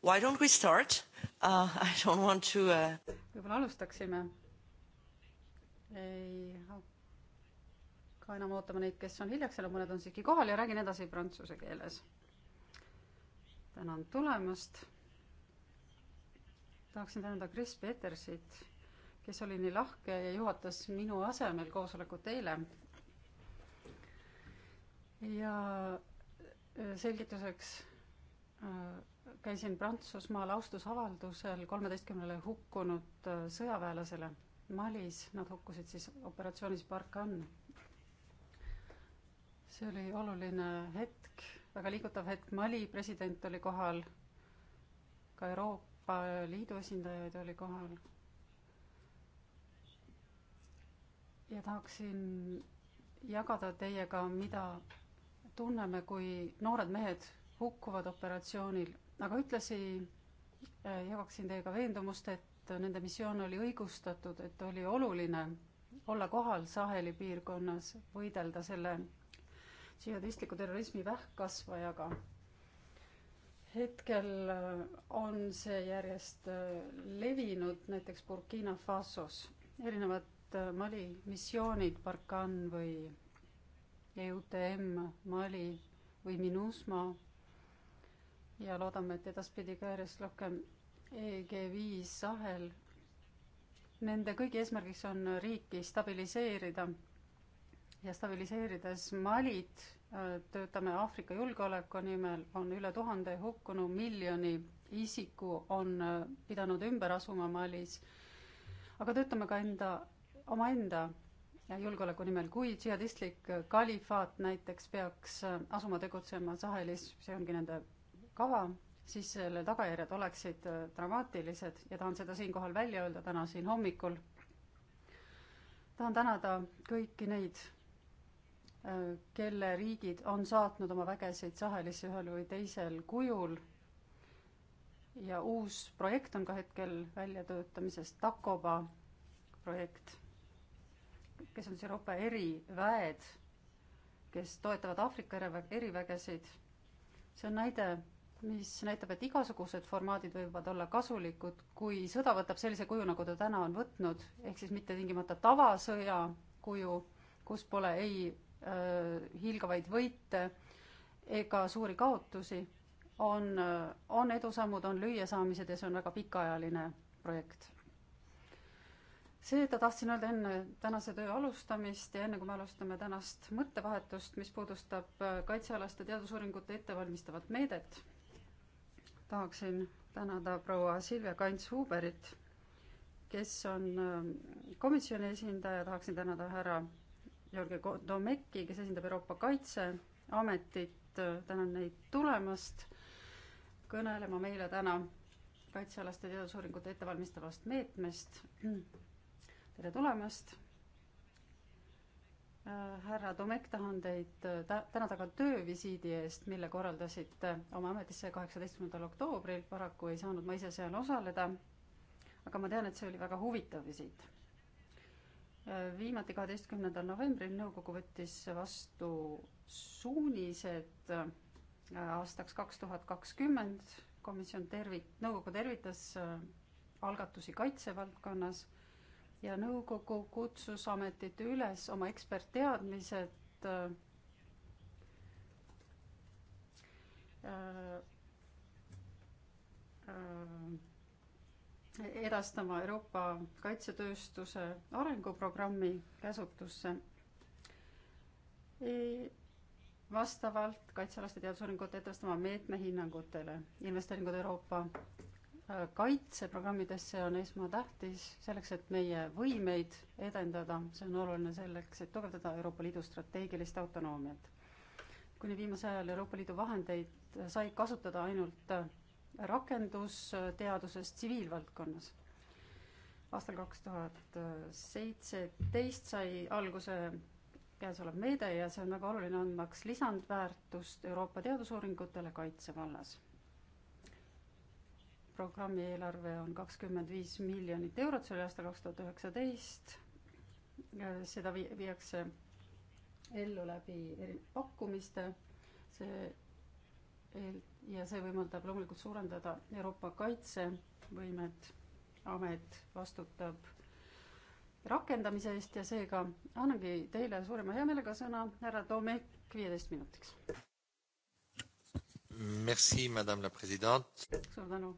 Why don't we start uh,? I don't want to uh.... võib-olla alustaksime. ei hakka enam ootama neid, kes on hiljaks jäänud, mõned on siiski kohal ja räägin edasi prantsuse keeles. tänan tulemast. tahaksin tänada Kris Petersit, kes oli nii lahke ja juhatas minu asemel koosolekut eile. ja äh, selgituseks Äh, käisin Prantsusmaal austusavaldusel kolmeteistkümnele hukkunud äh, sõjaväelasele Malis, nad hukkusid siis operatsioonis Barkhane. see oli oluline hetk, väga liigutav hetk, Mali president oli kohal, ka Euroopa Liidu esindajaid oli kohal. ja tahaksin jagada teiega, mida tunneme, kui noored mehed hukkuvad operatsioonil, aga ühtlasi äh, jagaksin teiega veendumust, et nende missioon oli õigustatud, et oli oluline olla kohal Saheli piirkonnas, võidelda selle džihadistliku terrorismi vähkkasvajaga. hetkel äh, on see järjest äh, levinud näiteks Burkina Fasos, erinevad Mali missioonid, Barkan või EUTM Mali või MINUSMA ja loodame, et edaspidi ka järjest rohkem EG5 ahel. Nende kõigi eesmärgiks on riiki stabiliseerida ja stabiliseerides Malit äh, töötame Aafrika julgeoleku nimel, on üle tuhande hukkunu, miljoni isiku on äh, pidanud ümber asuma Malis. aga töötame ka enda, omaenda julgeoleku nimel, kui džihadistlik kalifaat näiteks peaks äh, asuma tegutsema Sahelis, see ongi nende kava, siis selle tagajärjed oleksid äh, dramaatilised ja tahan seda siinkohal välja öelda täna siin hommikul. tahan tänada kõiki neid, äh, kelle riigid on saatnud oma vägesid Sahelisse ühel või teisel kujul. ja uus projekt on ka hetkel väljatöötamises, Takoba projekt, kes on siis Euroopa eriväed, kes toetavad Aafrika erivägesid. see on näide mis näitab, et igasugused formaadid võivad olla kasulikud, kui sõda võtab sellise kuju, nagu ta täna on võtnud, ehk siis mitte tingimata tavasõja kuju, kus pole ei äh, hiilgavaid võite ega suuri kaotusi, on, äh, on edusammud, on lüüasaamised ja see on väga pikaajaline projekt. seda tahtsin öelda enne tänase töö alustamist ja enne, kui me alustame tänast mõttevahetust, mis puudustab äh, kaitsealaste teadusuuringute ettevalmistavat meedet tahaksin tänada proua Silvia Kants-Huberit, kes on ähm, komisjoni esindaja, tahaksin tänada härra Jörgen Domeki, kes esindab Euroopa Kaitseametit, äh, tänan neid tulemast kõnelema meile täna kaitsealaste teadusuuringute ettevalmistavast meetmest. tere tulemast Äh, härra Tomek, tahan teid äh, ta-, tänada ka töövisiidi eest, mille korraldasite äh, oma ametisse kaheksateistkümnendal oktoobril, paraku ei saanud ma ise seal osaleda, aga ma tean, et see oli väga huvitav visiit. viimati, kaheteistkümnendal novembril nõukogu võttis vastu suunised aastaks kaks tuhat kakskümmend, komisjon tervit-, nõukogu tervitas algatusi kaitsevaldkonnas ja nõukogu kutsus ametit üles oma ekspertteadmised äh, äh, edastama Euroopa kaitsetööstuse arenguprogrammi käsutusse. vastavalt kaitsealaste teadusuuringute edastama meetmehinnangutele investeeringud Euroopa kaitseprogrammidesse on esmatähtis selleks, et meie võimeid edendada, see on oluline selleks, et tugevdada Euroopa Liidu strateegilist autonoomiat. kuni viimasel ajal Euroopa Liidu vahendeid sai kasutada ainult rakendusteaduses tsiviilvaldkonnas. aastal kaks tuhat seitseteist sai alguse käesolev meede ja see on väga oluline, andmaks lisandväärtust Euroopa teadusuuringutele kaitsevallas programmi eelarve on kakskümmend viis miljonit eurot, see oli aastal kaks tuhat üheksateist. seda vii-, viiakse ellu läbi eri-, pakkumiste, see eel- ja see võimaldab loomulikult suurendada Euroopa kaitsevõimet, amet vastutab rakendamise eest ja seega annangi teile suurema heameelega sõna, härra Tomek, viieteist minutiks. Merci, madame la présidente. suur tänu,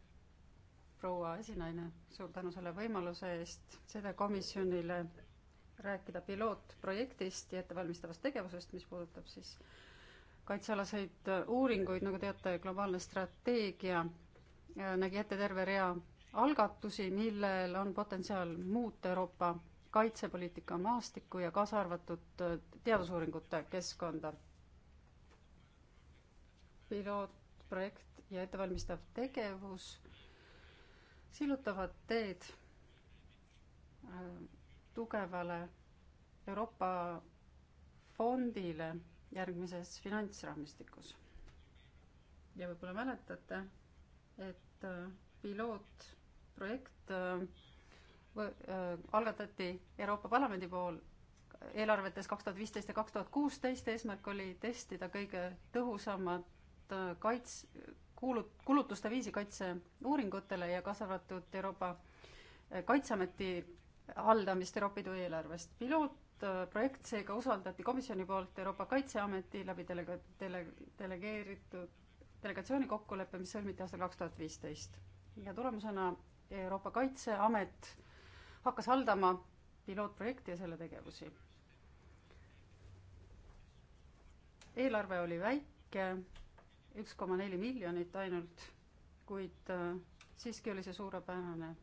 proua esinaine, suur tänu selle võimaluse eest seda komisjonile rääkida pilootprojektist ja ettevalmistavast tegevusest, mis puudutab siis kaitsealaseid uuringuid, nagu teate, globaalne strateegia äh, nägi ette terve rea algatusi, millel on potentsiaal muuta Euroopa kaitsepoliitika maastikku ja kaasa arvatud äh, teadusuuringute keskkonda. pilootprojekt ja ettevalmistav tegevus sillutavad teed äh, tugevale Euroopa fondile järgmises finantsraamistikus. ja võib-olla mäletate, et äh, pilootprojekt äh, algatati Euroopa Parlamendi pool eelarvetes kaks tuhat viisteist ja kaks tuhat kuusteist, eesmärk oli testida kõige tõhusamat kaits-, kuulut-, kulutuste viisi kaitseuuringutele ja kaasa arvatud Euroopa eh, Kaitseameti haldamist Euroopa Liidu eelarvest. pilootprojekt seega usaldati komisjoni poolt Euroopa Kaitseameti läbi delega-, dele-, delegeeritud delegatsiooni kokkulepe, mis sõlmiti aastal kaks tuhat viisteist. ja tulemusena Euroopa Kaitseamet hakkas haldama pilootprojekti ja selle tegevusi. eelarve oli väike üks koma neli miljonit ainult, kuid äh, siiski oli see suurepärane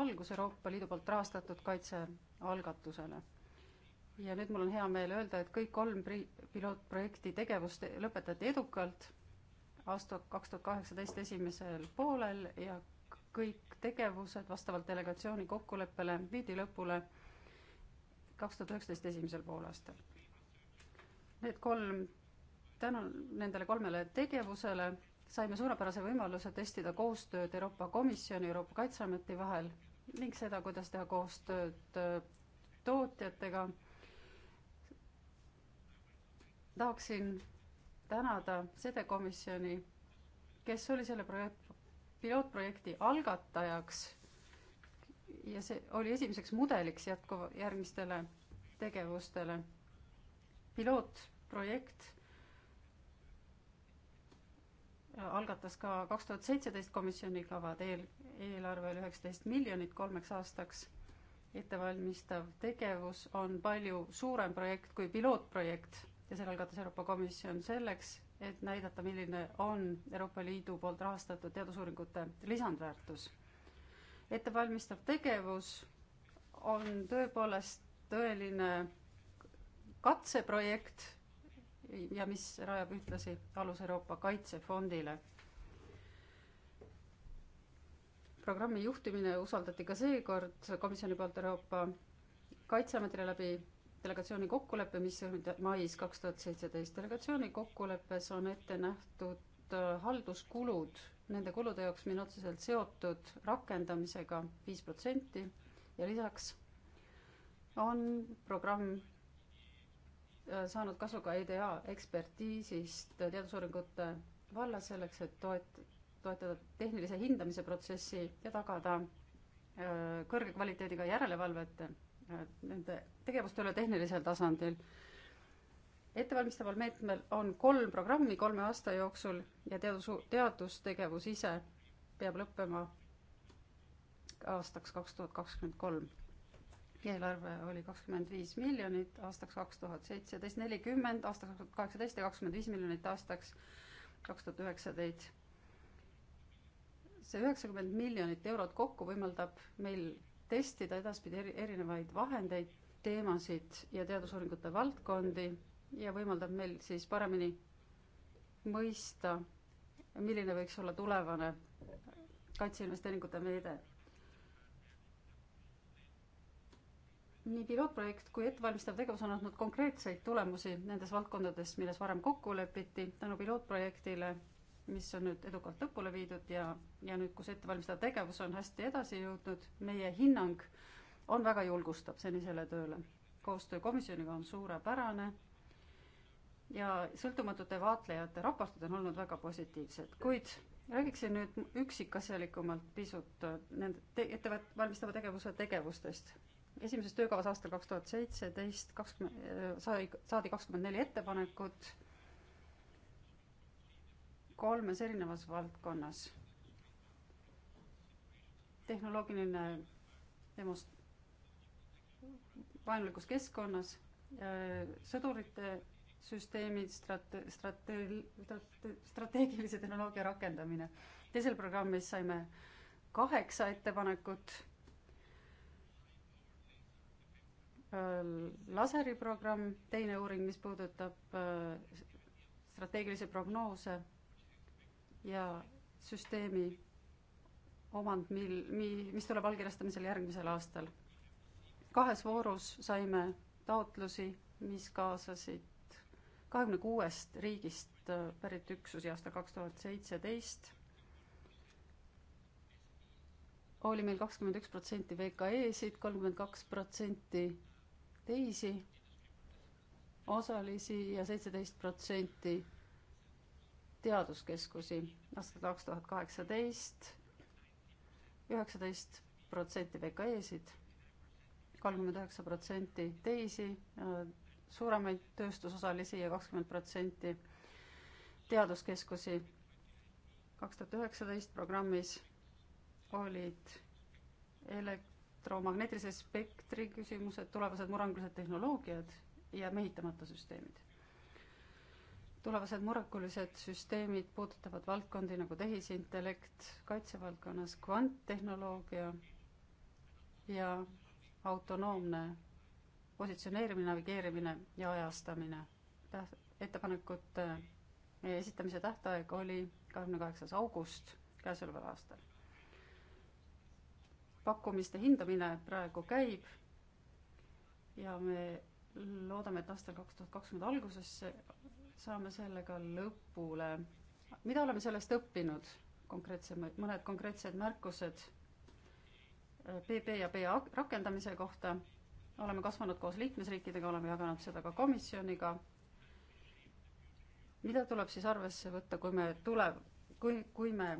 algus Euroopa Liidu poolt rahastatud kaitsealgatusele. ja nüüd mul on hea meel öelda, et kõik kolm pri-, pilootprojekti tegevust lõpetati edukalt aasta kaks tuhat kaheksateist esimesel poolel ja kõik tegevused vastavalt delegatsiooni kokkuleppele viidi lõpule kaks tuhat üheksateist esimesel poolaastal. Need kolm tänu nendele kolmele tegevusele saime suurepärase võimaluse testida koostööd Euroopa Komisjoni, Euroopa Kaitseameti vahel ning seda, kuidas teha koostööd äh, tootjatega. tahaksin tänada Sede komisjoni, kes oli selle projekt, pilootprojekti algatajaks ja see oli esimeseks mudeliks jätkuva, järgmistele tegevustele. pilootprojekt algatas ka kaks tuhat seitseteist komisjoni kavad eel, eelarvel üheksateist miljonit kolmeks aastaks. ettevalmistav tegevus on palju suurem projekt kui pilootprojekt ja selle algatas Euroopa Komisjon selleks, et näidata, milline on Euroopa Liidu poolt rahastatud teadusuuringute lisandväärtus. ettevalmistav tegevus on tõepoolest tõeline katseprojekt ja mis rajab ühtlasi alus Euroopa Kaitsefondile. programmi juhtimine usaldati ka seekord komisjoni poolt Euroopa Kaitseametile läbi delegatsiooni kokkuleppe, mis sõlmiti mais kaks tuhat seitseteist. delegatsiooni kokkuleppes on ette nähtud äh, halduskulud nende kulude jaoks, mis on otseselt seotud rakendamisega, viis protsenti ja lisaks on programm saanud kasu ka EDA ekspertiisist teadusuuringute vallas selleks, et toet-, toetada tehnilise hindamise protsessi ja tagada äh, kõrge kvaliteediga järelevalvet äh, nende tegevuste üle tehnilisel tasandil. ettevalmistaval meetmel on kolm programmi kolme aasta jooksul ja teadus, teadustegevus ise peab lõppema aastaks kaks tuhat kakskümmend kolm eelarve oli kakskümmend viis miljonit aastaks kaks tuhat seitseteist, nelikümmend aastaks kaks tuhat kaheksateist ja kakskümmend viis miljonit aastaks kaks tuhat üheksateist. see üheksakümmend miljonit eurot kokku võimaldab meil testida edaspidi eri, erinevaid vahendeid, teemasid ja teadusuuringute valdkondi ja võimaldab meil siis paremini mõista, milline võiks olla tulevane kaitseinvesteeringute meede nii pilootprojekt kui ettevalmistav tegevus on andnud konkreetseid tulemusi nendes valdkondades, milles varem kokku lepiti tänu pilootprojektile, mis on nüüd edukalt lõpule viidud ja, ja nüüd, kus ettevalmistav tegevus on hästi edasi jõudnud, meie hinnang on väga julgustav senisele tööle. koostöö komisjoniga on suurepärane ja sõltumatute vaatlejate raportid on olnud väga positiivsed, kuid räägiksin nüüd üksikasjalikumalt pisut nende te ettevalmistava tegevuse tegevustest esimeses töökavas aastal kaks tuhat seitseteist kakskümmend, äh, sai, saadi kakskümmend neli ettepanekut kolmes erinevas valdkonnas. tehnoloogiline demos-, vaenulikus keskkonnas, äh, sõdurite süsteemid, strate-, strate-, strate-, strateegilise tehnoloogia rakendamine. teisel programmis saime kaheksa ettepanekut Äh, laseriprogramm, teine uuring, mis puudutab äh, strateegilisi prognoose ja süsteemi omand, mil, mi-, mis tuleb allkirjastamisele järgmisel aastal. kahes voorus saime taotlusi, mis kaasasid kahekümne kuuest riigist äh, pärit üksusi aastal kaks tuhat seitseteist oli meil kakskümmend üks protsenti VKE-sid, kolmkümmend kaks protsenti teisi osalisi ja seitseteist protsenti teaduskeskusi. aastal kaks tuhat kaheksateist üheksateist protsenti VKE-sid, kolmkümmend üheksa protsenti teisi suuremaid tööstusosalisi ja kakskümmend protsenti teaduskeskusi. kaks tuhat üheksateist programmis olid ele-, elektromagnetilise spektri küsimused, tulevased murrangulised tehnoloogiad ja mehitamata süsteemid. tulevased murrangulised süsteemid puudutavad valdkondi nagu tehisintellekt, kaitsevaldkonnas kvanttehnoloogia ja autonoomne positsioneerimine, navigeerimine ja ajastamine. täht-, ettepanekute esitamise tähtaeg oli kahekümne kaheksas august käesoleval aastal pakkumiste hindamine praegu käib ja me loodame, et aastal kaks tuhat kakskümmend alguses saame sellega lõpule. mida oleme sellest õppinud? konkreetse, mõned konkreetsed märkused PP ja PA rakendamise kohta. oleme kasvanud koos liikmesriikidega, oleme jaganud seda ka komisjoniga. mida tuleb siis arvesse võtta, kui me tuleb, kui, kui me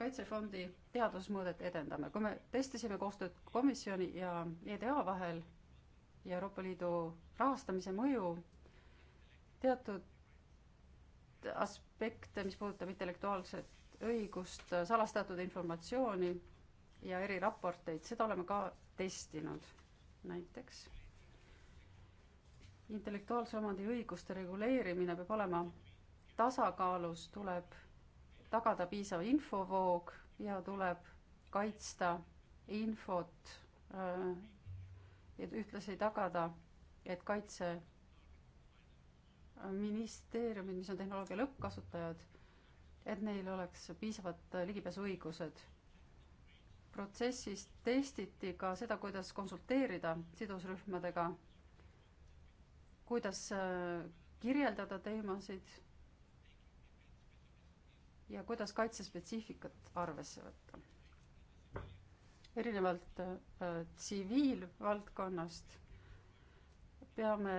Kaitsefondi teadusmõõdet edendame. kui me testisime koostööd komisjoni ja EDA vahel ja Euroopa Liidu rahastamise mõju teatud aspekte, mis puudutab intellektuaalset õigust, salastatud informatsiooni ja eriraporteid, seda oleme ka testinud näiteks. intellektuaalse omandi õiguste reguleerimine peab olema tasakaalus, tuleb tagada piisav infovoog ja tuleb kaitsta infot, äh, et ühtlasi tagada, et kaitseministeeriumid, äh, mis on tehnoloogia lõppkasutajad, et neil oleks piisavad äh, ligipääsuõigused. protsessis testiti ka seda, kuidas konsulteerida sidusrühmadega, kuidas kirjeldada teemasid ja kuidas kaitsespetsiifikat arvesse võtta. erinevalt äh, tsiviilvaldkonnast äh, peame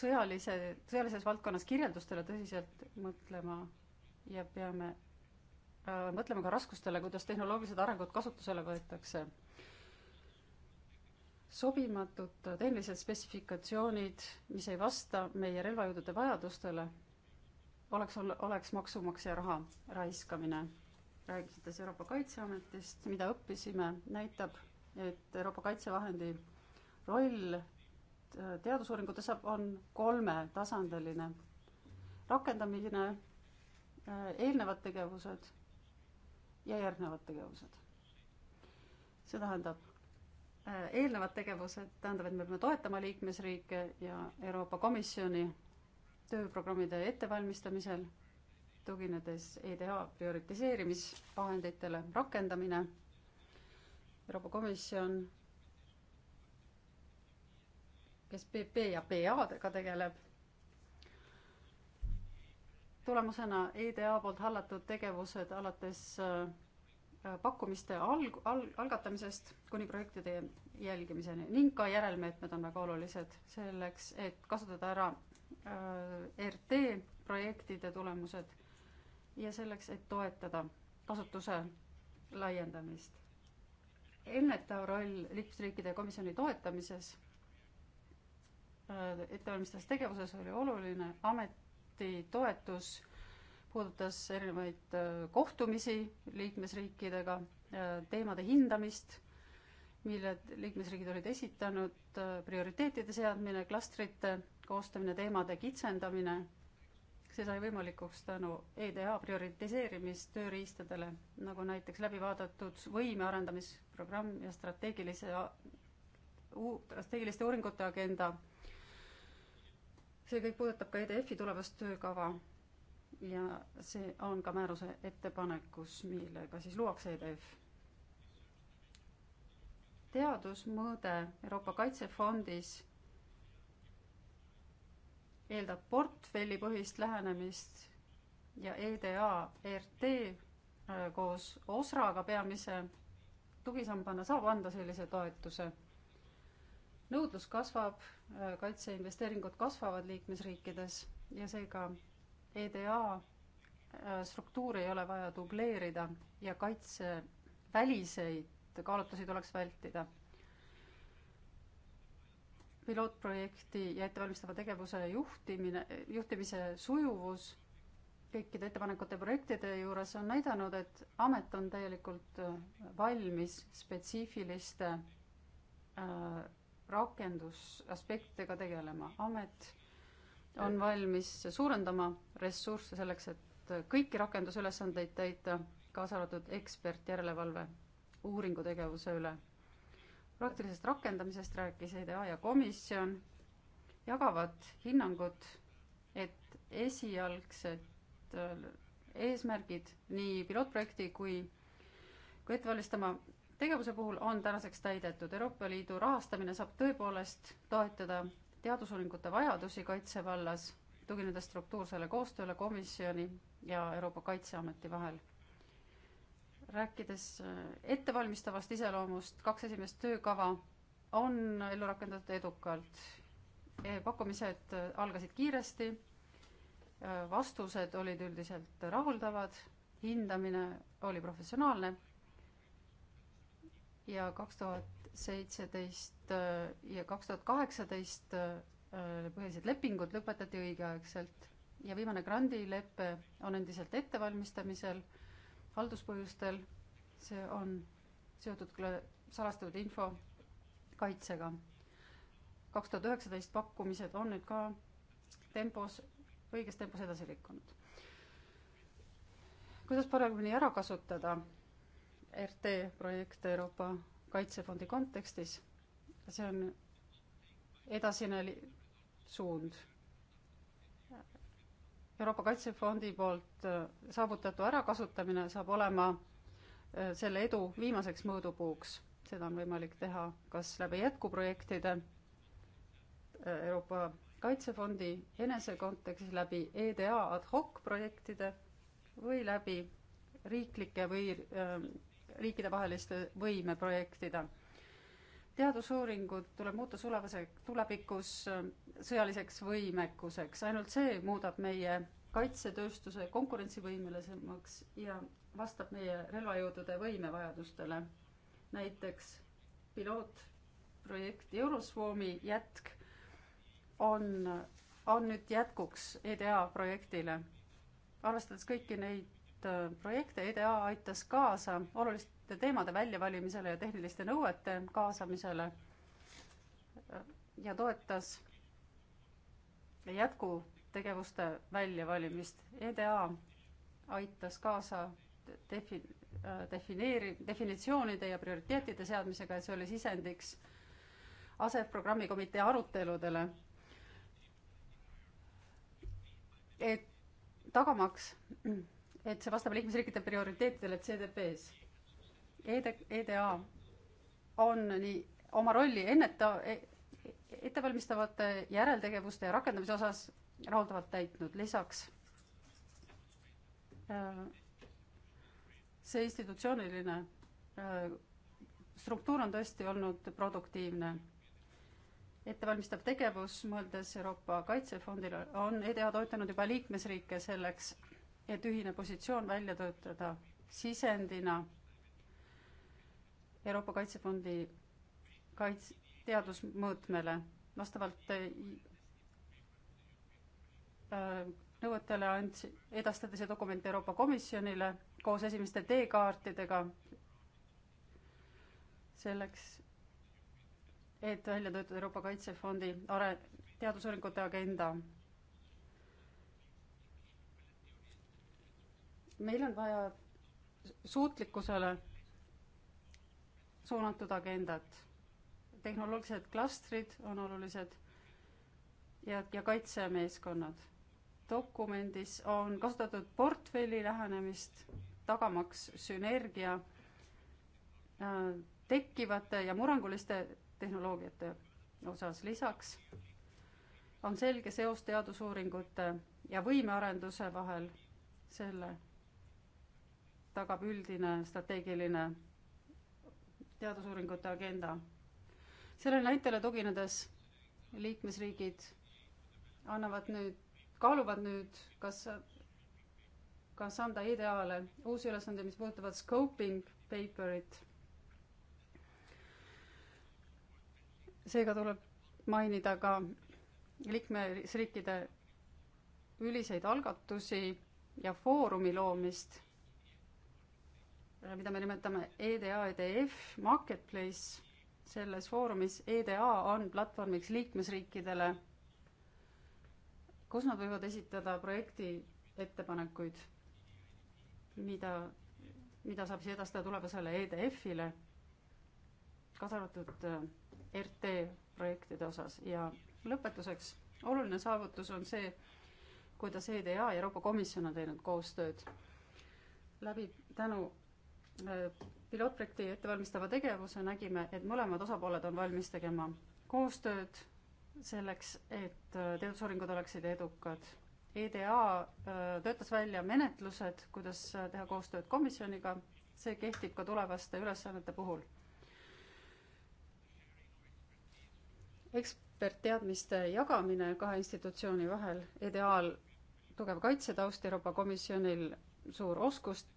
sõjalise, sõjalises valdkonnas kirjeldustele tõsiselt mõtlema ja peame äh, mõtlema ka raskustele, kuidas tehnoloogilised arengud kasutusele võetakse. sobimatud tehnilised spetsifikatsioonid, mis ei vasta meie relvajõudude vajadustele oleks, oleks maksumaksja raha raiskamine. rääkides Euroopa Kaitseametist, mida õppisime, näitab, et Euroopa kaitsevahendi roll äh, teadusuuringutes on kolmetasandiline. rakendamine, äh, eelnevad tegevused ja järgnevad tegevused. see tähendab, äh, eelnevad tegevused tähendab, et me peame toetama liikmesriike ja Euroopa Komisjoni tööprogrammide ettevalmistamisel, tuginedes EDA prioritiseerimisvahenditele rakendamine. Euroopa Komisjon, kes PP ja PA-dega tegeleb, tulemusena EDA poolt hallatud tegevused alates äh, pakkumiste alg-, alg-, algatamisest kuni projektide jälgimiseni ning ka järelmeetmed on väga olulised selleks, et kasutada ära Äh, RT projektide tulemused ja selleks, et toetada kasutuse laiendamist. ennetav roll liikmesriikide komisjoni toetamises äh, ettevalmistavas tegevuses oli oluline, ameti toetus puudutas erinevaid äh, kohtumisi liikmesriikidega, teemade hindamist, mille liikmesriigid olid esitanud, prioriteetide seadmine, klastrite koostamine, teemade kitsendamine, see sai võimalikuks tänu EDA prioritiseerimistööriistadele, nagu näiteks läbivaadatud võime arendamisprogramm ja strateegilise, strateegiliste uuringute agenda. see kõik puudutab ka EDF-i tulevast töökava ja see on ka määruse ettepanekus, millega siis luuakse EDF teadusmõõde Euroopa Kaitsefondis eeldab portfellipõhist lähenemist ja EDA, ERT äh, koos OSRAga peamise tugisambana saab anda sellise toetuse. nõudlus kasvab, äh, kaitseinvesteeringud kasvavad liikmesriikides ja seega EDA äh, struktuuri ei ole vaja dubleerida ja kaitseväliseid kaalutlusi tuleks vältida pilootprojekti ja ettevalmistava tegevuse juhtimine, juhtimise sujuvus kõikide ettepanekute projektide juures on näidanud, et amet on täielikult äh, valmis spetsiifiliste äh, rakendusaspektidega tegelema. amet on valmis suurendama ressursse selleks, et äh, kõiki rakendusülesandeid täita, kaasa arvatud ekspert järelevalve uuringutegevuse üle praktilisest rakendamisest rääkis EDA ja komisjon, jagavad hinnangut, et esialgsed äh, eesmärgid nii pilootprojekti kui ka ettevalmistama tegevuse puhul on tänaseks täidetud. Euroopa Liidu rahastamine saab tõepoolest toetada teadusuuringute vajadusi kaitsevallas, tuginedes struktuursele koostööle komisjoni ja Euroopa Kaitseameti vahel rääkides äh, ettevalmistavast iseloomust, kaks esimest töökava on ellu rakendatud edukalt. pakkumised äh, algasid kiiresti, äh, vastused olid üldiselt rahuldavad, hindamine oli professionaalne ja kaks tuhat seitseteist ja kaks tuhat kaheksateist põhilised lepingud lõpetati õigeaegselt ja viimane grandilepe on endiselt ettevalmistamisel halduspõhjustel, see on seotud salastatud info kaitsega. kaks tuhat üheksateist pakkumised on nüüd ka tempos, õiges tempos edasi liikunud. kuidas paremini ära kasutada RT projekte Euroopa Kaitsefondi kontekstis, see on edasine suund Euroopa Kaitsefondi poolt äh, saavutatu ärakasutamine saab olema äh, selle edu viimaseks mõõdupuuks. seda on võimalik teha kas läbi jätkuprojektide äh, Euroopa Kaitsefondi enese kontekstis läbi EDA ad hoc projektide või läbi riiklike või riikidevaheliste võimeprojektide teadusuuringud tuleb muuta sulevase, tulevikus äh, sõjaliseks võimekuseks, ainult see muudab meie kaitsetööstuse konkurentsivõimelisemaks ja vastab meie relvajõudude võimevajadustele. näiteks pilootprojekt Euroswarmi jätk on, on nüüd jätkuks EDA projektile. arvestades kõiki neid Äh, projekte, EDA aitas kaasa oluliste teemade väljavalimisele ja tehniliste nõuete kaasamisele äh, ja toetas jätkutegevuste väljavalimist. EDA aitas kaasa defi-, äh, defineeri-, definitsioonide ja prioriteetide seadmisega ja see oli sisendiks ASEF programmikomitee aruteludele. et tagamaks et see vastab liikmesriikide prioriteetidele CDP-s. ED-, EDA e on nii oma rolli enneta- e,, ettevalmistavate järeltegevuste ja rakendamise osas rahuldavalt täitnud, lisaks äh, see institutsiooniline äh, struktuur on tõesti olnud produktiivne. ettevalmistav tegevus, mõeldes Euroopa Kaitsefondile, on EDA toetanud juba liikmesriike selleks, et ühine positsioon välja töötada sisendina Euroopa Kaitsefondi kaits-, teadusmõõtmele vastavalt äh, nõuetele andsi, edastati see dokument Euroopa Komisjonile koos esimeste teekaartidega selleks, et välja töötada Euroopa Kaitsefondi are-, teadusuuringute agenda meil on vaja suutlikkusele suunatud agendat. tehnoloogilised klastrid on olulised ja, ja kaitsemeeskonnad. dokumendis on kasutatud portfelli lähenemist, tagamaks sünergia äh, tekkivate ja murranguliste tehnoloogiate osas. lisaks on selge seos teadusuuringute ja võimearenduse vahel selle tagab üldine strateegiline teadusuuringute agenda. sellele näitele tuginedes liikmesriigid annavad nüüd, kaaluvad nüüd, kas, kas anda ideaale uusi ülesandeid, mis puudutavad scoping paper'it. seega tuleb mainida ka liikmesriikide üliseid algatusi ja foorumi loomist mida me nimetame EDA, EDF, Marketplace, selles foorumis EDA on platvormiks liikmesriikidele, kus nad võivad esitada projekti ettepanekuid, mida, mida saab siis edastada tulevasele EDF-ile, kaasa arvatud äh, RT projektide osas ja lõpetuseks, oluline saavutus on see, kuidas EDA ja Euroopa Komisjon on teinud koostööd läbi tänu pilootprojekti ettevalmistava tegevuse nägime, et mõlemad osapooled on valmis tegema koostööd selleks, et äh, teadusuuringud oleksid edukad. EDA äh, töötas välja menetlused, kuidas äh, teha koostööd komisjoniga, see kehtib ka tulevaste ülesannete puhul. ekspertteadmiste jagamine kahe institutsiooni vahel, EDA-l tugev kaitsetaust, Euroopa Komisjonil suur oskuste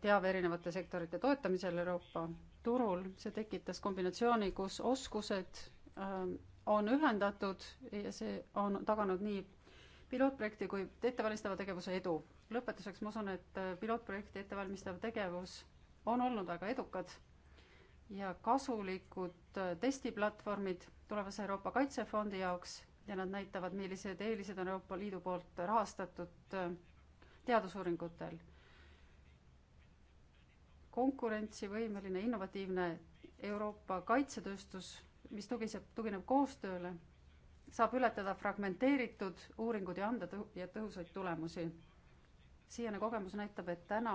teave erinevate sektorite toetamisel Euroopa turul, see tekitas kombinatsiooni, kus oskused ähm, on ühendatud ja see on taganud nii pilootprojekti kui ettevalmistava tegevuse edu. lõpetuseks ma usun, et äh, pilootprojekti ettevalmistav tegevus on olnud väga edukad ja kasulikud äh, testiplatvormid tulevase Euroopa Kaitsefondi jaoks ja nad näitavad, millised eelised on Euroopa Liidu poolt rahastatud äh, teadusuuringutel konkurentsivõimeline, innovatiivne Euroopa kaitsetööstus, mis tugiseb, tugineb koostööle, saab ületada fragmenteeritud uuringud ja anda tõhu-, ja tõhusaid tulemusi. siiane kogemus näitab, et täna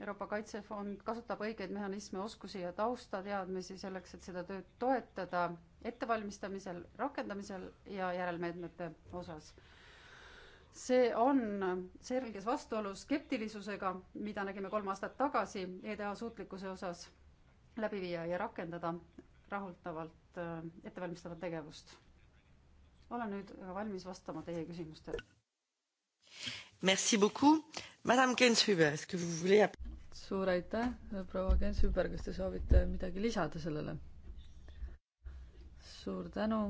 Euroopa Kaitsefond kasutab õigeid mehhanisme, oskusi ja taustateadmisi selleks, et seda tööd toetada ettevalmistamisel, rakendamisel ja järelmeetmete osas see on selges vastuolus skeptilisusega, mida nägime kolm aastat tagasi EDA suutlikkuse osas läbi viia ja rakendada rahuldavalt äh, ettevalmistavat tegevust. olen nüüd valmis vastama teie küsimustele. Merci beaucoup, madame Genshüber, est-ce que vous voulez? suur aitäh, proua Genshüber, kas te soovite midagi lisada sellele? suur tänu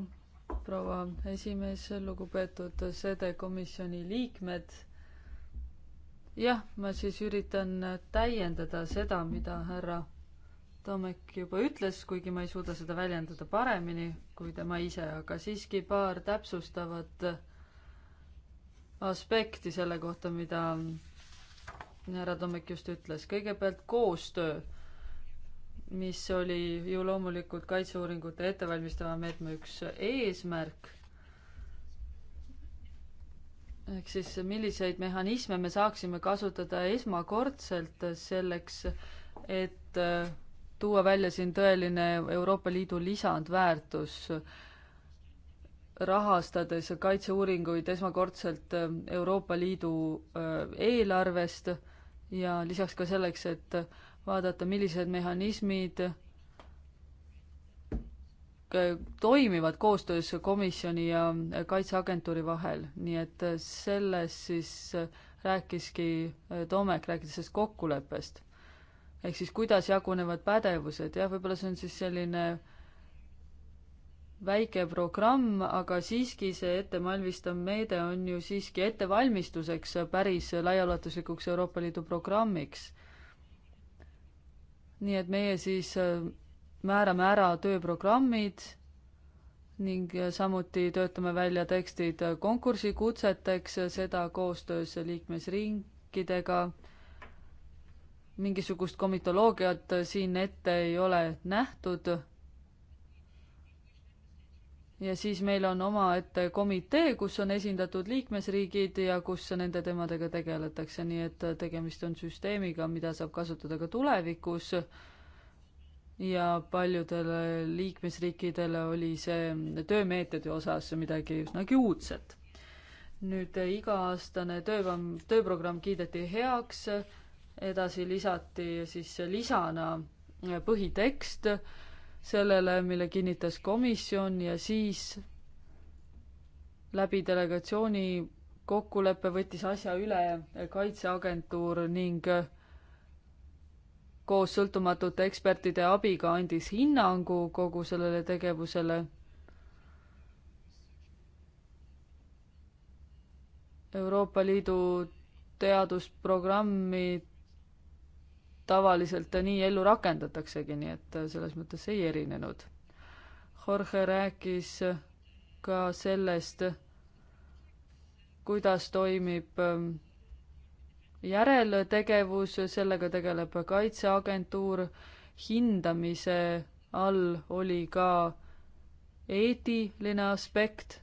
proua esimees, lugupeetud SEDE komisjoni liikmed. jah, ma siis üritan täiendada seda, mida härra Tomek juba ütles, kuigi ma ei suuda seda väljendada paremini kui tema ise, aga siiski paar täpsustavat aspekti selle kohta, mida härra Tomek just ütles. kõigepealt koostöö mis oli ju loomulikult kaitseuuringute ettevalmistava meetme üks eesmärk. ehk siis milliseid mehhanisme me saaksime kasutada esmakordselt selleks, et äh, tuua välja siin tõeline Euroopa Liidu lisandväärtus, rahastades kaitseuuringuid esmakordselt äh, Euroopa Liidu äh, eelarvest ja lisaks ka selleks, et vaadata, millised mehhanismid toimivad koostöös komisjoni ja kaitseagentuuri vahel, nii et sellest siis rääkiski Tomek, rääkides sellest kokkuleppest. ehk siis kuidas jagunevad pädevused, jah, võib-olla see on siis selline väike programm, aga siiski see ettevalmistav meede on ju siiski ettevalmistuseks päris laiaulatuslikuks Euroopa Liidu programmiks nii et meie siis äh, määrame ära tööprogrammid ning äh, samuti töötame välja tekstid äh, konkursikutseteks, seda koostöös liikmesriikidega. mingisugust komitoloogiat siin ette ei ole nähtud ja siis meil on omaette komitee, kus on esindatud liikmesriigid ja kus nende teemadega tegeletakse, nii et tegemist on süsteemiga, mida saab kasutada ka tulevikus. ja paljudele liikmesriikidele oli see töömeetodi osas midagi üsnagi uudset. nüüd iga-aastane tööprogramm, tööprogramm kiideti heaks, edasi lisati siis lisana põhitekst sellele, mille kinnitas komisjon ja siis läbi delegatsiooni kokkuleppe võttis asja üle Kaitseagentuur ning koos sõltumatute ekspertide abiga andis hinnangu kogu sellele tegevusele. Euroopa Liidu teadusprogrammi tavaliselt nii ellu rakendataksegi, nii et selles mõttes ei erinenud. Jorge rääkis ka sellest, kuidas toimib ähm, järeltegevus, sellega tegeleb Kaitseagentuur, hindamise all oli ka eetiline aspekt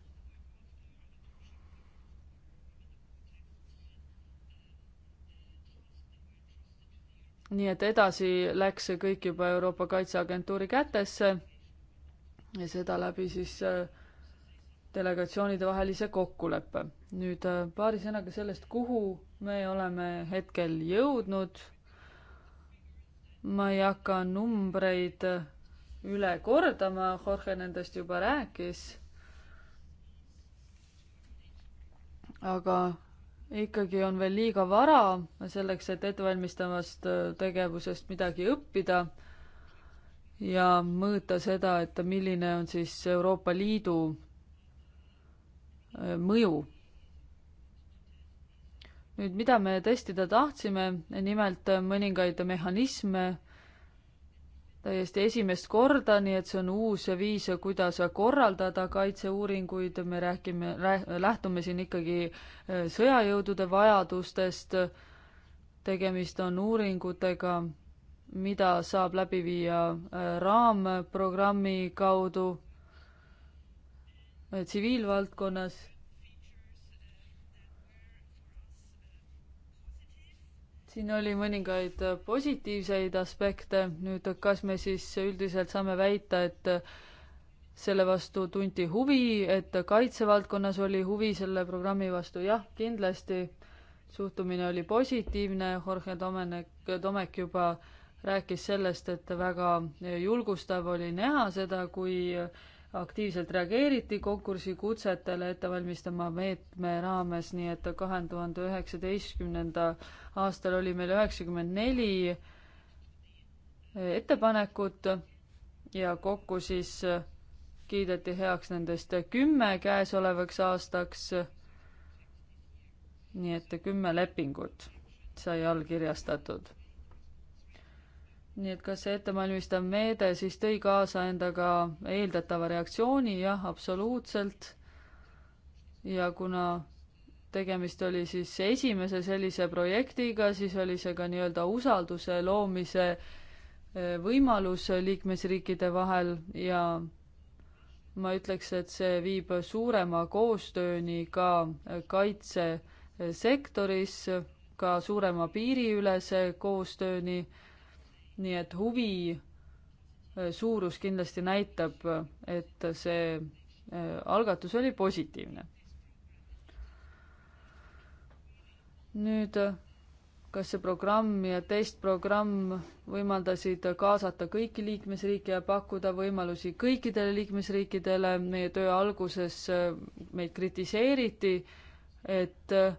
nii et edasi läks see kõik juba Euroopa Kaitseagentuuri kätesse ja seda läbi siis äh, delegatsioonide vahelise kokkuleppe. nüüd äh, paari sõnaga sellest, kuhu me oleme hetkel jõudnud. ma ei hakka numbreid äh, üle kordama, Jorge nendest juba rääkis. aga ikkagi on veel liiga vara selleks, et ettevalmistavast äh, tegevusest midagi õppida ja mõõta seda, et milline on siis Euroopa Liidu äh, mõju. nüüd, mida me testida tahtsime, nimelt mõningaid mehhanisme täiesti esimest korda, nii et see on uus viis, kuidas korraldada kaitseuuringuid, me räägime rää,, lähtume siin ikkagi äh, sõjajõudude vajadustest, tegemist on uuringutega, mida saab läbi viia äh, raamprogrammi kaudu äh, tsiviilvaldkonnas siin oli mõningaid positiivseid aspekte, nüüd kas me siis üldiselt saame väita, et selle vastu tunti huvi, et kaitsevaldkonnas oli huvi selle programmi vastu, jah, kindlasti suhtumine oli positiivne, Jorge Tomenek, Tomek juba rääkis sellest, et väga julgustav oli näha seda, kui äh, aktiivselt reageeriti konkursi kutsetele ettevalmistama meetme raames, nii et kahe tuhande üheksateistkümnenda aastal oli meil üheksakümmend neli ettepanekut ja kokku siis kiideti heaks nendest kümme käesolevaks aastaks. nii et kümme lepingut sai allkirjastatud nii et kas see ettevalmistav meede siis tõi kaasa endaga eeldatava reaktsiooni, jah, absoluutselt. ja kuna tegemist oli siis esimese sellise projektiga, siis oli see ka nii-öelda usalduse loomise e, võimalus liikmesriikide vahel ja ma ütleks, et see viib suurema koostööni ka kaitsesektoris, ka suurema piiriülese koostööni nii et huvi äh, suurus kindlasti näitab, et see äh, algatus oli positiivne. nüüd, äh, kas see programm ja testprogramm võimaldasid kaasata kõiki liikmesriike ja pakkuda võimalusi kõikidele liikmesriikidele, meie töö alguses meid kritiseeriti, et äh,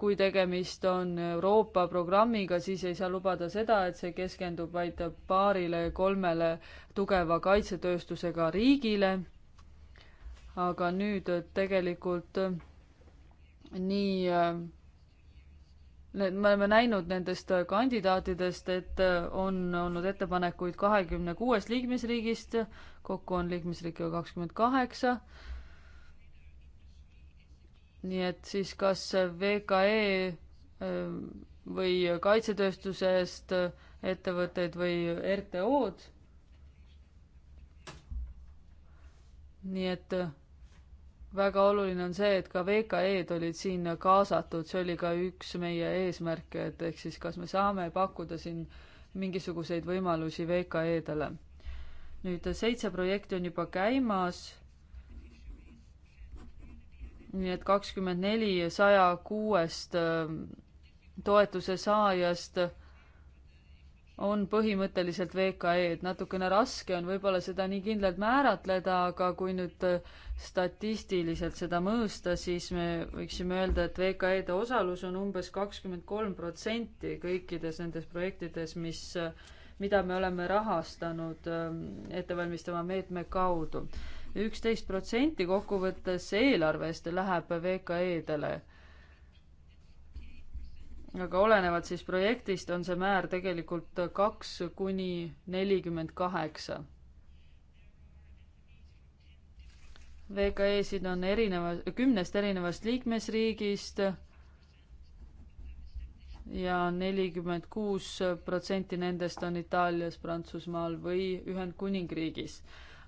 kui tegemist on Euroopa programmiga, siis ei saa lubada seda, et see keskendub vaid paarile-kolmele tugeva kaitsetööstusega riigile. aga nüüd tegelikult nii äh, me oleme näinud nendest kandidaatidest, et on olnud ettepanekuid kahekümne kuuest liikmesriigist, kokku on liikmesriike kakskümmend kaheksa nii et siis kas VKE äh, või kaitsetööstuse eest äh, ettevõtteid või RTO-d. nii et äh, väga oluline on see, et ka VKE-d olid siin kaasatud, see oli ka üks meie eesmärke, et ehk siis kas me saame pakkuda siin mingisuguseid võimalusi VKE-dele. nüüd seitse projekti on juba käimas nii et kakskümmend neli saja kuuest ähm, toetuse saajast on põhimõtteliselt VKE-d, natukene raske on võib-olla seda nii kindlalt määratleda, aga kui nüüd äh, statistiliselt seda mõõsta, siis me võiksime öelda, et VKE-de osalus on umbes kakskümmend kolm protsenti kõikides nendes projektides, mis, äh, mida me oleme rahastanud ähm, ettevalmistava meetme kaudu üksteist protsenti kokkuvõttes eelarvest läheb VKE-dele. aga olenevalt siis projektist on see määr tegelikult kaks kuni nelikümmend kaheksa. VKE-sid on erineva, kümnest erinevast liikmesriigist ja nelikümmend kuus protsenti nendest on Itaalias, Prantsusmaal või Ühendkuningriigis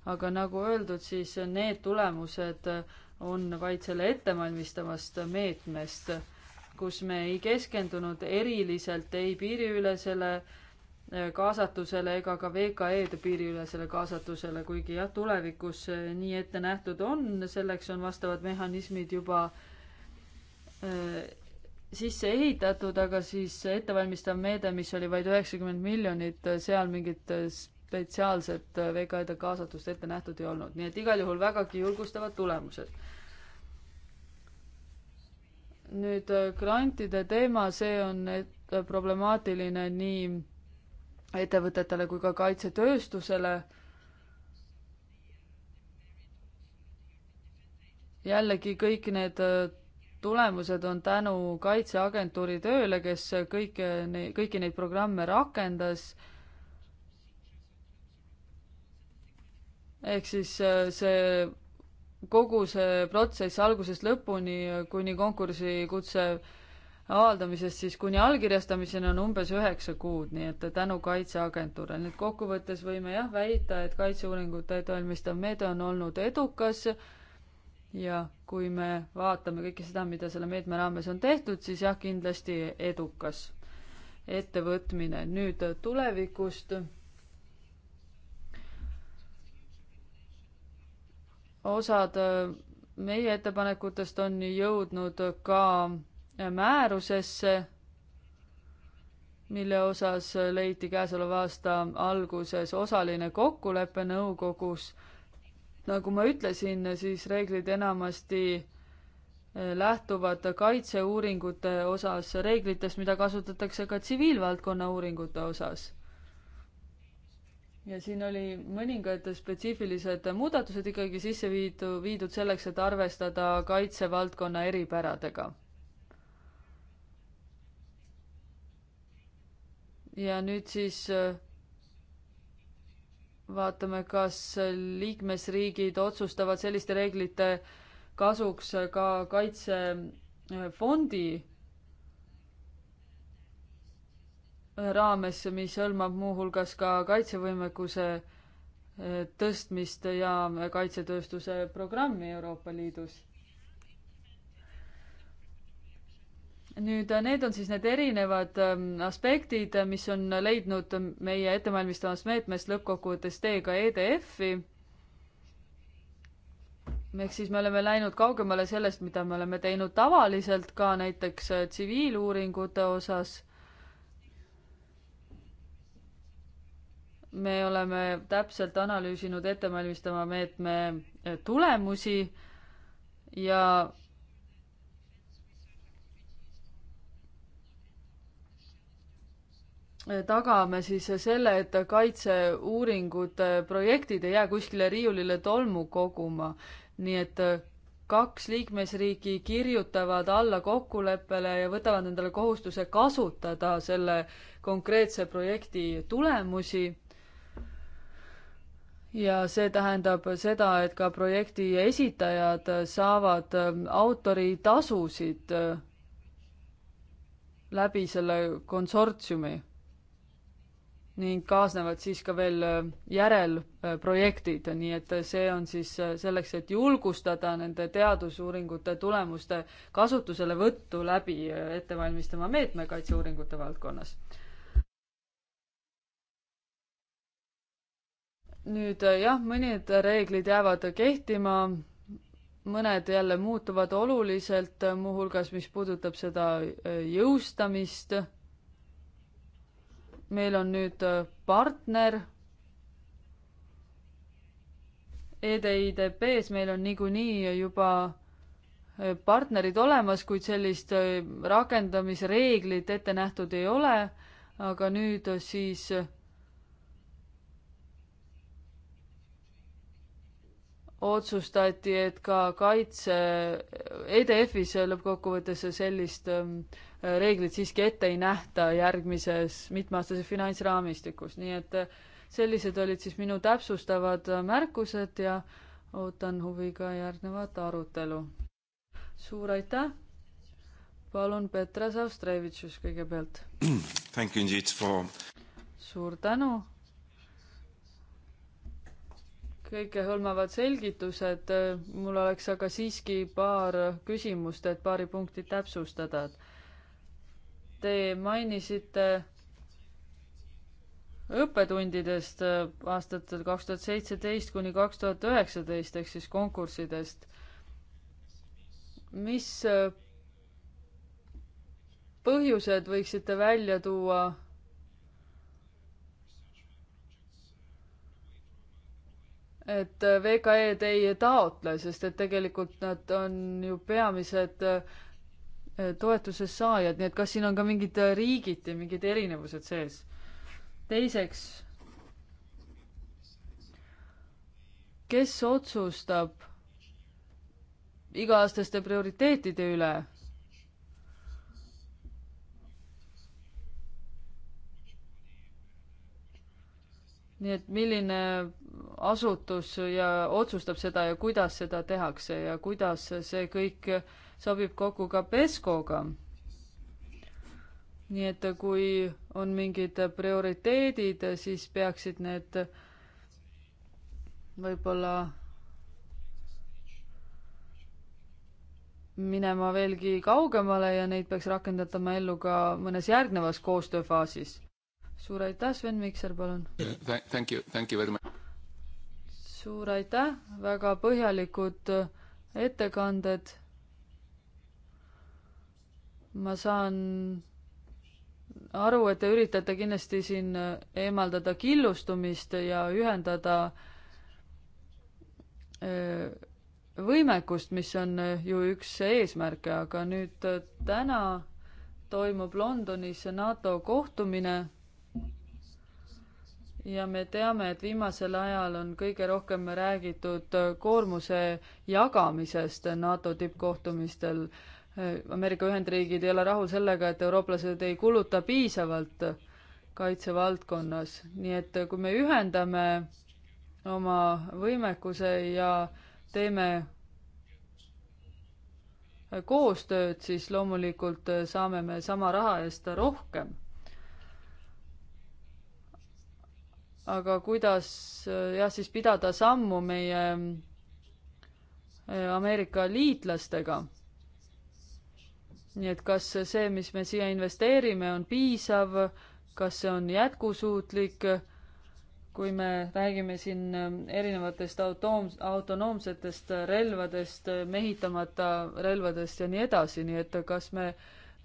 aga nagu öeldud, siis need tulemused on vaid selle ettevalmistavast meetmest, kus me ei keskendunud eriliselt ei piiriülesele eh, kaasatusele ega ka VKE-de piiriülesele kaasatusele, kuigi jah, tulevikus eh, nii ette nähtud on, selleks on vastavad mehhanismid juba äh, sisse ehitatud, aga siis ettevalmistav meede, mis oli vaid üheksakümmend miljonit, seal mingit spetsiaalset äh, VKE-de kaasatust ette nähtud ei olnud, nii et igal juhul vägagi julgustavad tulemused. nüüd grantide äh, teema, see on et äh, problemaatiline nii ettevõtetele kui ka kaitsetööstusele. jällegi kõik need tulemused on tänu Kaitseagentuuri tööle, kes kõike, kõiki neid programme rakendas ehk siis äh, see kogu see protsess algusest lõpuni äh, kuni konkursi kutse avaldamisest siis kuni allkirjastamiseni on umbes üheksa kuud, nii et tänu Kaitseagentuurile. nüüd kokkuvõttes võime jah väita, et kaitseuuringute ettevalmistav meede on olnud edukas ja kui me vaatame kõike seda, mida selle meetme raames on tehtud, siis jah, kindlasti edukas ettevõtmine. nüüd tulevikust osad äh, meie ettepanekutest on jõudnud ka määrusesse, mille osas leiti käesoleva aasta alguses osaline kokkulepe nõukogus. nagu ma ütlesin, siis reeglid enamasti äh, lähtuvad kaitseuuringute osas reeglitest, mida kasutatakse ka tsiviilvaldkonna uuringute osas ja siin oli mõningad spetsiifilised muudatused ikkagi sisse viidu, viidud selleks, et arvestada kaitsevaldkonna eripäradega. ja nüüd siis äh, vaatame, kas liikmesriigid otsustavad selliste reeglite kasuks ka kaitsefondi raames, mis hõlmab muuhulgas ka kaitsevõimekuse eh, tõstmist ja kaitsetööstuse programmi Euroopa Liidus. nüüd eh, need on siis need erinevad ehm, aspektid, mis on leidnud meie ettevalmistavas meetmes lõppkokkuvõttes tee ka EDF-i ehk siis me oleme läinud kaugemale sellest, mida me oleme teinud tavaliselt ka näiteks eh, tsiviiluuringute osas. me oleme täpselt analüüsinud ettevalmistava meetme eh, tulemusi ja tagame siis selle, et kaitseuuringute eh, projektid ei jää kuskile riiulile tolmu koguma. nii et eh, kaks liikmesriiki kirjutavad alla kokkuleppele ja võtavad endale kohustuse kasutada selle konkreetse projekti tulemusi ja see tähendab seda, et ka projekti esitajad saavad ähm, autoritasusid äh, läbi selle konsortsiumi ning kaasnevad siis ka veel äh, järelprojektid, äh, nii et see on siis selleks, et julgustada nende teadusuuringute tulemuste kasutuselevõttu läbi ettevalmistava meetme kaitseuuringute valdkonnas nüüd äh, jah, mõned reeglid jäävad kehtima, mõned jälle muutuvad oluliselt, äh, muuhulgas mis puudutab seda äh, jõustamist. meil on nüüd partner EDIDP-s, meil on niikuinii juba partnerid olemas, kuid sellist rakendamisreeglit ette nähtud ei ole, aga nüüd siis otsustati, et ka kaitse, EDF-is lõppkokkuvõttes sellist ähm, reeglit siiski ette ei nähta järgmises mitmeaastases finantsraamistikus, nii et äh, sellised olid siis minu täpsustavad äh, märkused ja ootan huviga järgnevat arutelu. suur aitäh! palun, Petra Savstrevitšus kõigepealt. For... suur tänu kõikehõlmavad selgitused, mul oleks aga siiski paar küsimust, et paari punkti täpsustada. Te mainisite õppetundidest aastatel kaks tuhat seitseteist kuni kaks tuhat üheksateist ehk siis konkurssidest. mis põhjused võiksite välja tuua et VKE-d ei taotle, sest et tegelikult nad on ju peamised eh, toetuse saajad, nii et kas siin on ka mingid riigiti mingid erinevused sees? teiseks, kes otsustab iga-aastaste prioriteetide üle? nii et milline asutus ja otsustab seda ja kuidas seda tehakse ja kuidas see kõik sobib kokku ka Peskoga. nii et kui on mingid prioriteedid, siis peaksid need võib-olla minema veelgi kaugemale ja neid peaks rakendatama ellu ka mõnes järgnevas koostööfaasis. suur aitäh, Sven Mikser, palun! Thank you, thank you very much! suur aitäh, väga põhjalikud äh, ettekanded. ma saan aru, et te üritate kindlasti siin äh, eemaldada killustumist ja ühendada äh, võimekust, mis on ju üks eesmärke, aga nüüd täna toimub Londonis NATO kohtumine ja me teame, et viimasel ajal on kõige rohkem räägitud äh, koormuse jagamisest NATO tippkohtumistel. Äh, Ameerika Ühendriigid ei ole rahul sellega, et eurooplased ei kuluta piisavalt kaitsevaldkonnas, nii et äh, kui me ühendame oma võimekuse ja teeme koostööd, siis loomulikult saame me sama raha eest rohkem aga kuidas jah, siis pidada sammu meie eh, Ameerika liitlastega. nii et kas see, mis me siia investeerime, on piisav, kas see on jätkusuutlik, kui me räägime siin eh, erinevatest autoom-, autonoomsetest relvadest, mehitamata relvadest ja nii edasi, nii et kas me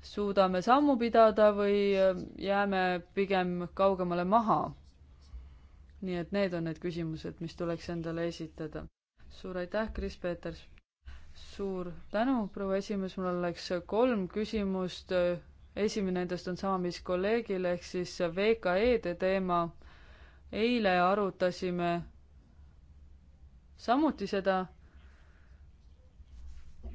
suudame sammu pidada või eh, jääme pigem kaugemale maha nii et need on need küsimused, mis tuleks endale esitada. suur aitäh, Kris Peeters! suur tänu, proua esimees, mul oleks kolm küsimust. esimene nendest on sama, mis kolleegil, ehk siis VKE-de teema. eile arutasime samuti seda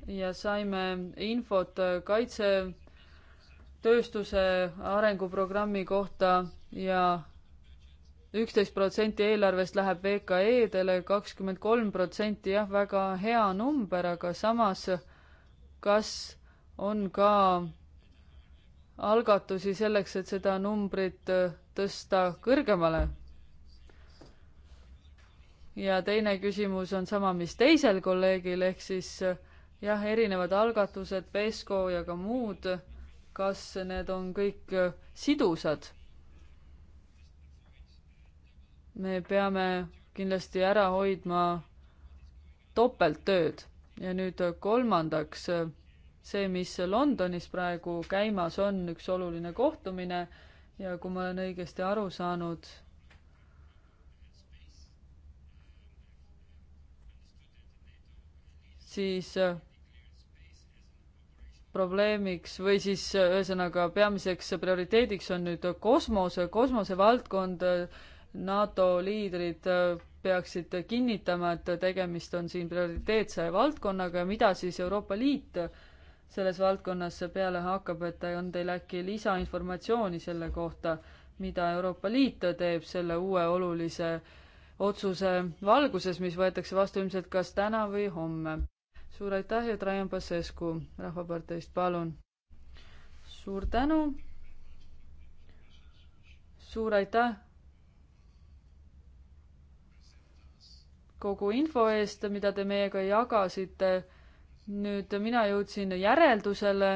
ja saime infot kaitsetööstuse arenguprogrammi kohta ja üksteist protsenti eelarvest läheb VKE-dele, kakskümmend kolm protsenti, jah, väga hea number, aga samas kas on ka algatusi selleks, et seda numbrit tõsta kõrgemale? ja teine küsimus on sama, mis teisel kolleegil, ehk siis jah, erinevad algatused, PESCO ja ka muud, kas need on kõik sidusad? me peame kindlasti ära hoidma topelttööd ja nüüd kolmandaks, see, mis Londonis praegu käimas on, üks oluline kohtumine ja kui ma olen õigesti aru saanud, siis äh, probleemiks või siis äh, ühesõnaga peamiseks prioriteediks on nüüd kosmose, kosmosevaldkond, äh, NATO liidrid äh, peaksid kinnitama, et tegemist on siin prioriteetse valdkonnaga ja mida siis Euroopa Liit selles valdkonnas peale hakkab, et on teil äkki lisainformatsiooni selle kohta, mida Euroopa Liit teeb selle uue olulise otsuse valguses, mis võetakse vastu ilmselt kas täna või homme. suur aitäh ja Traian Pasescu Rahvaparteist, palun. suur tänu. suur aitäh kogu info eest, mida te meiega jagasite. nüüd mina jõudsin järeldusele.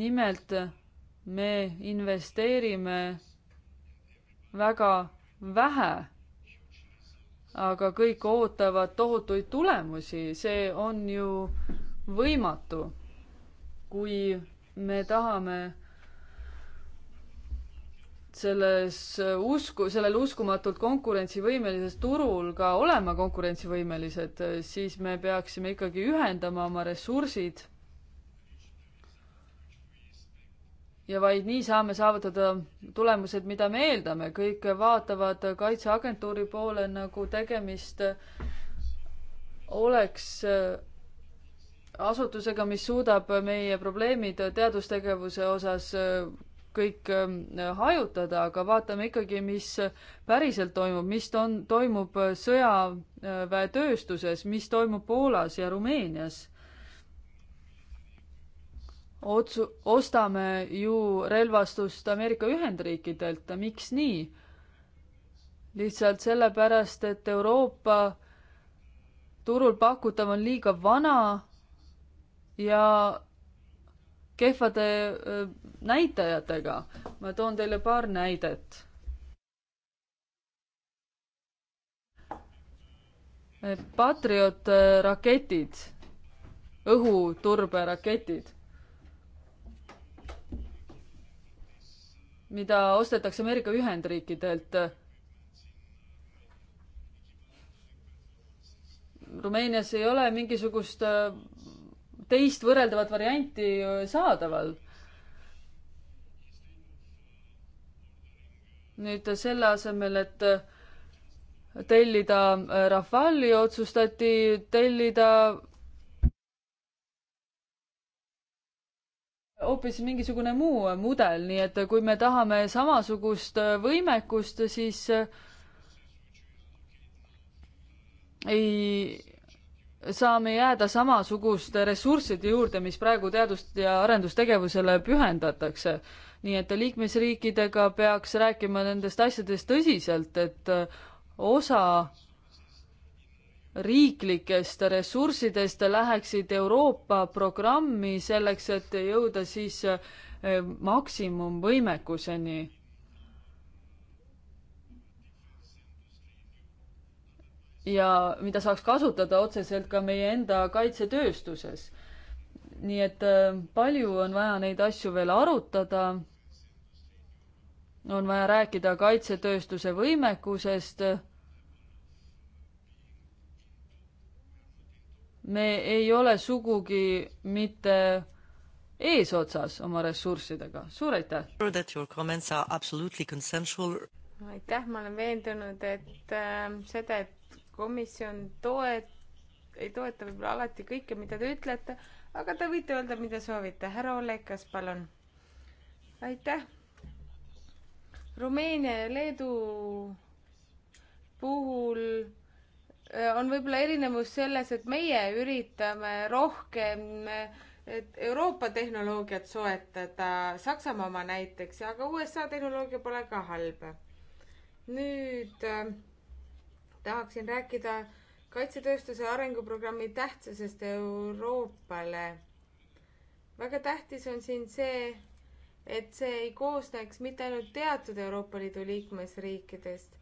nimelt me investeerime väga vähe. aga kõik ootavad tohutuid tulemusi, see on ju võimatu. kui me tahame selles usku, sellel uskumatult konkurentsivõimelises turul ka olema konkurentsivõimelised, siis me peaksime ikkagi ühendama oma ressursid. ja vaid nii saame saavutada tulemused, mida me eeldame, kõik vaatavad Kaitseagentuuri poole nagu tegemist oleks asutusega, mis suudab meie probleemid teadustegevuse osas kõik ähm, hajutada, aga vaatame ikkagi, mis päriselt toimub, mis on, toimub äh, sõjaväetööstuses, äh, mis toimub Poolas ja Rumeenias. otsu-, ostame ju relvastust Ameerika Ühendriikidelt, miks nii? lihtsalt sellepärast, et Euroopa turul pakutav on liiga vana ja kehvade näitajatega. ma toon teile paar näidet. Patriot raketid, õhuturberaketid, mida ostetakse Ameerika Ühendriikidelt Rumeenias ei ole mingisugust teist võrreldavat varianti saadaval. nüüd selle asemel, et tellida äh, Rafali, otsustati tellida hoopis mingisugune muu mudel, nii et kui me tahame samasugust äh, võimekust, siis äh, ei saame jääda samasuguste ressursside juurde, mis praegu teadus- ja arendustegevusele pühendatakse. nii et liikmesriikidega peaks rääkima nendest asjadest tõsiselt, et osa riiklikest ressurssidest läheksid Euroopa programmi selleks, et jõuda siis eh, maksimumvõimekuseni ja mida saaks kasutada otseselt ka meie enda kaitsetööstuses. nii et äh, palju on vaja neid asju veel arutada. on vaja rääkida kaitsetööstuse võimekusest. me ei ole sugugi mitte eesotsas oma ressurssidega. suur aitäh! aitäh, ma olen veendunud, et äh, seda, et komisjon toet-, ei toeta võib-olla alati kõike, mida te ütlete, aga te võite öelda, mida soovite. härra Olekas, palun. aitäh. Rumeenia ja Leedu puhul äh, on võib-olla erinevus selles, et meie üritame rohkem äh, et Euroopa tehnoloogiat soetada, Saksamaa oma näiteks, aga USA tehnoloogia pole ka halb. nüüd äh, tahaksin rääkida kaitsetööstuse arenguprogrammi tähtsusest Euroopale. väga tähtis on siin see, et see ei koosneks mitte ainult teatud Euroopa Liidu liikmesriikidest.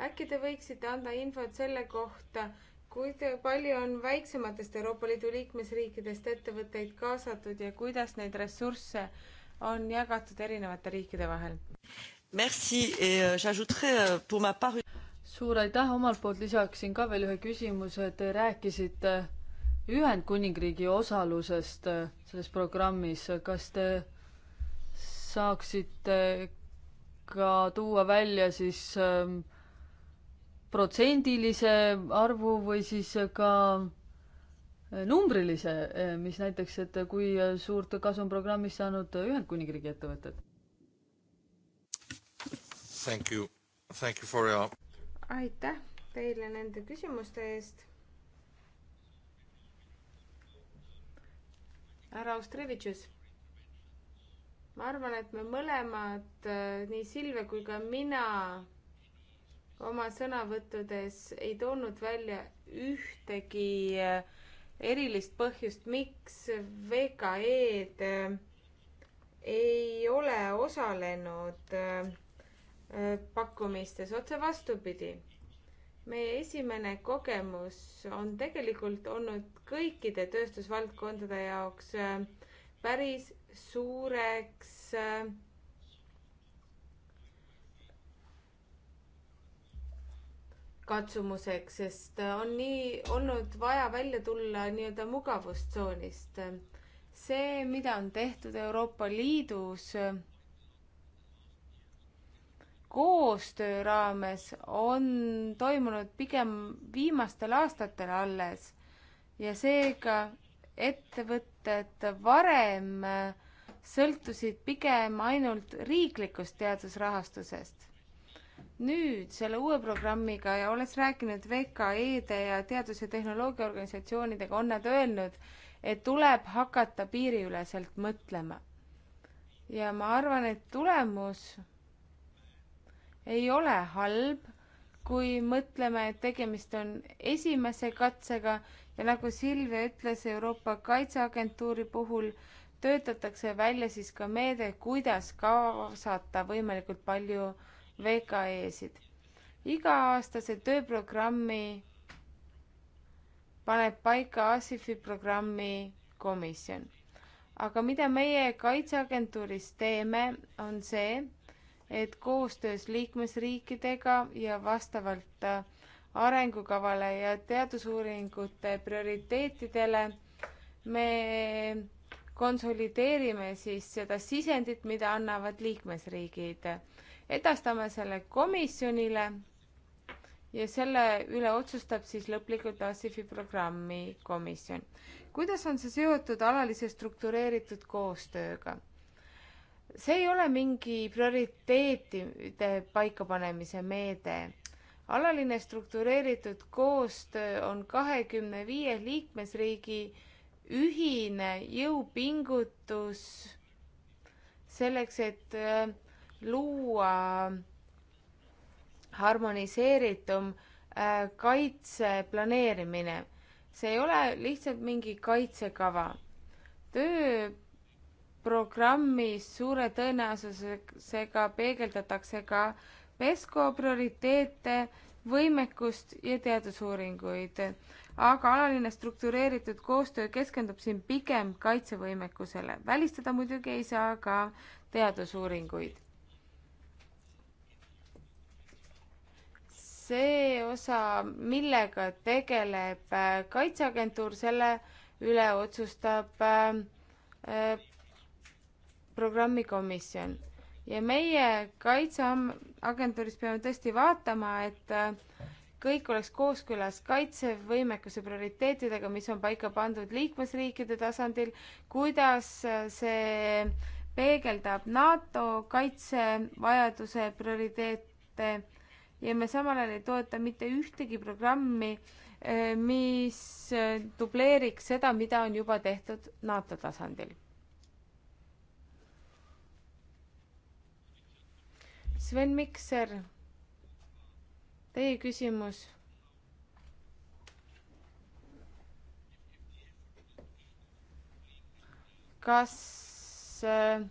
äkki te võiksite anda infot selle kohta, kui palju on väiksematest Euroopa Liidu liikmesriikidest ettevõtteid kaasatud ja kuidas neid ressursse on jagatud erinevate riikide vahel? Merci et euh, j'ajouterai euh, pour ma part suur aitäh, omalt poolt lisaksin ka veel ühe küsimuse, te rääkisite Ühendkuningriigi osalusest selles programmis, kas te saaksite ka tuua välja siis ähm, protsendilise arvu või siis ka äh, numbrilise, äh, mis näiteks, et kui suurt kasu on programmist saanud Ühendkuningriigi ettevõtted? Thank you, thank you for your aitäh teile nende küsimuste eest. härra Ostrevitšus, ma arvan, et me mõlemad, äh, nii Silvia kui ka mina, oma sõnavõttudes ei toonud välja ühtegi äh, erilist põhjust, miks VKE-d äh, ei ole osalenud äh, Äh, pakkumistes, otse vastupidi. meie esimene kogemus on tegelikult olnud kõikide tööstusvaldkondade jaoks äh, päris suureks äh, katsumuseks, sest on nii olnud vaja välja tulla nii-öelda mugavustsoonist. see, mida on tehtud Euroopa Liidus koostöö raames on toimunud pigem viimastel aastatel alles ja seega ettevõtted varem sõltusid pigem ainult riiklikust teadusrahastusest. nüüd selle uue programmiga ja olles rääkinud VKE-de ja teadus- ja tehnoloogiaorganisatsioonidega, on nad öelnud, et tuleb hakata piiriüleselt mõtlema. ja ma arvan, et tulemus ei ole halb, kui mõtleme, et tegemist on esimese katsega ja nagu Silvia ütles, Euroopa Kaitseagentuuri puhul töötatakse välja siis ka meede, kuidas kaasata võimalikult palju VKE-sid. iga-aastase tööprogrammi paneb paika ASIF-i programmi komisjon. aga mida meie Kaitseagentuuris teeme, on see, et koostöös liikmesriikidega ja vastavalt äh, arengukavale ja teadusuuringute prioriteetidele me konsolideerime siis seda sisendit, mida annavad liikmesriigid. edastame selle komisjonile ja selle üle otsustab siis lõplikult ASIF-i programmi komisjon. kuidas on see seotud alalise struktureeritud koostööga? see ei ole mingi prioriteetide paikapanemise meede. alaline struktureeritud koostöö on kahekümne viie liikmesriigi ühine jõupingutus selleks, et äh, luua harmoniseeritum äh, kaitse planeerimine. see ei ole lihtsalt mingi kaitsekava. töö programmis suure tõenäosusega peegeldatakse ka PESCO prioriteete, võimekust ja teadusuuringuid. aga alaline struktureeritud koostöö keskendub siin pigem kaitsevõimekusele. välistada muidugi ei saa ka teadusuuringuid. see osa, millega tegeleb Kaitseagentuur, selle üle otsustab äh, programmikomisjon ja meie kaitseagentuuris peame tõesti vaatama, et äh, kõik oleks kooskõlas kaitsevõimekuse prioriteetidega, mis on paika pandud liikmesriikide tasandil, kuidas äh, see peegeldab NATO kaitsevajaduse prioriteete ja me samal ajal ei toeta mitte ühtegi programmi, äh, mis dubleeriks seda, mida on juba tehtud NATO tasandil Sven Mikser, teie küsimus. kas äh,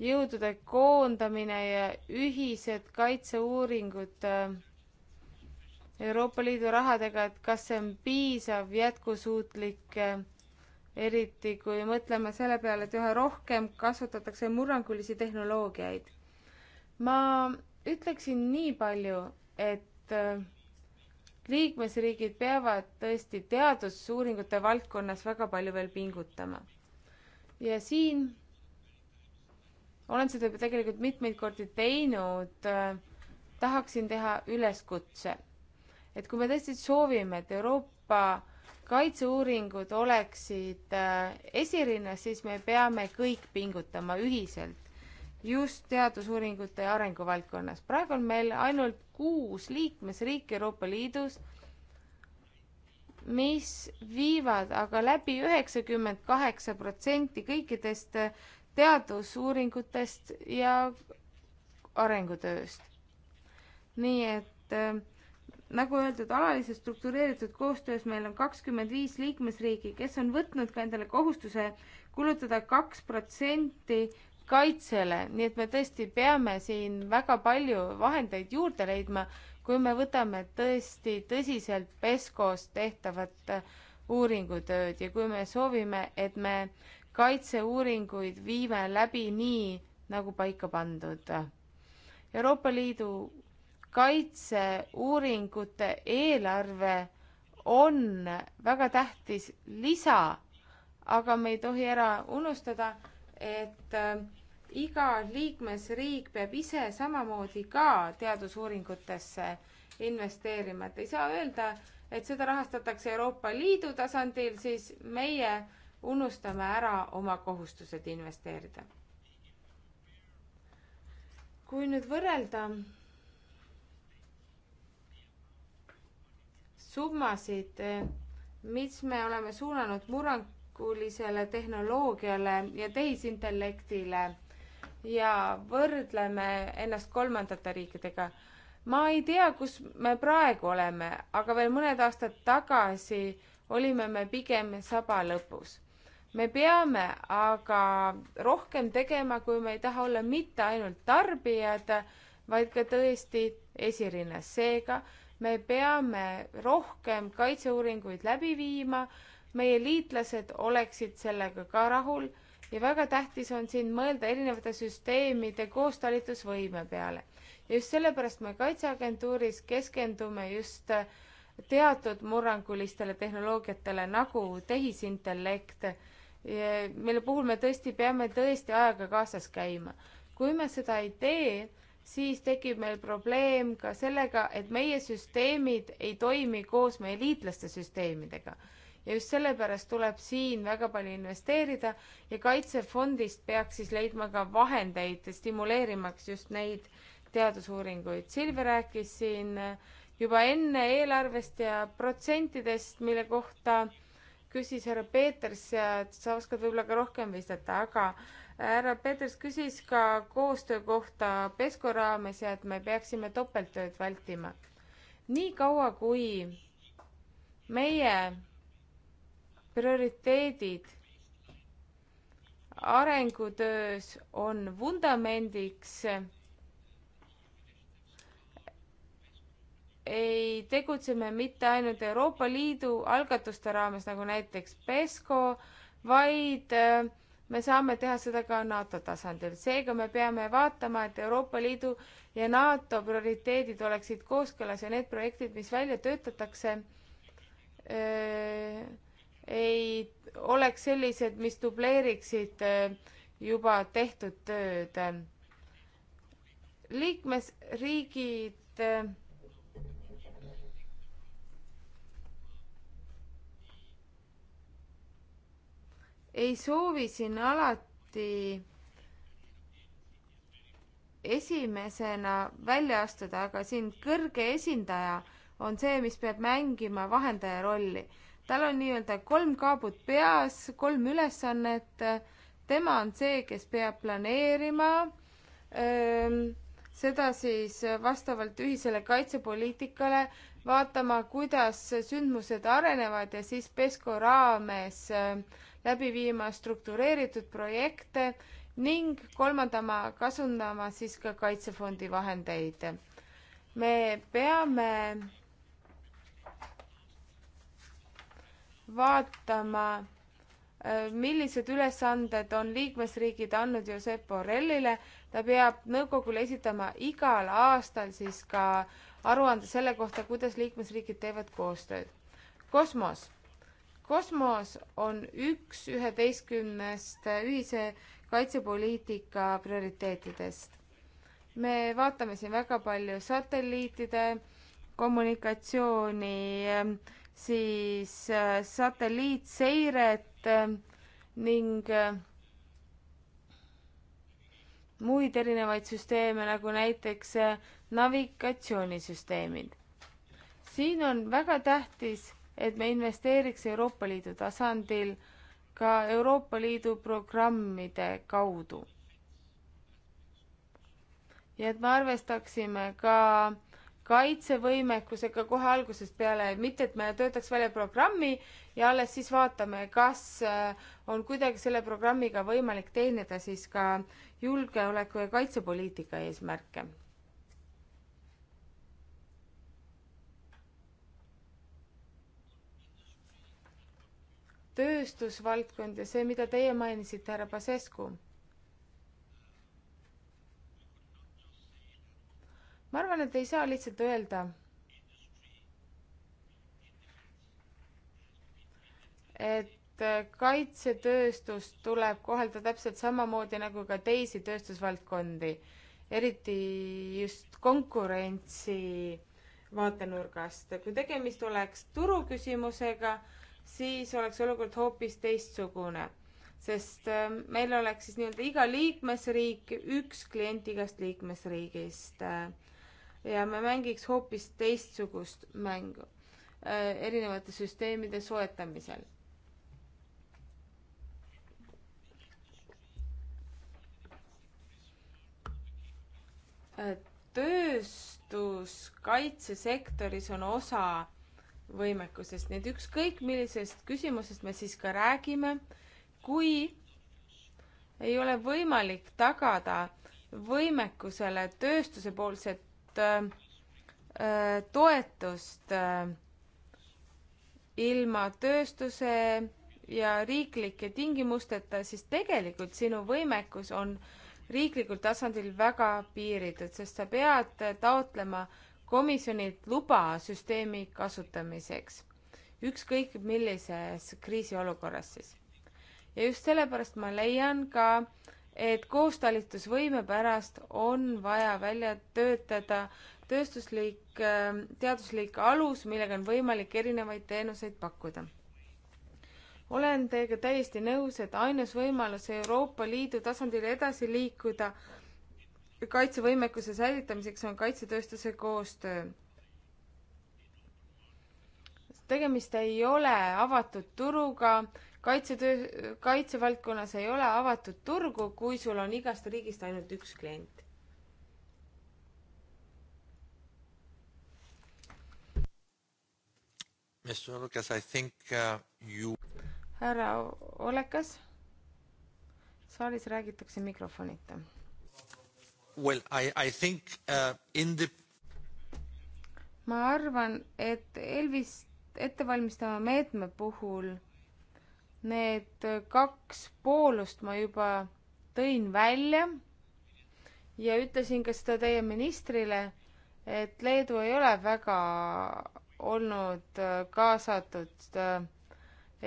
jõudude koondamine ja ühised kaitseuuringud äh, Euroopa Liidu rahadega, et kas see on piisav, jätkusuutlik, äh, eriti kui mõtleme selle peale, et üha rohkem kasutatakse murrangulisi tehnoloogiaid ma ütleksin nii palju, et äh, liikmesriigid peavad tõesti teadusuuringute valdkonnas väga palju veel pingutama. ja siin olen seda juba tegelikult mitmeid kordi teinud, äh, tahaksin teha üleskutse. et kui me tõesti soovime, et Euroopa kaitseuuringud oleksid äh, esirinnas, siis me peame kõik pingutama ühiselt just teadusuuringute ja arengu valdkonnas. praegu on meil ainult kuus liikmesriiki Euroopa Liidus, mis viivad aga läbi üheksakümmend kaheksa protsenti kõikidest teadusuuringutest ja arengutööst. nii et äh, nagu öeldud, alalises struktureeritud koostöös meil on kakskümmend viis liikmesriigi, kes on võtnud ka endale kohustuse kulutada kaks protsenti kaitsele, nii et me tõesti peame siin väga palju vahendeid juurde leidma, kui me võtame tõesti tõsiselt Peskos tehtavat äh, uuringutööd ja kui me soovime, et me kaitseuuringuid viime läbi nii, nagu paika pandud. Euroopa Liidu kaitseuuringute eelarve on väga tähtis lisa, aga me ei tohi ära unustada, et äh, iga liikmesriik peab ise samamoodi ka teadusuuringutesse investeerima, et ei saa öelda, et seda rahastatakse Euroopa Liidu tasandil, siis meie unustame ära oma kohustused investeerida. kui nüüd võrrelda summasid, äh, mis me oleme suunanud murrang, kuulisele tehnoloogiale ja tehisintellektile ja võrdleme ennast kolmandate riikidega. ma ei tea, kus me praegu oleme, aga veel mõned aastad tagasi olime me pigem saba lõpus. me peame aga rohkem tegema, kui me ei taha olla mitte ainult tarbijad, vaid ka tõesti esirinnas. seega me peame rohkem kaitseuuringuid läbi viima meie liitlased oleksid sellega ka rahul ja väga tähtis on siin mõelda erinevate süsteemide koostalitusvõime peale. ja just sellepärast me Kaitseagentuuris keskendume just teatud murrangulistele tehnoloogiatele nagu tehisintellekt, mille puhul me tõesti peame tõesti ajaga kaasas käima. kui me seda ei tee, siis tekib meil probleem ka sellega, et meie süsteemid ei toimi koos meie liitlaste süsteemidega ja just sellepärast tuleb siin väga palju investeerida ja kaitsefondist peaks siis leidma ka vahendeid, stimuleerimaks just neid teadusuuringuid. Silvi rääkis siin juba enne eelarvest ja protsentidest, mille kohta küsis härra Peeters ja sa oskad võib-olla ka rohkem vistata, aga härra Peeters küsis ka koostöö kohta Pesco raames ja et me peaksime topelttööd vältima. niikaua, kui meie prioriteedid arengutöös on vundamendiks ei tegutse me mitte ainult Euroopa Liidu algatuste raames, nagu näiteks PESCO, vaid äh, me saame teha seda ka NATO tasandil. seega me peame vaatama, et Euroopa Liidu ja NATO prioriteedid oleksid kooskõlas ja need projektid, mis välja töötatakse, äh, ei oleks sellised, mis dubleeriksid äh, juba tehtud tööd. liikmesriigid äh, ei soovi siin alati esimesena välja astuda, aga siin kõrge esindaja on see, mis peab mängima vahendaja rolli tal on nii-öelda kolm kaabut peas, kolm ülesannet. tema on see, kes peab planeerima ähm, seda siis vastavalt ühisele kaitsepoliitikale, vaatama, kuidas sündmused arenevad ja siis PESCO raames ähm, läbi viima struktureeritud projekte ning kolmandama kasutama siis ka kaitsefondi vahendeid. me peame vaatama, äh, millised ülesanded on liikmesriigid andnud Josep Borrellile. ta peab nõukogule esitama igal aastal siis ka aruande selle kohta, kuidas liikmesriigid teevad koostööd. kosmos. kosmos on üks üheteistkümnest ühise kaitsepoliitika prioriteetidest. me vaatame siin väga palju satelliitide kommunikatsiooni siis äh, satelliitseiret äh, ning äh, muid erinevaid süsteeme, nagu näiteks navigatsioonisüsteemid. siin on väga tähtis, et me investeeriks Euroopa Liidu tasandil ka Euroopa Liidu programmide kaudu. ja et me arvestaksime ka kaitsevõimekusega kohe algusest peale, mitte et me töötaks välja programmi ja alles siis vaatame, kas äh, on kuidagi selle programmiga võimalik teenida siis ka julgeoleku ja kaitsepoliitika eesmärke. tööstusvaldkond ja see, mida teie mainisite, härra Pasescu ma arvan, et ei saa lihtsalt öelda, et kaitsetööstust tuleb kohelda täpselt samamoodi nagu ka teisi tööstusvaldkondi, eriti just konkurentsi vaatenurgast. kui tegemist oleks turuküsimusega, siis oleks olukord hoopis teistsugune, sest äh, meil oleks siis nii-öelda iga liikmesriik üks klient igast liikmesriigist äh, ja me mängiks hoopis teistsugust mängu äh, erinevate süsteemide soetamisel. Äh, tööstus kaitsesektoris on osa võimekusest, nii et ükskõik millisest küsimusest me siis ka räägime, kui ei ole võimalik tagada võimekusele tööstusepoolset suurt äh, toetust äh, ilma tööstuse ja riiklike tingimusteta, siis tegelikult sinu võimekus on riiklikul tasandil väga piiritud, sest sa pead taotlema komisjonilt luba süsteemi kasutamiseks, ükskõik millises kriisiolukorras siis. ja just sellepärast ma leian ka, et koostalitusvõime pärast on vaja välja töötada tööstuslik, ähm, teaduslik alus, millega on võimalik erinevaid teenuseid pakkuda. olen teiega täiesti nõus, et ainus võimalus Euroopa Liidu tasandil edasi liikuda kaitsevõimekuse säilitamiseks on kaitsetööstuse koostöö. tegemist ei ole avatud turuga, kaitsetöö, kaitsevaldkonnas ei ole avatud turgu, kui sul on igast riigist ainult üks klient. Mr Olekas, I think uh, you härra Olekas, saalis räägitakse mikrofonita. Well, I, I think uh, in the ma arvan, et Elvist ettevalmistava meetme puhul Need kaks poolust ma juba tõin välja ja ütlesin ka seda teie ministrile, et Leedu ei ole väga olnud äh, kaasatud, äh,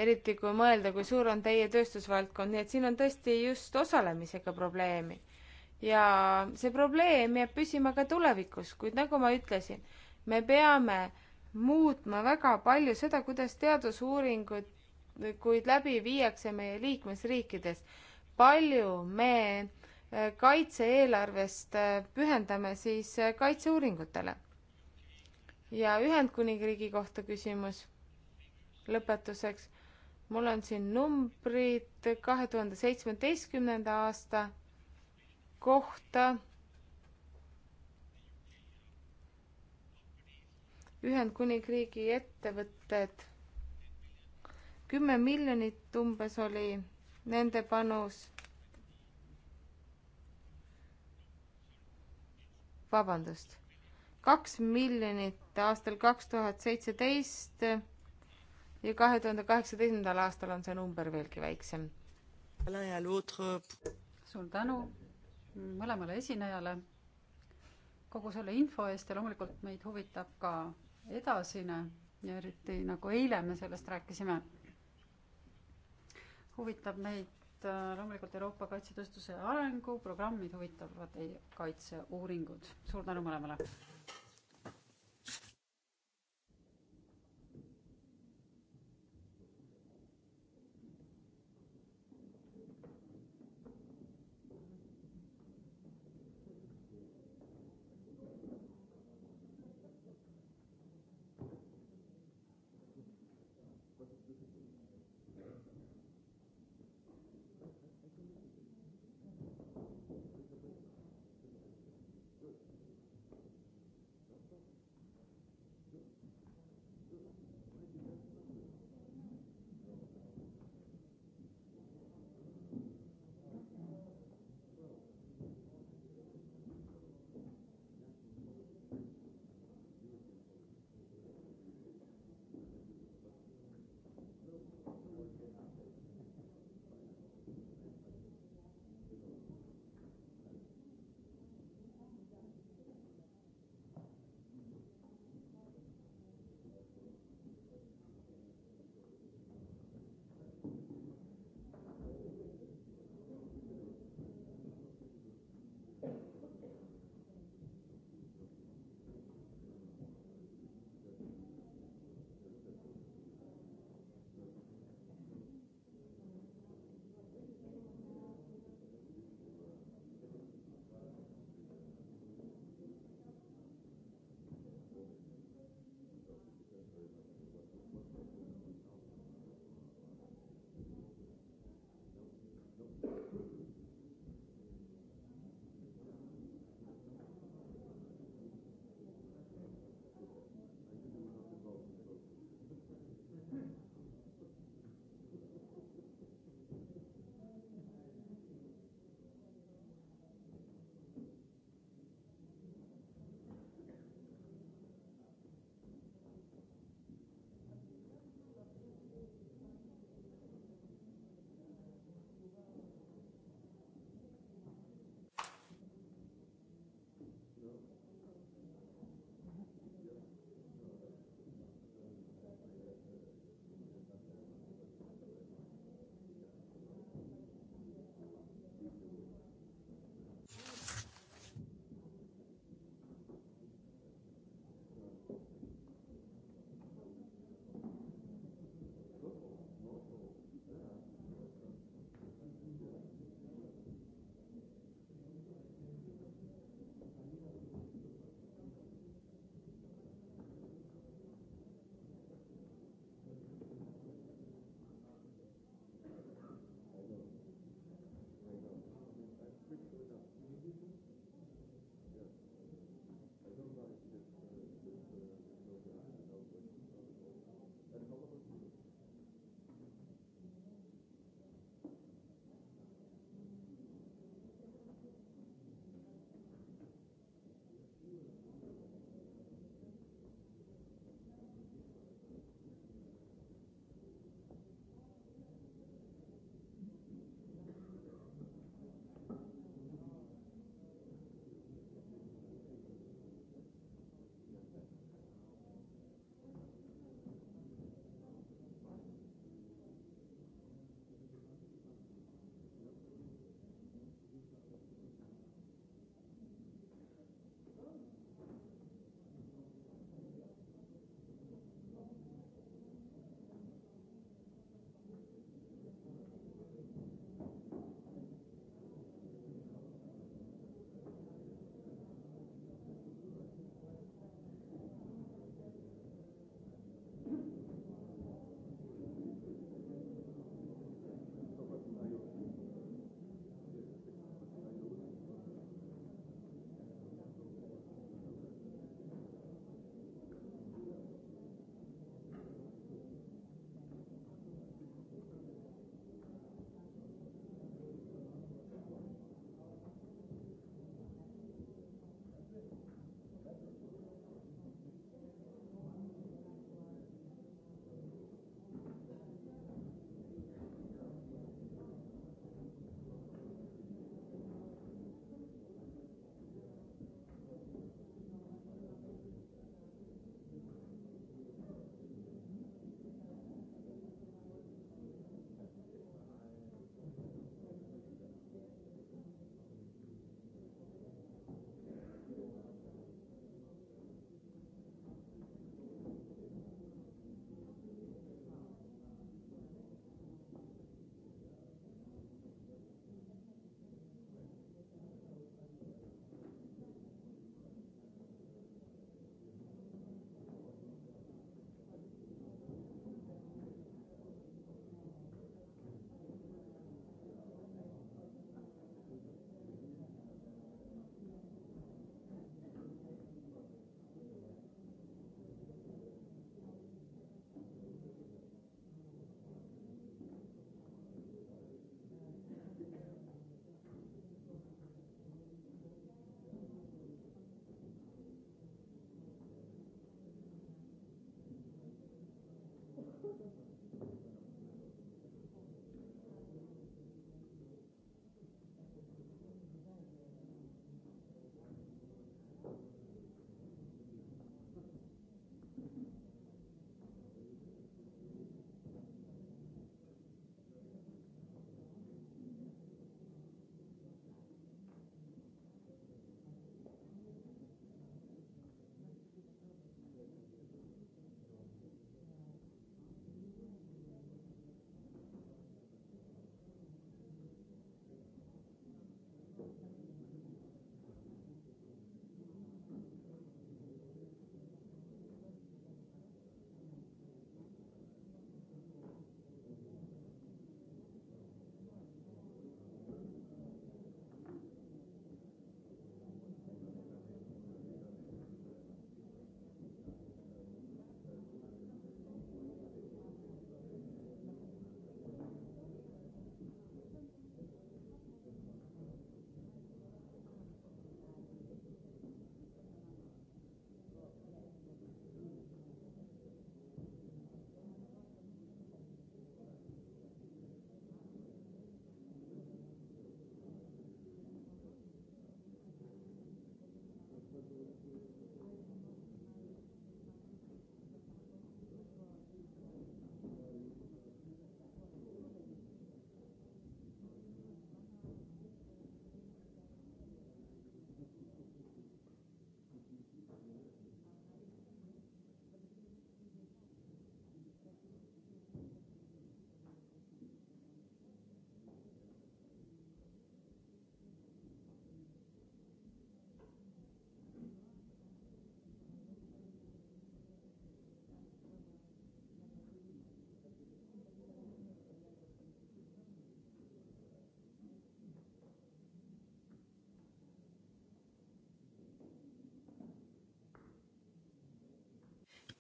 eriti kui mõelda, kui suur on teie tööstusvaldkond, nii et siin on tõesti just osalemisega probleemi. ja see probleem jääb püsima ka tulevikus, kuid nagu ma ütlesin, me peame muutma väga palju seda, kuidas teadusuuringut kuid läbi viiakse meie liikmesriikides. palju me eh, kaitse-eelarvest eh, pühendame siis eh, kaitseuuringutele? ja Ühendkuningriigi kohta küsimus lõpetuseks. mul on siin numbrid kahe tuhande seitsmeteistkümnenda aasta kohta Ühendkuningriigi ettevõtted kümme miljonit umbes oli nende panus. vabandust, kaks miljonit aastal kaks tuhat seitseteist ja kahe tuhande kaheksateistkümnendal aastal on see number veelgi väiksem. suur tänu mõlemale esinejale kogu selle info eest ja loomulikult meid huvitab ka edasine ja eriti nagu eile me sellest rääkisime huvitab meid äh, loomulikult Euroopa kaitsetööstuse arengu, programmid huvitavad kaitseuuringud. suur tänu mõlemale!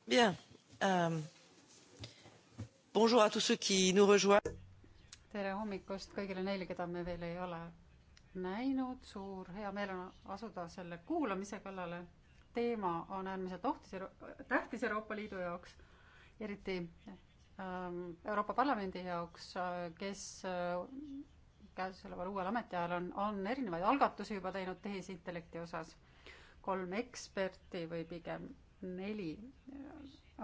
Bien. Euh, bonjour à tous ceux qui nous rejoignent. tere hommikust kõigile neile, keda me veel ei ole näinud, suur hea meel on asuda selle kuulamise kallale. teema on äärmiselt ohtis, tähtis Euroopa Liidu jaoks, eriti ähm, Euroopa Parlamendi jaoks, äh, kes äh, käesoleval uuel ametiajal on, on erinevaid algatusi juba teinud tehisintellekti osas. kolm eksperti või pigem neli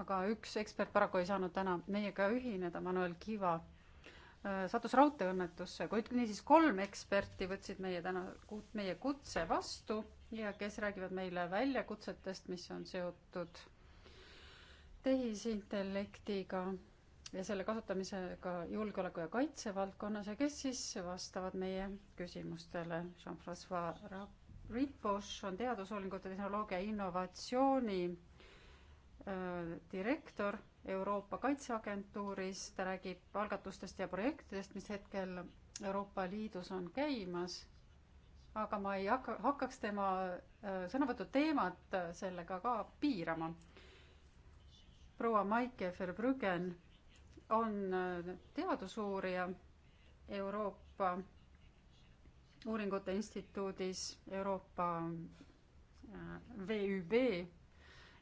aga üks ekspert paraku ei saanud täna meiega ühineda, Manuel Kiva äh, sattus raudteeõnnetusse, kuid niisiis kolm eksperti võtsid meie täna, meie kutse vastu ja kes räägivad meile väljakutsetest, mis on seotud tehisintellektiga ja selle kasutamisega julgeoleku ja kaitse valdkonnas ja kes siis vastavad meie küsimustele. Jean-Francois Ripoš on teadusuuringute tehnoloogia innovatsiooni Äh, direktor Euroopa Kaitseagentuuris, ta räägib algatustest ja projektidest, mis hetkel Euroopa Liidus on käimas, aga ma ei hakka, hakkaks tema äh, sõnavõtu teemat äh, sellega ka piirama. proua Maike Verbrüggen on teadusuurija Euroopa Uuringute Instituudis, Euroopa VÜB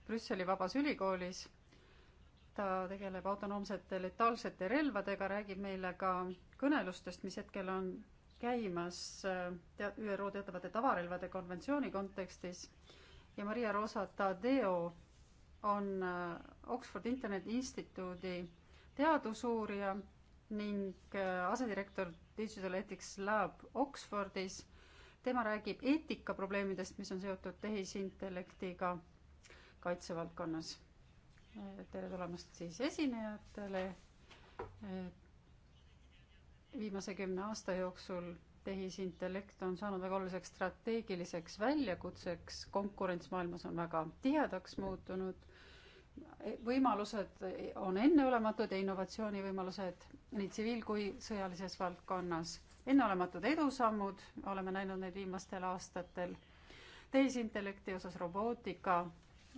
Brüsseli Vabas Ülikoolis. ta tegeleb autonoomsete letaalsete relvadega, räägib meile ka kõnelustest, mis hetkel on käimas äh, tea-, ÜRO teatavate tavarelvade konventsiooni kontekstis ja Maria Rosa Tadeo on äh, Oxford Internet Instituudi teadusuurija ning äh, asedirektor Digital Ethics Lab Oxfordis. tema räägib eetikaprobleemidest, mis on seotud tehisintellektiga kaitsevaldkonnas. tere tulemast siis esinejatele. viimase kümne aasta jooksul tehisintellekt on saanud väga oluliseks strateegiliseks väljakutseks, konkurents maailmas on väga tihedaks muutunud, võimalused on enneolematud ja innovatsioonivõimalused nii tsiviil- kui sõjalises valdkonnas. enneolematud edusammud, oleme näinud neid viimastel aastatel, tehisintellekti osas robootika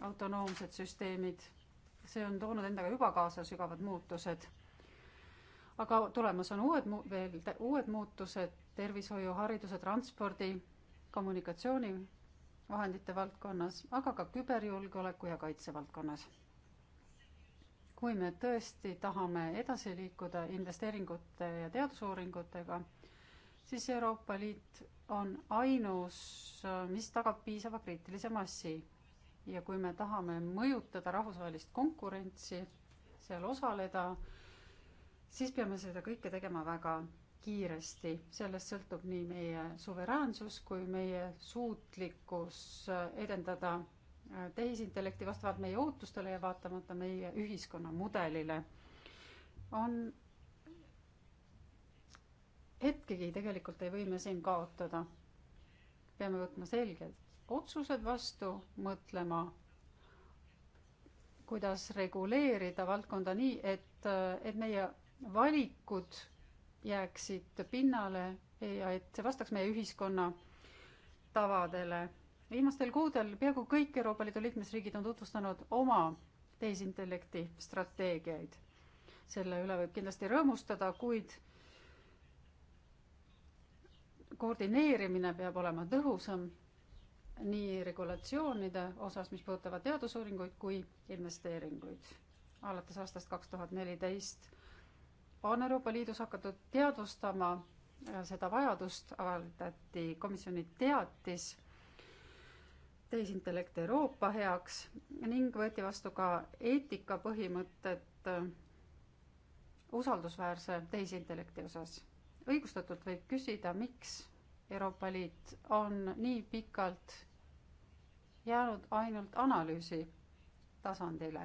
autonoomsed süsteemid, see on toonud endaga juba kaasa sügavad muutused. aga tulemas on uued mu-, veel uued muutused tervishoiu, hariduse, transpordi, kommunikatsioonivahendite valdkonnas, aga ka küberjulgeoleku ja kaitse valdkonnas. kui me tõesti tahame edasi liikuda investeeringute ja teadusuuringutega, siis Euroopa Liit on ainus, mis tagab piisava kriitilise massi ja kui me tahame mõjutada rahvusvahelist konkurentsi, seal osaleda, siis peame seda kõike tegema väga kiiresti, sellest sõltub nii meie suveräänsus kui meie suutlikkus edendada äh, tehisintellekti vastavalt meie ootustele ja vaatamata meie ühiskonna mudelile. on hetkegi tegelikult ei või me siin kaotada. peame võtma selgelt otsused vastu mõtlema, kuidas reguleerida valdkonda nii, et, et meie valikud jääksid pinnale ja et see vastaks meie ühiskonna tavadele. viimastel kuudel peaaegu kõik Euroopa Liidu liikmesriigid on tutvustanud oma tehisintellekti strateegiaid. selle üle võib kindlasti rõõmustada, kuid koordineerimine peab olema tõhusam nii regulatsioonide osas, mis puudutavad teadusuuringuid kui investeeringuid. alates aastast kaks tuhat neliteist on Euroopa Liidus hakatud teadvustama äh, seda vajadust, avaldati komisjoni teatis tehisintellekt Euroopa heaks ning võeti vastu ka eetikapõhimõtted äh, usaldusväärse tehisintellekti osas. õigustatult võib küsida, miks Euroopa Liit on nii pikalt jäänud ainult analüüsi tasandile.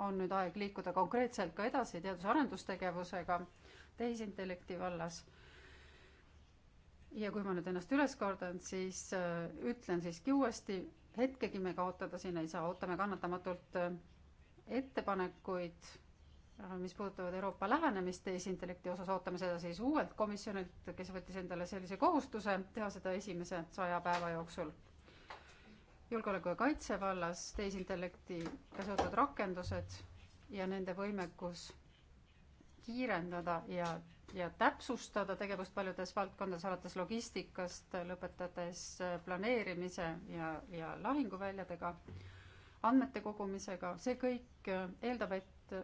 on nüüd aeg liikuda konkreetselt ka edasi teadus- ja arendustegevusega tehisintellekti vallas. ja kui ma nüüd ennast üles kordan, siis äh, ütlen siiski uuesti, hetkegi me kaotada siin ei saa, ootame kannatamatult äh, ettepanekuid, äh, mis puudutavad Euroopa lähenemist tehisintellekti osas, ootame seda siis uuelt komisjonilt, kes võttis endale sellise kohustuse teha seda esimese saja päeva jooksul julgeoleku ja kaitse vallas, tehisintellektiga seotud rakendused ja nende võimekus kiirendada ja, ja täpsustada tegevust paljudes valdkondades, alates logistikast, lõpetades planeerimise ja, ja lahinguväljadega, andmete kogumisega, see kõik eeldab, et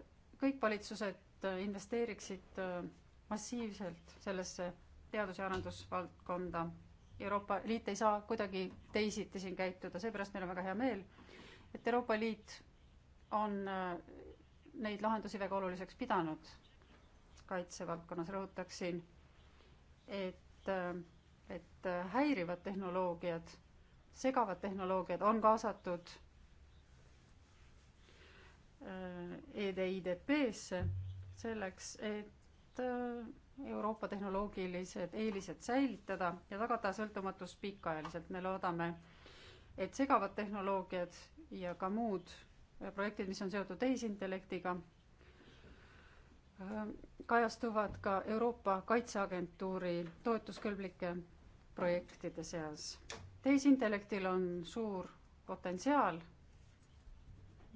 kõik valitsused investeeriksid massiivselt sellesse teadus- ja arendusvaldkonda Euroopa Liit ei saa kuidagi teisiti siin käituda, seepärast meil on väga hea meel, et Euroopa Liit on äh, neid lahendusi väga oluliseks pidanud. kaitsevaldkonnas rõhutaksin, et, äh, et äh, häirivad tehnoloogiad, segavad tehnoloogiad on kaasatud EDIDP-sse selleks, et Euroopa tehnoloogilised eelised säilitada ja tagada sõltumatus pikaajaliselt. me loodame, et segavad tehnoloogiad ja ka muud projektid, mis on seotud tehisintellektiga, äh, kajastuvad ka Euroopa Kaitseagentuuri toetuskõlblike projektide seas. tehisintellektil on suur potentsiaal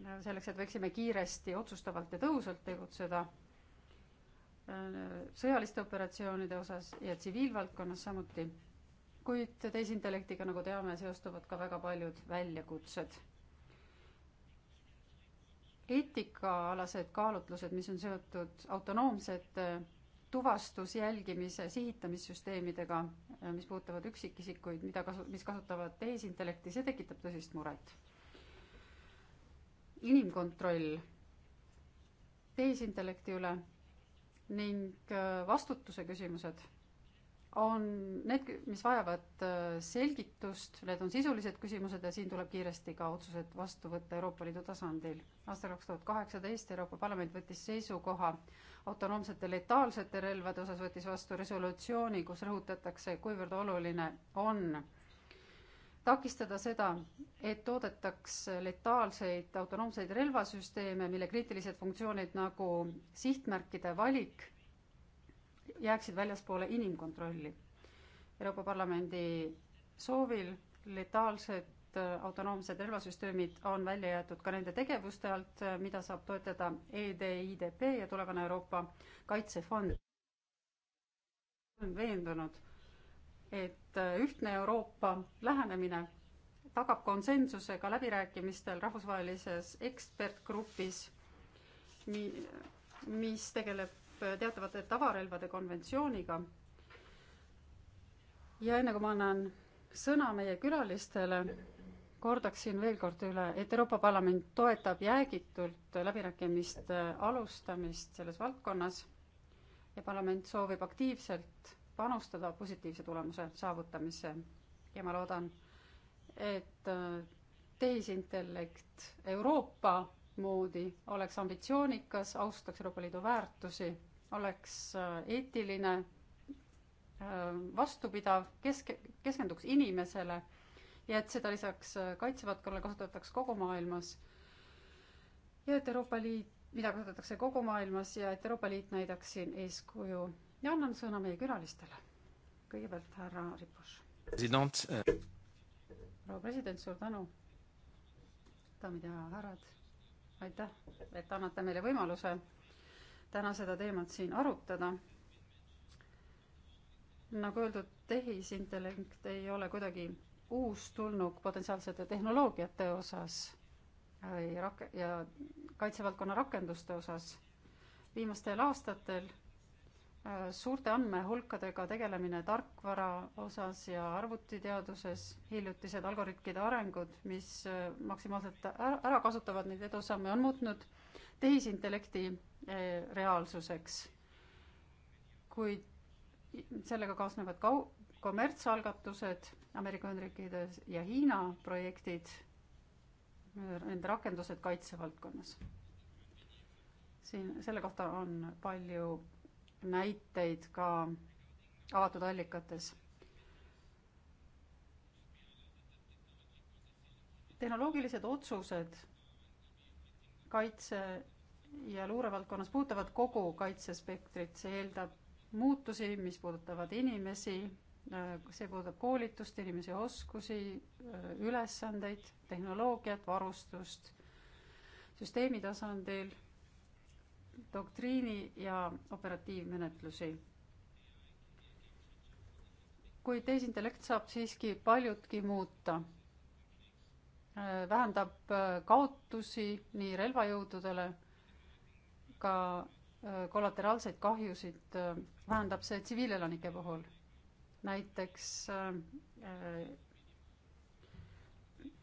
äh, selleks, et võiksime kiiresti, otsustavalt ja tõhusalt tegutseda sõjaliste operatsioonide osas ja tsiviilvaldkonnas samuti. kuid tehisintellektiga, nagu teame, seostuvad ka väga paljud väljakutsed. eetikaalased kaalutlused, mis on seotud autonoomsete tuvastus, jälgimise, sihitamissüsteemidega, mis puudutavad üksikisikuid, mida kasu, mis kasutavad tehisintellekti, see tekitab tõsist muret. inimkontroll tehisintellekti üle ning äh, vastutuse küsimused on need, mis vajavad äh, selgitust, need on sisulised küsimused ja siin tuleb kiiresti ka otsused vastu võtta Euroopa Liidu tasandil. aastal kaks tuhat kaheksateist Euroopa Parlament võttis seisukoha autonoomsete letaalsete relvade osas, võttis vastu resolutsiooni, kus rõhutatakse, kuivõrd oluline on takistada seda, et toodetaks letaalseid autonoomseid relvasüsteeme, mille kriitilised funktsioonid nagu sihtmärkide valik jääksid väljaspoole inimkontrolli. Euroopa Parlamendi soovil letaalsed autonoomsed relvasüsteemid on välja jäetud ka nende tegevuste alt, mida saab toetada EDIDP ja tulevane Euroopa Kaitsefond. olen veendunud et äh, ühtne Euroopa lähenemine tagab konsensuse ka läbirääkimistel rahvusvahelises ekspertgrupis, mi-, mis tegeleb äh, teatavate tavarelvade konventsiooniga. ja enne kui ma annan sõna meie külalistele, kordaksin veel kord üle, et Euroopa Parlament toetab jäägitult läbirääkimiste alustamist selles valdkonnas ja parlament soovib aktiivselt panustada positiivse tulemuse saavutamisse ja ma loodan, et äh, tehisintellekt Euroopa moodi oleks ambitsioonikas, austaks Euroopa Liidu väärtusi, oleks äh, eetiline, äh, vastupidav, kesk-, keskenduks inimesele ja et seda lisaks kaitsevaldkonnale kasutataks kogu maailmas ja et Euroopa Liit, mida kasutatakse kogu maailmas ja et Euroopa Liit näidaks siin eeskuju ja annan sõna meie külalistele. kõigepealt härra Ripuš. president. Äh, proua president, suur tänu. daamid ja härrad, aitäh, et annate meile võimaluse täna seda teemat siin arutada. nagu öeldud, tehisintellekt ei ole kuidagi uustulnuk potentsiaalsete tehnoloogiate osas ja rak-, ja kaitsevaldkonna rakenduste osas. viimastel aastatel suurte andmehulkadega tegelemine tarkvara osas ja arvutiteaduses, hiljutised algoritmide arengud, mis äh, maksimaalselt ära kasutavad neid edusamme, on muutnud tehisintellekti äh, reaalsuseks. kuid sellega kaasnevad kau-, kommertsalgatused, Ameerika Ühendriikides ja Hiina projektid, nende rakendused kaitsevaldkonnas. siin, selle kohta on palju näiteid ka avatud allikates. tehnoloogilised otsused kaitse ja luurevaldkonnas puudutavad kogu kaitsespektrit, see eeldab muutusi, mis puudutavad inimesi, see puudutab koolitust, inimese oskusi, ülesandeid, tehnoloogiat, varustust, süsteemi tasandil doktriini ja operatiivmenetlusi. kuid tehisintellekt saab siiski paljutki muuta. vähendab äh, kaotusi nii relvajõududele, ka äh, kollateraalseid kahjusid äh, vähendab see tsiviilelanike puhul. näiteks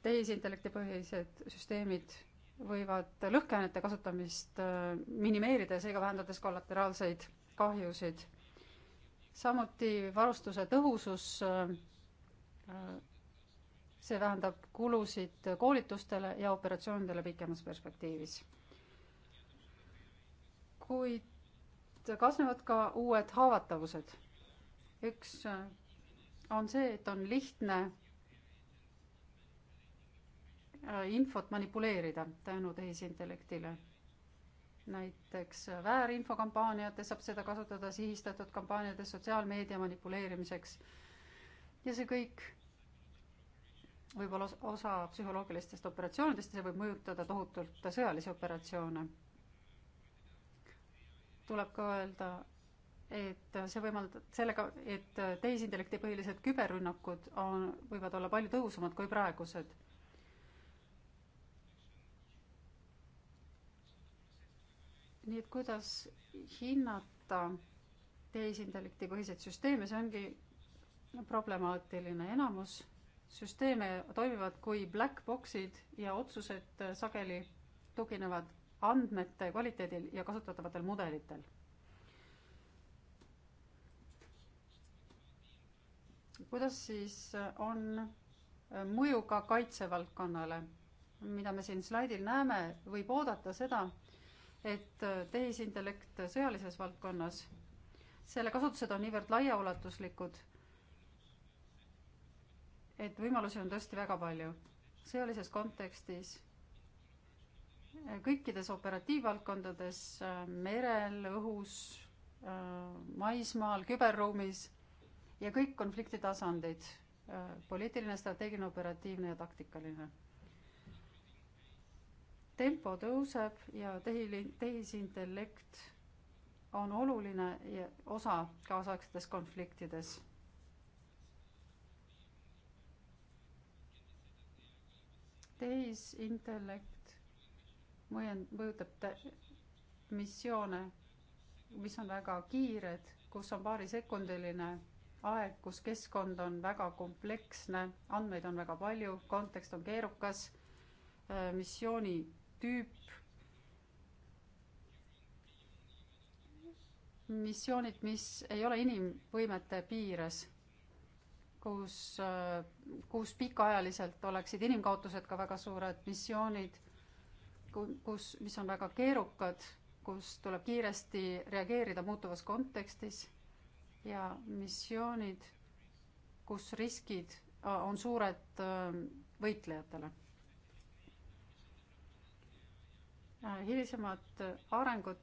tehisintellekti põhised süsteemid võivad lõhkeainete kasutamist äh, minimeerida ja seega vähendades kollateraalseid kahjusid. samuti varustuse tõhusus, äh, äh, see vähendab kulusid koolitustele ja operatsioonidele pikemas perspektiivis. kuid kaasnevad ka uued haavatavused. üks on see, et on lihtne Äh, infot manipuleerida tänu tehisintellektile. näiteks väärinfokampaaniates saab seda kasutada, sihistatud kampaaniates sotsiaalmeedia manipuleerimiseks. ja see kõik võib olla osa psühholoogilistest operatsioonidest ja see võib mõjutada tohutult sõjalisi operatsioone. tuleb ka öelda, et see võimaldab sellega, et tehisintellekti põhilised küberrünnakud on, võivad olla palju tõhusamad kui praegused nii et kuidas hinnata tehisintellekti põhiseid süsteeme, see ongi problemaatiline, enamus süsteeme toimivad kui black box'id ja otsused sageli tuginevad andmete kvaliteedil ja kasutatavatel mudelitel. kuidas siis on mõju ka kaitsevaldkonnale? mida me siin slaidil näeme, võib oodata seda, et äh, tehisintellekt sõjalises valdkonnas, selle kasutused on niivõrd laiaulatuslikud, et võimalusi on tõesti väga palju. sõjalises kontekstis äh, kõikides operatiivvaldkondades, äh, merel, õhus, maismaal, küberruumis ja kõik konflikti tasandid, poliitiline, strateegiline, operatiivne ja taktikaline tempo tõuseb ja tehili-, tehisintellekt on oluline osa kaasaegsetes konfliktides tehisintellekt mõjend-, mõjutab tä-, missioone, mis on väga kiired, kus on paarisekundiline aeg, kus keskkond on väga kompleksne, andmeid on väga palju, kontekst on keerukas, missiooni tüüp missioonid, mis ei ole inimvõimete piires, kus, kus pikaajaliselt oleksid inimkaotused ka väga suured missioonid, kus, mis on väga keerukad, kus tuleb kiiresti reageerida muutuvas kontekstis ja missioonid, kus riskid on suured võitlejatele Äh, hilisemad äh, arengud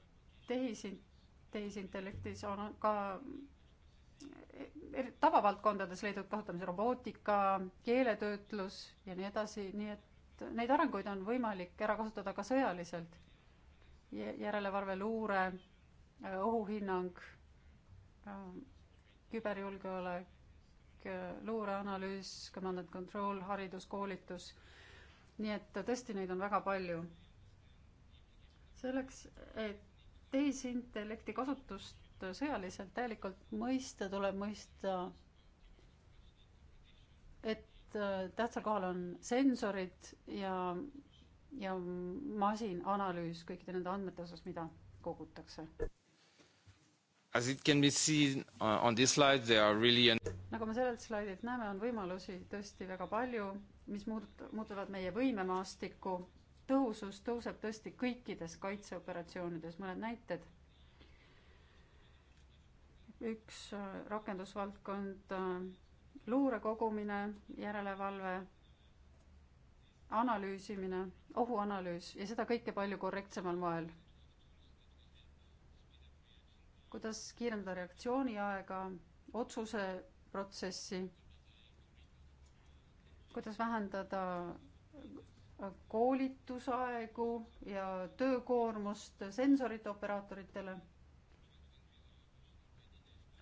tehisin-, tehisintellektis on ka äh, tavavaldkondades leidnud kasutamise robootika, keeletöötlus ja nii edasi, nii et neid arenguid on võimalik ära kasutada ka sõjaliselt. järelevalve, luure, ohuhinnang, küberjulgeolek, luureanalüüs, command and control, haridus, koolitus, nii et tõesti neid on väga palju selleks, et tehisintellekti kasutust sõjaliselt täielikult mõista, tuleb mõista, et äh, tähtsal kohal on sensorid ja, ja masinanalüüs kõikide nende andmete osas, mida kogutakse. As it can be seen uh, on this slide, there are really an... nagu me sellelt slaidilt näeme, on võimalusi tõesti väga palju, mis muud-, muutuvad meie võimemaastikku tõusus tõuseb tõesti kõikides kaitseoperatsioonides, mõned näited. üks äh, rakendusvaldkond, äh, luure kogumine, järelevalve, analüüsimine, ohuanalüüs ja seda kõike palju korrektsemal moel. kuidas kiirendada reaktsiooniaega, otsuseprotsessi, kuidas vähendada koolitusaegu ja töökoormust sensorite operaatoritele,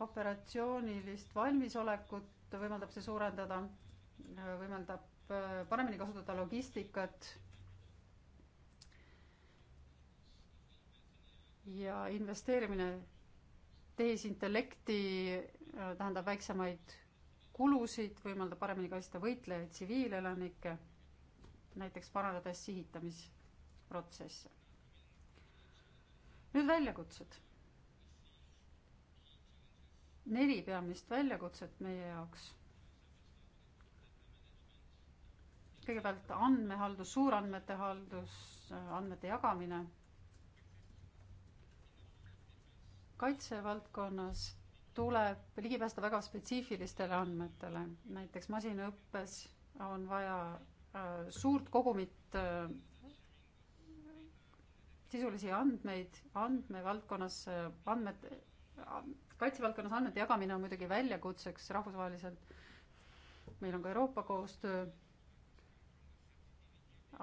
operatsioonilist valmisolekut võimaldab see suurendada, võimaldab äh, paremini kasutada logistikat ja investeerimine tehisintellekti äh, tähendab väiksemaid kulusid, võimaldab paremini kaitsta võitlejaid, tsiviilelanikke näiteks parandades sihitamisprotsesse. nüüd väljakutsed. neli peamist väljakutset meie jaoks. kõigepealt andmehaldus, suurandmete haldus, andmete jagamine. kaitsevaldkonnas tuleb ligi päästa väga spetsiifilistele andmetele, näiteks masinõppes on vaja Äh, suurt kogumit äh, sisulisi andmeid andmevaldkonnas, äh, andmed, kaitsevaldkonnas andmete jagamine on muidugi väljakutseks rahvusvaheliselt. meil on ka Euroopa koostöö.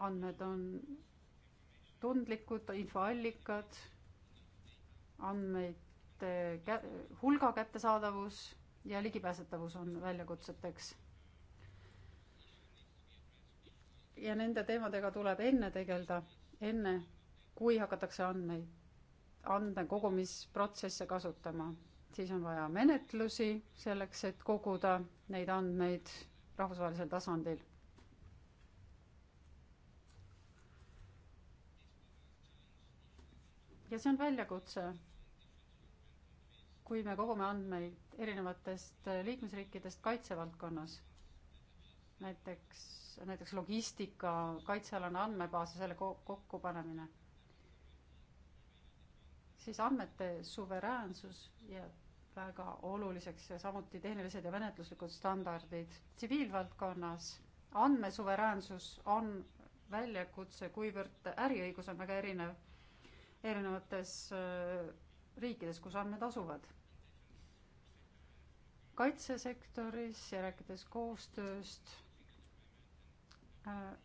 andmed on tundlikud infoallikad, andmeid, hulga kättesaadavus ja ligipääsetavus on väljakutseteks ja nende teemadega tuleb enne tegeleda, enne kui hakatakse andmeid, andmekogumisprotsesse kasutama. siis on vaja menetlusi selleks, et koguda neid andmeid rahvusvahelisel tasandil. ja see on väljakutse, kui me kogume andmeid erinevatest liikmesriikidest kaitsevaldkonnas näiteks, näiteks logistika, kaitsealane andmebaas ja selle kokkupanemine. siis andmete suveräänsus jääb väga oluliseks ja samuti tehnilised ja menetluslikud standardid. tsiviilvaldkonnas andmesuveräänsus on väljakutse, kuivõrd äriõigus on väga erinev erinevates äh, riikides, kus andmed asuvad. kaitsesektoris ja rääkides koostööst Äh,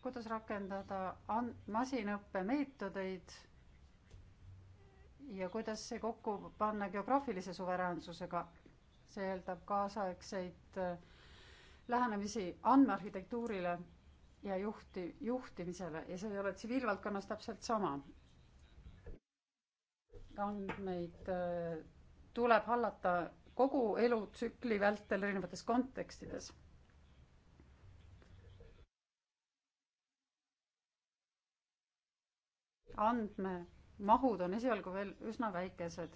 kuidas rakendada an-, masinõppemeetodeid ja kuidas see kokku panna geograafilise suveräänsusega. see eeldab kaasaegseid äh, lähenemisi andmearhitektuurile ja juhti, juhtimisele ja see ei ole tsiviilvaldkonnas täpselt sama. andmeid äh, tuleb hallata kogu elutsükli vältel erinevates kontekstides. andmemahud on esialgu veel üsna väikesed.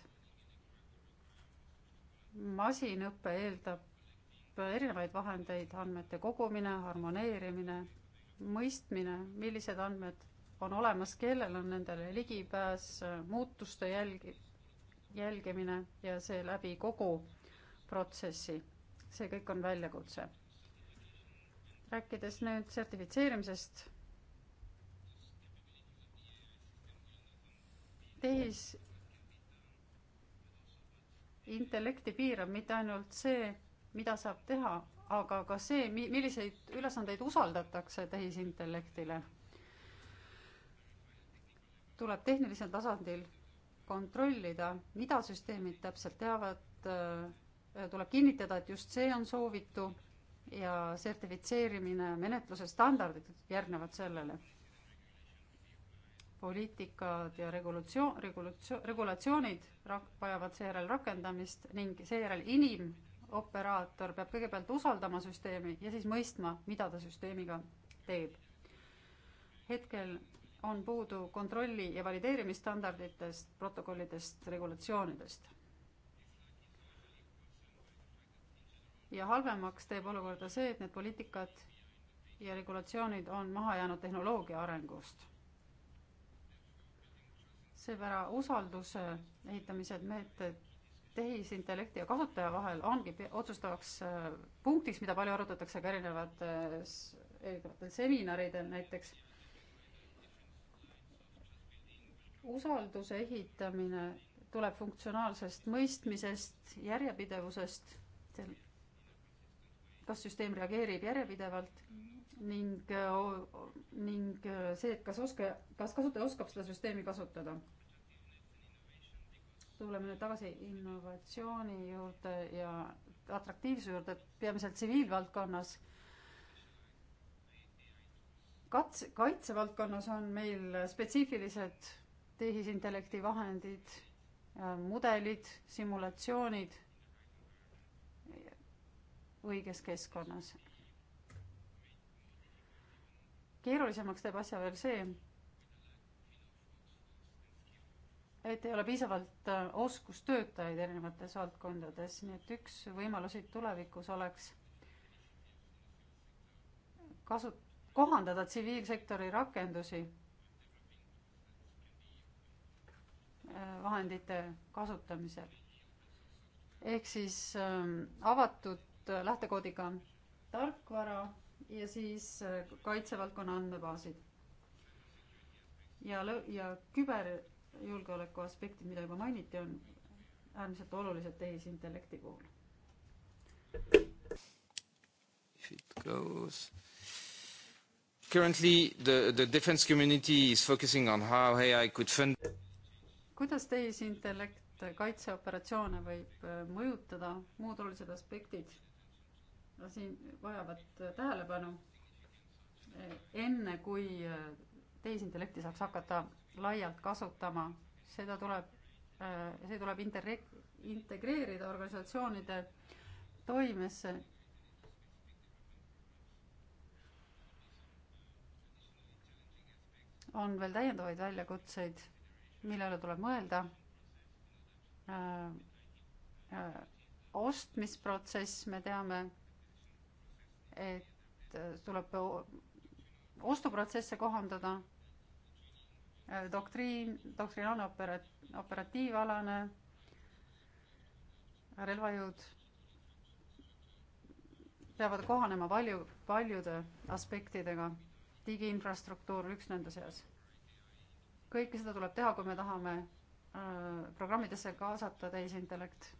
masinõpe eeldab erinevaid vahendeid, andmete kogumine, harmoneerimine, mõistmine, millised andmed on olemas, kellel on nendele ligipääs, muutuste jälgi-, jälgimine ja see läbi kogu protsessi. see kõik on väljakutse. rääkides nüüd sertifitseerimisest. tehis intellekti piirab mitte ainult see, mida saab teha, aga ka see, milliseid ülesandeid usaldatakse tehisintellektile. tuleb tehnilisel tasandil kontrollida, mida süsteemid täpselt teavad, äh, tuleb kinnitada, et just see on soovitu ja sertifitseerimine, menetluse standardid järgnevad sellele. poliitikad ja regulatsioon, regulatsioon, regulatsioonid rak-, vajavad seejärel rakendamist ning seejärel inimoperaator peab kõigepealt usaldama süsteemi ja siis mõistma, mida ta süsteemiga teeb. hetkel on puudu kontrolli- ja valideerimisstandarditest, protokollidest, regulatsioonidest. ja halvemaks teeb olukorda see, et need poliitikad ja regulatsioonid on maha jäänud tehnoloogia arengust. seepära usalduse ehitamised, meetod tehisintellekti ja kasutaja vahel ongi otsustavaks äh, punktiks, mida palju arutatakse ka erinevates, erinevatel seminaridel näiteks usalduse ehitamine tuleb funktsionaalsest mõistmisest, järjepidevusest, kas süsteem reageerib järjepidevalt ning, ning see, et kas oska, kas kasutaja oskab seda süsteemi kasutada. tuleme nüüd tagasi innovatsiooni juurde ja atraktiivsuse juurde, peamiselt tsiviilvaldkonnas. katse, kaitsevaldkonnas on meil spetsiifilised tehisintellekti vahendid, äh, mudelid, simulatsioonid õiges keskkonnas. keerulisemaks teeb asja veel see, et ei ole piisavalt äh, oskustöötajaid erinevates valdkondades, nii et üks võimalusi tulevikus oleks kasu-, kohandada tsiviilsektori rakendusi vahendite kasutamisel. ehk siis ähm, avatud lähtekoodiga tarkvara ja siis äh, kaitsevaldkonna andmebaasid. ja, ja küberjulgeoleku aspektid, mida juba mainiti, on äärmiselt olulised tehisintellekti puhul. If it goes. Currently, the, the defense community is focusing on how AI could fund kuidas tehisintellekt kaitseoperatsioone võib äh, mõjutada, muud olulised aspektid siin vajavad äh, tähelepanu, äh, enne kui tehisintellekti saaks hakata laialt kasutama, seda tuleb, see tuleb interreg-, integreerida organisatsioonide toimesse on veel täiendavaid väljakutseid millele tuleb mõelda. Äh, äh, ostmisprotsess, me teame, et äh, tuleb ostuprotsesse kohandada. doktriin, doktrinaalne opera-, operatiivalane relvajõud peavad kohanema palju, paljude aspektidega. digiinfrastruktuur üks nende seas kõike seda tuleb teha, kui me tahame äh, programmidesse kaasata tehisintellekt.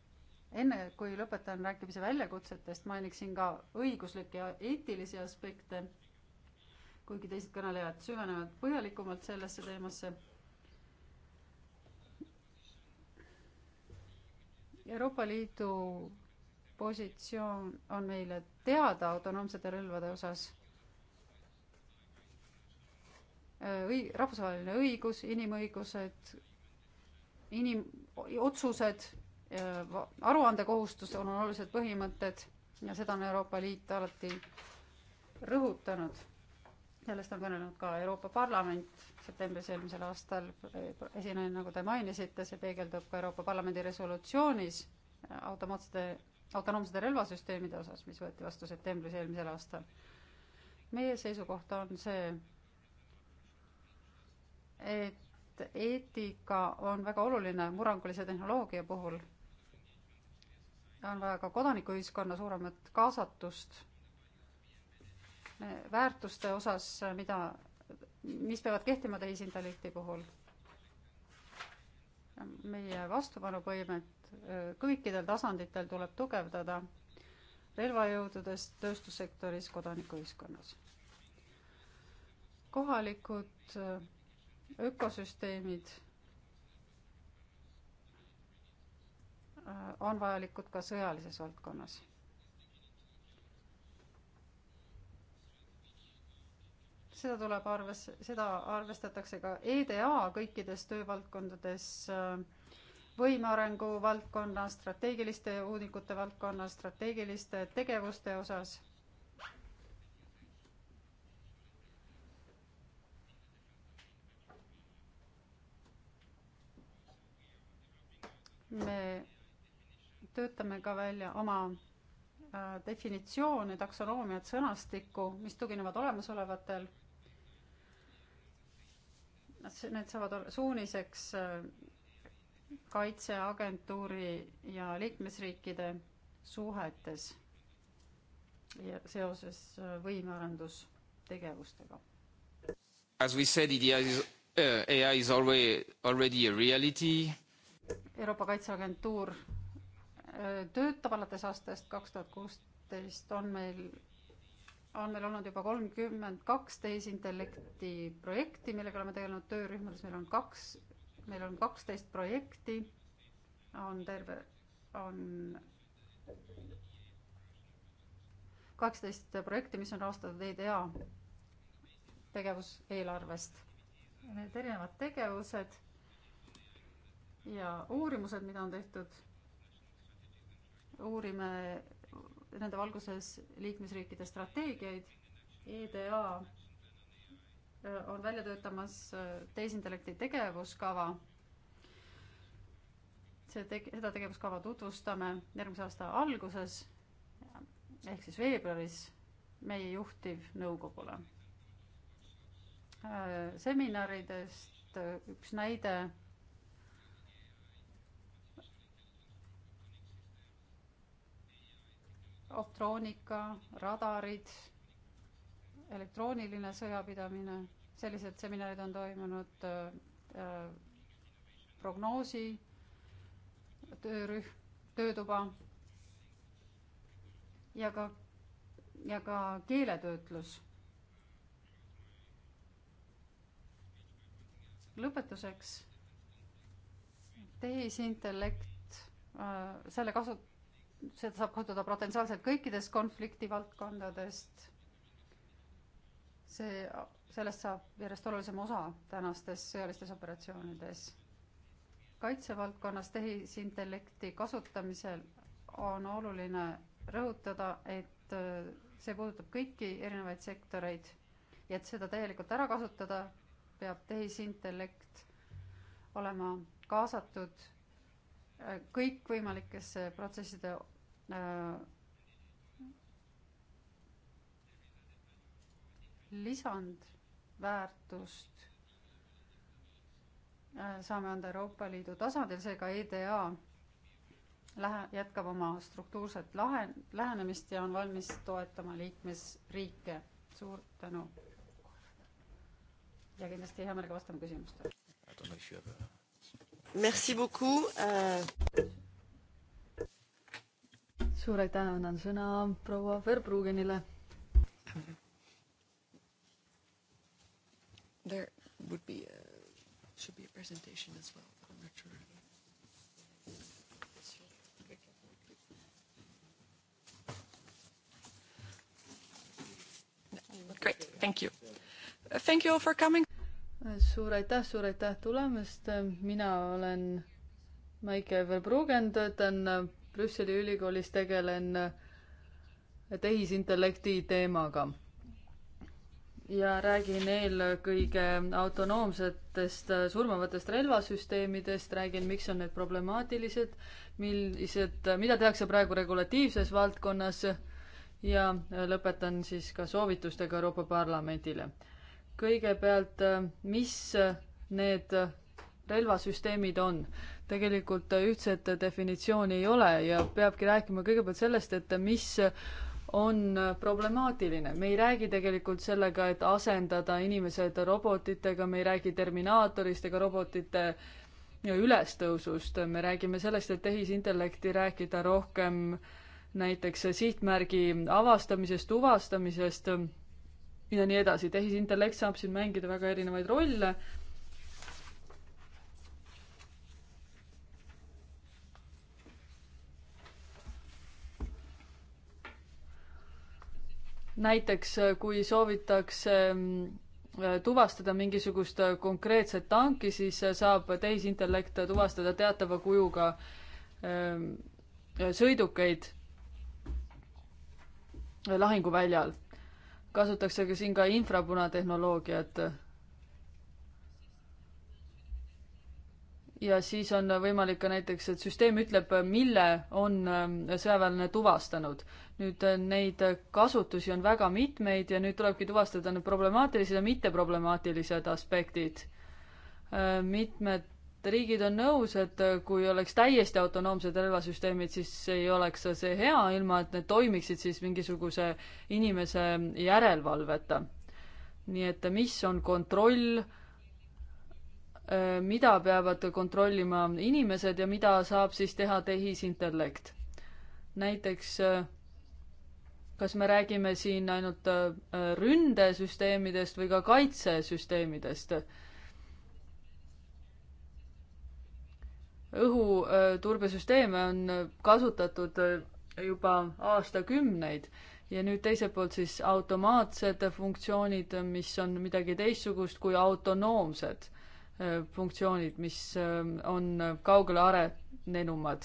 enne kui lõpetan rääkimise väljakutsetest, mainiksin ka õiguslikke ja eetilisi aspekte, kuigi teised kõnelejad süvenevad põhjalikumalt sellesse teemasse. Euroopa Liidu positsioon on meile teada autonoomsete relvade osas õi-, rahvusvaheline õigus, inimõigused, inim-, otsused, aruandekohustus on olulised põhimõtted ja seda on Euroopa Liit alati rõhutanud. sellest on kõnelenud ka Euroopa Parlament septembris eelmisel aastal, esinen, nagu te mainisite, see peegeldub ka Euroopa Parlamendi resolutsioonis automaatsete, autonoomsete relvasüsteemide osas, mis võeti vastu septembris eelmisel aastal. meie seisukoht on see, et eetika on väga oluline murrangulise tehnoloogia puhul. on vaja ka kodanikuühiskonna suuremat kaasatust väärtuste osas, mida, mis peavad kehtima tehisintellekti puhul. meie vastupanupõimet kõikidel tasanditel tuleb tugevdada relvajõududes, tööstussektoris, kodanikuühiskonnas kohalikud ökosüsteemid äh, on vajalikud ka sõjalises valdkonnas. seda tuleb arves, seda arvestatakse ka EDA kõikides töövaldkondades, äh, võimearengu valdkonnas, strateegiliste uuringute valdkonnas, strateegiliste tegevuste osas me töötame ka välja oma äh, definitsioone, taksonoomiat, sõnastikku, mis tuginevad olemasolevatel. Need saavad suuniseks äh, kaitseagentuuri ja liikmesriikide suhetes ja seoses äh, võimearendustegevustega. As we said, AI is uh, already a reality Euroopa Kaitseagentuur töötab alates aastast kaks tuhat kuusteist, on meil, on meil olnud juba kolmkümmend kaks tehisintellekti projekti, millega oleme tegelenud töörühmades, meil on kaks, meil on kaksteist projekti, on terve, on kaksteist projekti, mis on rahastatud EDA tegevuseelarvest. Need erinevad tegevused ja uurimused, mida on tehtud, uurime nende valguses liikmesriikide strateegiaid. EDA äh, on välja töötamas äh, tehisintellekti tegevuskava. see teg-, seda tegevuskava tutvustame järgmise aasta alguses ehk siis veebruaris meie juhtivnõukogule. Äh, seminaridest üks näide optroonika, radarid, elektrooniline sõjapidamine, sellised seminarid on toimunud äh, äh,, prognoosi töörühm, töötuba ja ka, ja ka keeletöötlus. lõpetuseks tehisintellekt, äh, selle kasu-, seda saab kasutada potentsiaalselt kõikidest konfliktivaldkondadest. see, sellest saab järjest olulisem osa tänastes sõjalistes operatsioonides. kaitsevaldkonnas tehisintellekti kasutamisel on oluline rõhutada, et äh, see puudutab kõiki erinevaid sektoreid ja et seda täielikult ära kasutada, peab tehisintellekt olema kaasatud kõikvõimalikesse protsesside äh, lisandväärtust äh, saame anda Euroopa Liidu tasandil, seega EDA lähe, jätkab oma struktuurset lahe, lähenemist ja on valmis toetama liikmesriike. suur tänu. ja kindlasti hea meelega vastame küsimustele. Merci beaucoup uh.... suur aitäh, annan sõna proua Verbrugenile. There would be a, should be a presentation as well, but I'm not sure. Great, thank you. Thank you all for coming suur aitäh, suur aitäh tulemast, mina olen Maike Verbruggen, töötan Brüsseli ülikoolis, tegelen tehisintellekti teemaga. ja räägin eelkõige autonoomsetest surmavatest relvasüsteemidest, räägin, miks on need problemaatilised, millised, mida tehakse praegu regulatiivses valdkonnas ja lõpetan siis ka soovitustega Euroopa Parlamendile kõigepealt, äh, mis äh, need äh, relvasüsteemid on. tegelikult ühtset definitsiooni ei ole ja peabki rääkima kõigepealt sellest, et mis on problemaatiline, me ei räägi tegelikult sellega, et asendada inimesed robotitega, me ei räägi Terminaatorist ega robotite ülestõusust, me räägime sellest, et tehisintellekti rääkida rohkem näiteks sihtmärgi avastamisest, tuvastamisest ja nii edasi. tehisintellekt saab siin mängida väga erinevaid rolle. näiteks äh, kui soovitakse mm, äh, tuvastada mingisugust äh, konkreetset tanki, siis saab tehisintellekt tuvastada teatava kujuga ähm, sõidukeid lahinguväljal kasutatakse siin ka infrapunatehnoloogiat. ja siis on võimalik ka näiteks, et süsteem ütleb, mille on ähm, sõjaväelane tuvastanud. nüüd äh, neid kasutusi on väga mitmeid ja nüüd tulebki tuvastada need problemaatilised ja mitteproblemaatilised aspektid. Äh, mitmed riigid on nõus, et kui oleks täiesti autonoomsed relvasüsteemid, siis ei oleks see hea, ilma et need toimiksid siis mingisuguse inimese järelevalveta. nii et mis on kontroll, mida peavad kontrollima inimesed ja mida saab siis teha tehisintellekt? näiteks kas me räägime siin ainult ründesüsteemidest või ka kaitsesüsteemidest? õhuturbesüsteeme äh, on äh, kasutatud äh, juba aastakümneid ja nüüd teiselt poolt siis automaatsed funktsioonid, mis on midagi teistsugust kui autonoomsed funktsioonid, mis on kaugele arenenumad.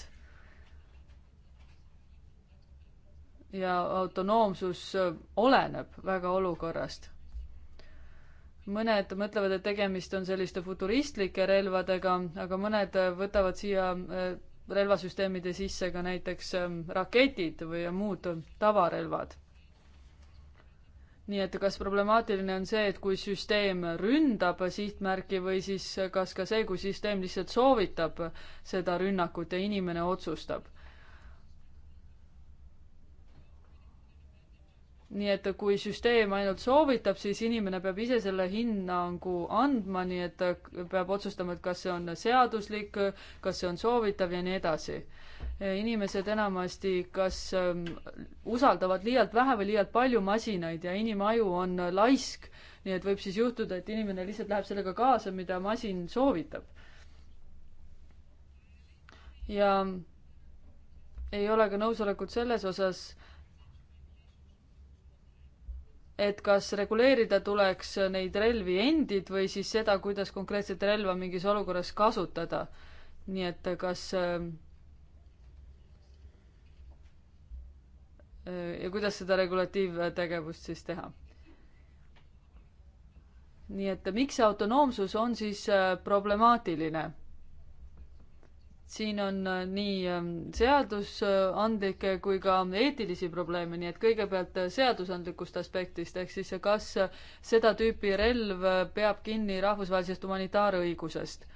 ja autonoomsus oleneb väga olukorrast mõned mõtlevad, et tegemist on selliste futuristlike relvadega, aga mõned võtavad siia äh, relvasüsteemide sisse ka näiteks ähm, raketid või muud tavarelvad. nii et kas problemaatiline on see, et kui süsteem ründab sihtmärki või siis kas ka see, kui süsteem lihtsalt soovitab seda rünnakut ja inimene otsustab? nii et kui süsteem ainult soovitab, siis inimene peab ise selle hinnangu andma, nii et ta peab otsustama, et kas see on seaduslik, kas see on soovitav ja nii edasi. inimesed enamasti kas ähm, usaldavad liialt vähe või liialt palju masinaid ja inimaju on laisk, nii et võib siis juhtuda, et inimene lihtsalt läheb sellega kaasa, mida masin soovitab. ja ei ole ka nõusolekut selles osas et kas reguleerida tuleks neid relvi endid või siis seda, kuidas konkreetset relva mingis olukorras kasutada. nii et kas äh, ja kuidas seda regulatiivtegevust siis teha. nii et miks see autonoomsus on siis äh, problemaatiline siin on äh, nii ähm, seadusandlikke kui ka eetilisi probleeme, nii et kõigepealt äh, seadusandlikust aspektist, ehk siis kas äh, seda tüüpi relv peab kinni rahvusvahelisest humanitaarõigusest.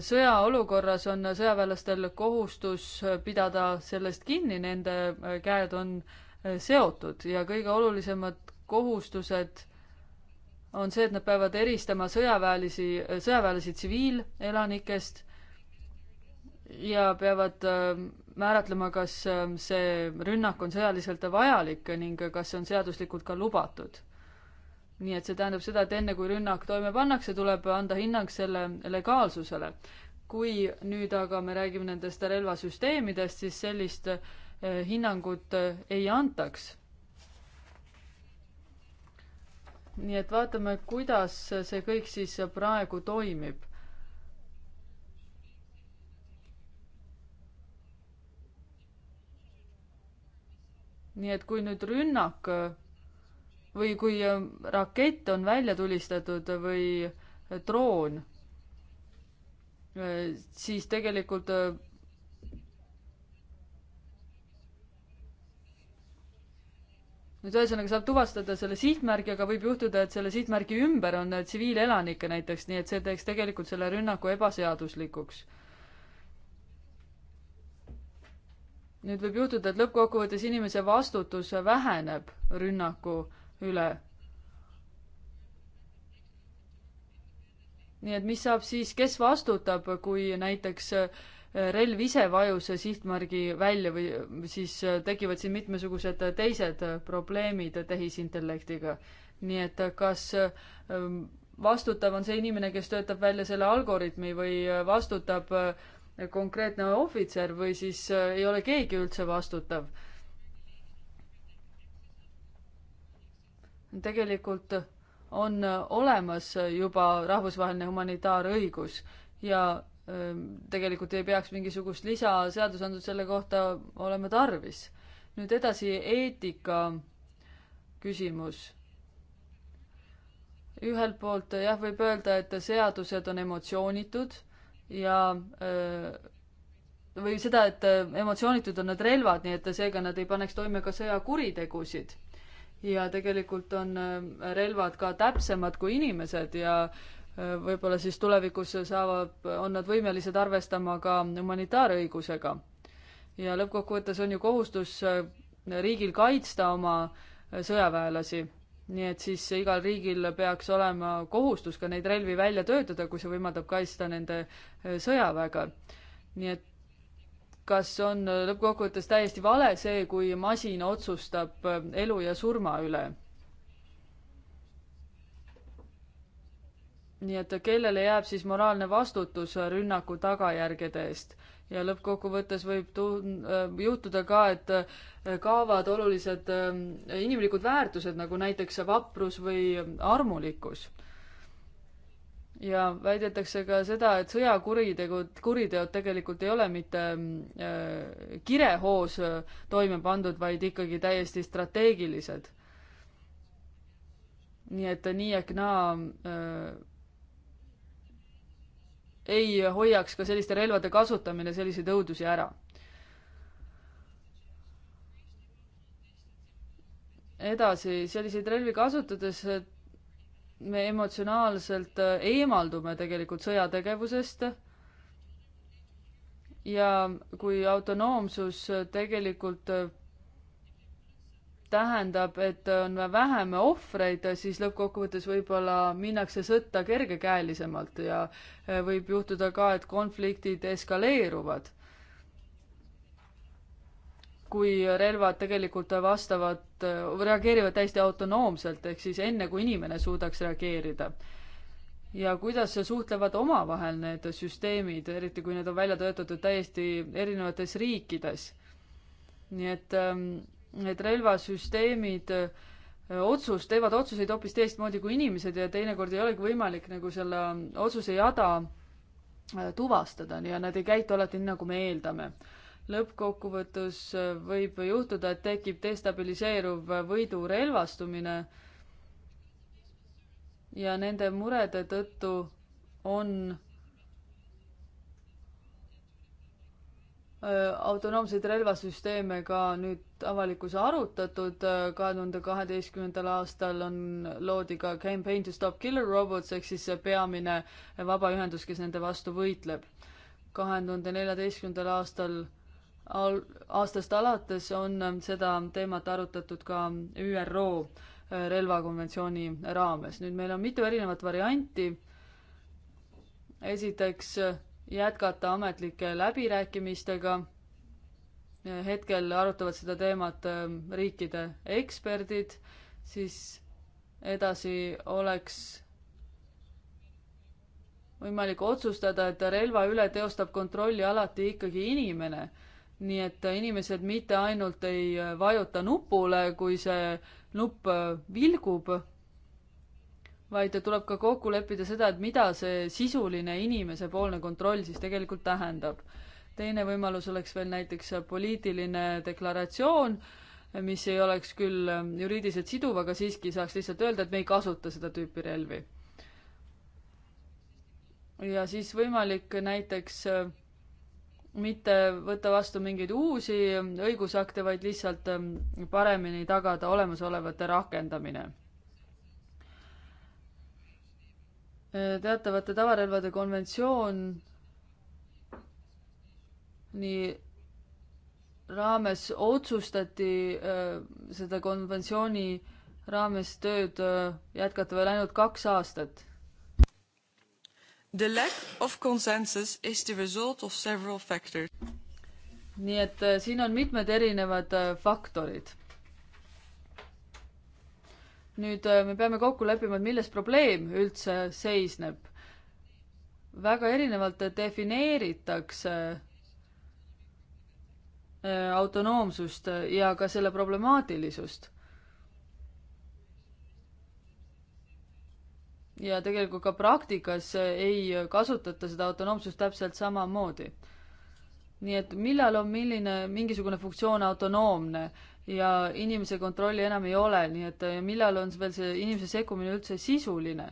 sõjaolukorras on sõjaväelastel kohustus pidada sellest kinni, nende käed on seotud ja kõige olulisemad kohustused on see, et nad peavad eristama sõjaväelisi, sõjaväelasi tsiviilelanikest ja peavad ähm, määratlema, kas ähm, see rünnak on sõjaliselt vajalik ning kas see on seaduslikult ka lubatud. nii et see tähendab seda, et enne kui rünnak toime pannakse, tuleb anda hinnang selle legaalsusele. kui nüüd aga me räägime nendest relvasüsteemidest, siis sellist äh, hinnangut äh, ei antaks nii et vaatame, kuidas see kõik siis praegu toimib. nii et kui nüüd rünnak või kui rakett on välja tulistatud või droon, siis tegelikult nüüd ühesõnaga saab tuvastada selle sihtmärgi, aga võib juhtuda, et selle sihtmärgi ümber on tsiviilelanikke näiteks, nii et see teeks tegelikult selle rünnaku ebaseaduslikuks. nüüd võib juhtuda, et lõppkokkuvõttes inimese vastutus väheneb rünnaku üle nii et mis saab siis, kes vastutab, kui näiteks relv ise vajus sihtmärgi välja või siis tekivad siin mitmesugused teised probleemid tehisintellektiga. nii et kas ähm, vastutav on see inimene, kes töötab välja selle algoritmi või vastutab äh, konkreetne ohvitser või siis äh, ei ole keegi üldse vastutav? tegelikult on äh, olemas juba rahvusvaheline humanitaarõigus ja Ehm, tegelikult ei peaks mingisugust lisaseadusandlust selle kohta olema tarvis. nüüd edasi eetika küsimus. ühelt poolt jah, võib öelda, et seadused on emotsioonitud ja ehm, või seda, et emotsioonitud on nad relvad, nii et seega nad ei paneks toime ka sõjakuritegusid. ja tegelikult on ehm, relvad ka täpsemad kui inimesed ja äh, võib-olla siis tulevikus saavad, on nad võimelised arvestama ka humanitaarõigusega. ja lõppkokkuvõttes on ju kohustus äh, riigil kaitsta oma äh, sõjaväelasi, nii et siis igal riigil peaks olema kohustus ka neid relvi välja töötada, kui see võimaldab kaitsta nende äh, sõjaväge. nii et kas on lõppkokkuvõttes täiesti vale see, kui masin otsustab elu ja surma üle nii et kellele jääb siis moraalne vastutus rünnaku tagajärgede eest? ja lõppkokkuvõttes võib tun-, äh, juhtuda ka, et äh, kaovad olulised ähm, inimlikud väärtused, nagu näiteks vaprus või armulikkus. ja väidetakse ka seda, et sõjakuritegud, kuriteod tegelikult ei ole mitte äh, kirehoos äh, toime pandud, vaid ikkagi täiesti strateegilised. nii et nii ehk naa äh, ei hoiaks ka selliste relvade kasutamine selliseid õudusi ära. edasi, selliseid relvi kasutades me emotsionaalselt äh, eemaldume tegelikult sõjategevusest ja kui autonoomsus äh, tegelikult äh, tähendab, et on vähem ohvreid, siis lõppkokkuvõttes võib-olla minnakse sõtta kergekäelisemalt ja eh, võib juhtuda ka, et konfliktid eskaleeruvad. kui relvad tegelikult vastavad, reageerivad täiesti autonoomselt, ehk siis enne, kui inimene suudaks reageerida ja kuidas suhtlevad omavahel need süsteemid, eriti kui need on välja töötatud täiesti erinevates riikides. nii et ähm, need relvasüsteemid äh, otsus, teevad otsuseid hoopis teistmoodi kui inimesed ja teinekord ei olegi võimalik nagu selle otsuse jada äh, tuvastada ja nad ei käitu alati nii, nagu me eeldame. lõppkokkuvõttes äh, võib juhtuda, et tekib destabiliseeruv võidurelvastumine ja nende murede tõttu on Äh, autonoomseid relvasüsteeme ka nüüd avalikkuse arutatud, äh, kahe tuhande kaheteistkümnendal aastal on, loodi ka Campaign to Stop Killer Robots ehk siis see peamine vabaühendus, kes nende vastu võitleb. kahe tuhande neljateistkümnendal aastal al-, aastast alates on ähm, seda teemat arutatud ka ÜRO äh, relvakonventsiooni raames. nüüd meil on mitu erinevat varianti, esiteks jätkata ametlike läbirääkimistega. hetkel arutavad seda teemat ähm, riikide eksperdid, siis edasi oleks võimalik otsustada, et relva üle teostab kontrolli alati ikkagi inimene. nii et inimesed mitte ainult ei vajuta nupule, kui see nupp äh, vilgub vaid tuleb ka kokku leppida seda, et mida see sisuline inimesepoolne kontroll siis tegelikult tähendab. teine võimalus oleks veel näiteks poliitiline deklaratsioon, mis ei oleks küll ähm, juriidiliselt siduv, aga siiski saaks lihtsalt öelda, et me ei kasuta seda tüüpi relvi. ja siis võimalik näiteks äh, mitte võtta vastu mingeid uusi ähm, õigusakte, vaid lihtsalt ähm, paremini tagada olemasolevate rakendamine teatavate tavarelvade konventsioon nii raames otsustati äh, seda konventsiooni raames tööd äh, jätkata veel ainult kaks aastat. The lack of consensus is the result of several factors. nii et äh, siin on mitmed erinevad faktorid nüüd äh, me peame kokku leppima, et milles probleem üldse seisneb. väga erinevalt äh, defineeritakse äh, autonoomsust ja ka selle problemaatilisust. ja tegelikult ka praktikas ei kasutata seda autonoomsust täpselt samamoodi. nii et millal on milline, mingisugune funktsioon autonoomne ja inimese kontrolli enam ei ole, nii et millal on veel see inimese sekkumine üldse sisuline?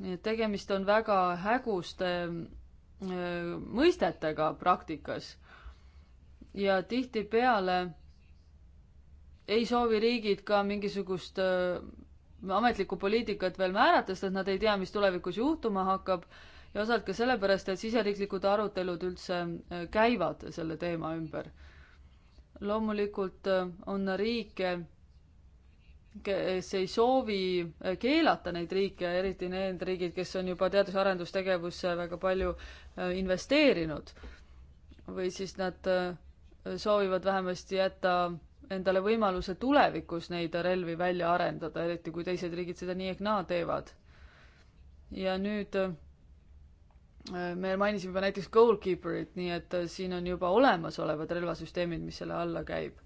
nii et tegemist on väga häguste äh, mõistetega praktikas. ja tihtipeale ei soovi riigid ka mingisugust äh, ametlikku poliitikat veel määrata, sest nad ei tea, mis tulevikus juhtuma hakkab ja osalt ka sellepärast, et siseriiklikud arutelud üldse äh, käivad selle teema ümber loomulikult äh, on riike, kes ei soovi äh, keelata neid riike, eriti need riigid, kes on juba teadus- ja arendustegevusse väga palju äh, investeerinud. või siis nad soovivad vähemasti jätta endale võimaluse tulevikus neid relvi välja arendada, eriti kui teised riigid seda nii ehk naa teevad. ja nüüd me mainisime juba näiteks goalkeeper'it, nii et äh, siin on juba olemasolevad relvasüsteemid, mis selle alla käib.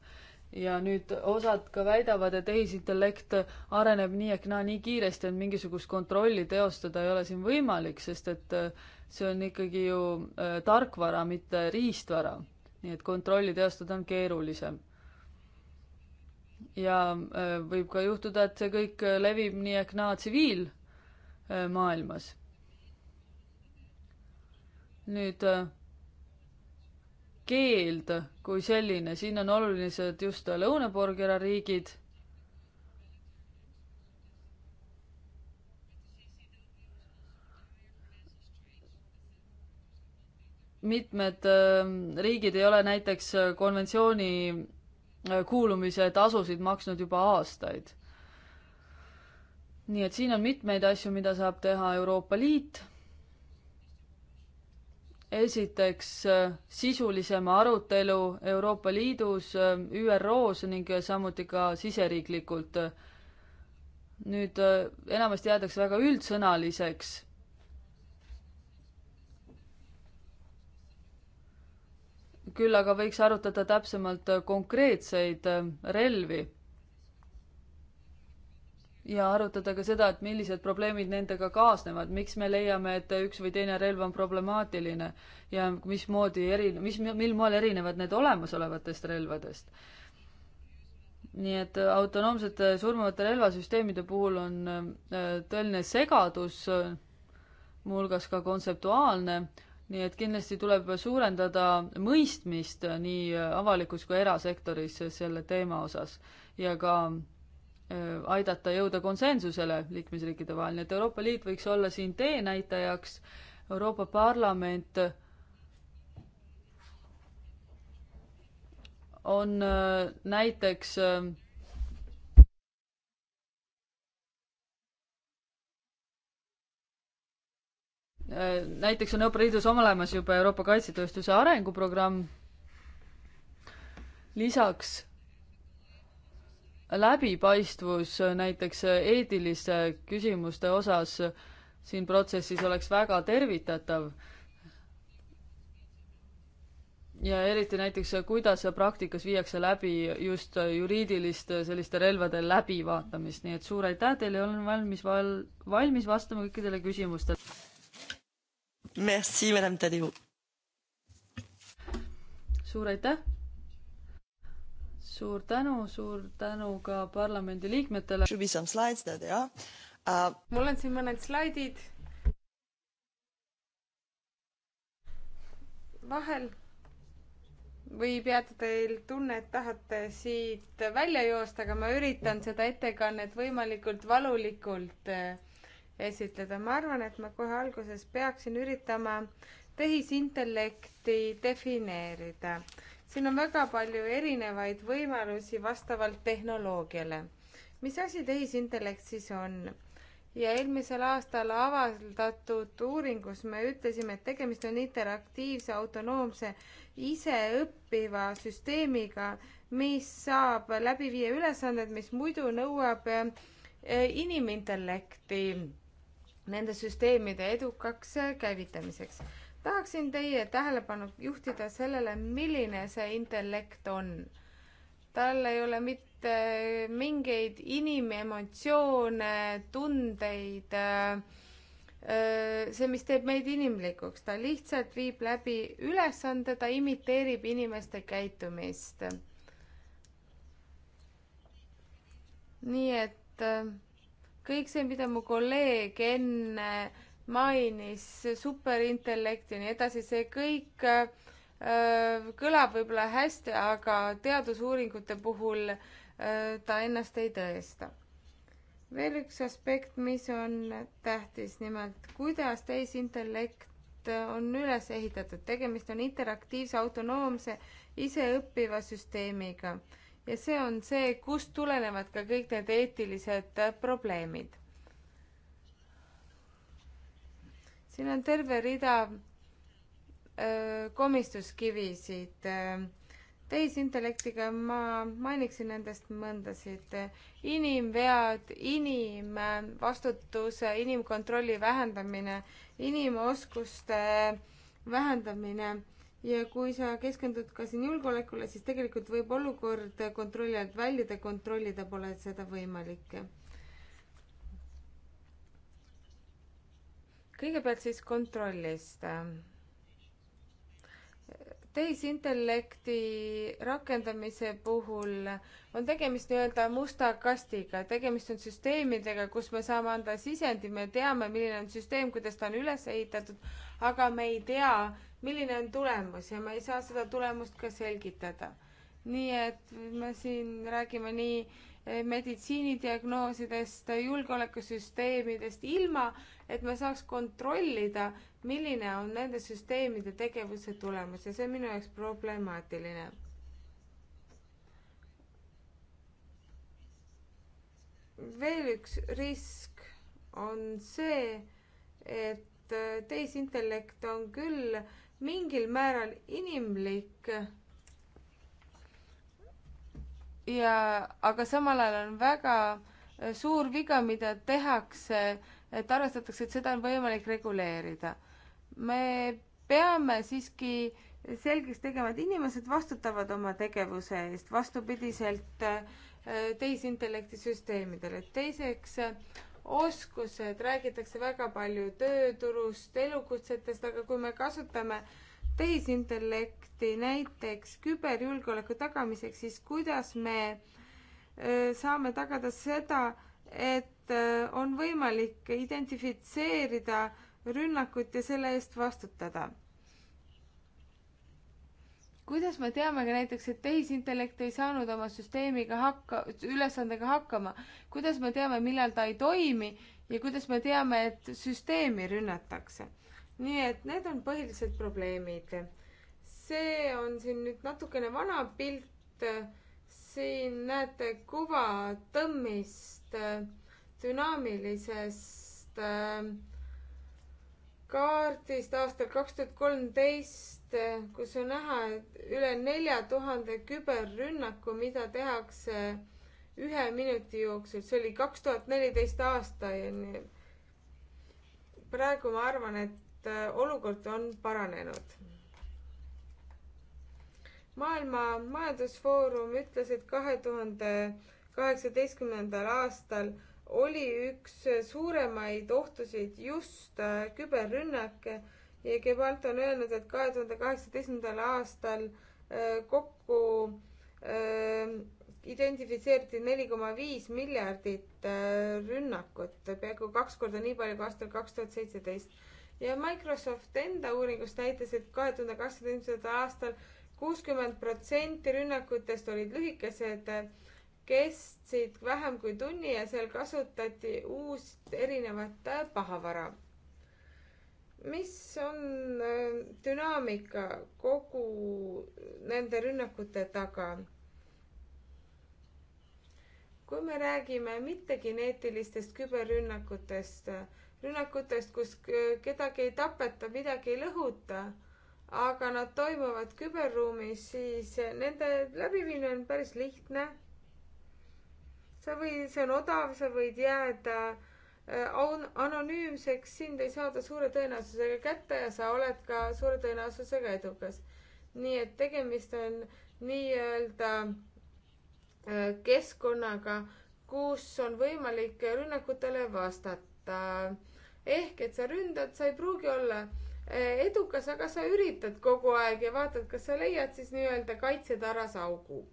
ja nüüd osad ka väidavad, et tehisintellekt areneb nii ehk naa nii kiiresti, et mingisugust kontrolli teostada ei ole siin võimalik, sest et äh, see on ikkagi ju äh, tarkvara, mitte riistvara. nii et kontrolli teostada on keerulisem. ja võib ka juhtuda, et see kõik levib nii ehk naa tsiviilmaailmas nüüd äh, keeld kui selline, siin on olulised just lõunapoolkera riigid. mitmed äh, riigid ei ole näiteks konventsiooni äh, kuulumise tasusid maksnud juba aastaid. nii et siin on mitmeid asju, mida saab teha Euroopa Liit esiteks äh, sisulisema arutelu Euroopa Liidus, äh, ÜRO-s ning äh, samuti ka siseriiklikult. nüüd enamasti jäädakse väga üldsõnaliseks. küll aga võiks arutada täpsemalt konkreetseid relvi ja arutada ka seda, et millised probleemid nendega kaasnevad, miks me leiame, et üks või teine relv on problemaatiline ja mismoodi eri, mis, mil moel erinevad need olemasolevatest relvadest. nii et autonoomsete surmavate relvasüsteemide puhul on äh, tõeline segadus, äh, muuhulgas ka kontseptuaalne, nii et kindlasti tuleb suurendada mõistmist nii avalikus kui erasektoris selle teema osas ja ka Äh, aidata jõuda konsensusele liikmesriikide vahel, nii et Euroopa Liit võiks olla siin teenäitajaks, Euroopa Parlament on äh, näiteks äh, näiteks on Euroopa Liidus olemas juba Euroopa kaitsetööstuse arenguprogramm, lisaks läbipaistvus näiteks eetiliste küsimuste osas siin protsessis oleks väga tervitatav. ja eriti näiteks, kuidas praktikas viiakse läbi just juriidilist selliste relvade läbivaatamist, nii et suur aitäh teile, olen valmis val-, valmis vastama kõikidele küsimustele. Merci, madame Tadeu. suur aitäh suur tänu, suur tänu ka parlamendi liikmetele. Should be some slides that there are uh.... mul on siin mõned slaidid. vahel võib jääda teil tunne, et tahate siit välja joosta, aga ma üritan seda ettekannet võimalikult valulikult eh, esitleda. ma arvan, et ma kohe alguses peaksin üritama tehisintellekti defineerida siin on väga palju erinevaid võimalusi vastavalt tehnoloogiale. mis asi tehisintellekt siis on? ja eelmisel aastal avaldatud uuringus me ütlesime, et tegemist on interaktiivse, autonoomse, iseõppiva süsteemiga, mis saab läbi viia ülesanded, mis muidu nõuab eh, inimintellekti nende süsteemide edukaks käivitamiseks tahaksin teie tähelepanu juhtida sellele, milline see intellekt on. tal ei ole mitte mingeid inimemotsioone, tundeid, äh, see, mis teeb meid inimlikuks, ta lihtsalt viib läbi ülesande, ta imiteerib inimeste käitumist. nii et äh, kõik see, mida mu kolleeg enne mainis, superintellekti ja nii edasi, see kõik öö, äh, kõlab võib-olla hästi, aga teadusuuringute puhul öö, äh, ta ennast ei tõesta. veel üks aspekt, mis on tähtis, nimelt kuidas tehisintellekt on üles ehitatud, tegemist on interaktiivse, autonoomse, iseõppiva süsteemiga ja see on see, kust tulenevad ka kõik need eetilised äh, probleemid siin on terve rida komistuskivisid. tehisintellektiga ma mainiksin nendest mõndasid. inimvead, inimvastutuse, inimkontrolli vähendamine, inimoskuste vähendamine ja kui sa keskendud ka siin julgeolekule, siis tegelikult võib olukord kontrolli alt väljuda, kontrollida pole seda võimalik kõigepealt siis kontrollist. tehisintellekti rakendamise puhul on tegemist nii-öelda musta kastiga, tegemist on süsteemidega, kus me saame anda sisendi, me teame, milline on süsteem, kuidas ta on üles ehitatud, aga me ei tea, milline on tulemus ja me ei saa seda tulemust ka selgitada. nii et me siin räägime nii Eh, meditsiinidiagnoosidest, julgeolekusüsteemidest, ilma et me saaks kontrollida, milline on nende süsteemide tegevuse tulemus ja see on minu jaoks problemaatiline veel üks risk on see, et eh, tehisintellekt on küll mingil määral inimlik, ja, aga samal ajal on väga äh, suur viga, mida tehakse, et arvestatakse, et seda on võimalik reguleerida. me peame siiski selgeks tegema, et inimesed vastutavad oma tegevuse eest, vastupidiselt äh, tehisintellekti süsteemidele. teiseks, oskused, räägitakse väga palju tööturust, elukutsetest, aga kui me kasutame äh, tehisintellekti näiteks küberjulgeoleku tagamiseks, siis kuidas me saame tagada seda, et on võimalik identifitseerida rünnakut ja selle eest vastutada. kuidas me teame ka näiteks, et tehisintellekt ei saanud oma süsteemiga hakka, ülesandega hakkama, kuidas me teame, millal ta ei toimi ja kuidas me teame, et süsteemi rünnatakse nii et need on põhilised probleemid. see on siin nüüd natukene vana pilt, siin näete kuva tõmmist dünaamilisest äh, kaardist aastal kaks tuhat kolmteist, kus on näha, et üle nelja tuhande küberrünnaku, mida tehakse ühe minuti jooksul, see oli kaks tuhat neliteist aasta ja nii. praegu ma arvan, et Äh, olukord on paranenud. maailma Majandusfoorum ütles, et kahe tuhande kaheksateistkümnendal aastal oli üks suuremaid ohtusid just äh, küberrünnak ja Gebalt on öelnud, et kahe tuhande kaheksateistkümnendal aastal äh, kokku äh, identifitseeriti neli koma viis miljardit äh, rünnakut, peaaegu kaks korda nii palju kui aastal kaks tuhat seitseteist ja Microsoft enda uuringust näitas, et kahe tuhande kaheksateistkümnendal aastal kuuskümmend protsenti rünnakutest olid lühikesed, kestsid vähem kui tunni ja seal kasutati uust erinevat pahavara. mis on äh, dünaamika kogu nende rünnakute taga? kui me räägime mittegeneetilistest küberrünnakutest, rünnakutest, kus kedagi ei tapeta, midagi ei lõhuta, aga nad toimuvad küberruumis, siis nende läbiviimine on päris lihtne. sa võid, see on odav, sa võid jääda on äh, anonüümseks, sind ei saada suure tõenäosusega kätte ja sa oled ka suure tõenäosusega edukas. nii et tegemist on nii-öelda äh, keskkonnaga, kus on võimalik rünnakutele vastata ehk et sa ründad, sa ei pruugi olla eh, edukas, aga sa üritad kogu aeg ja vaatad, kas sa leiad siis nii-öelda kaitsetaras augu.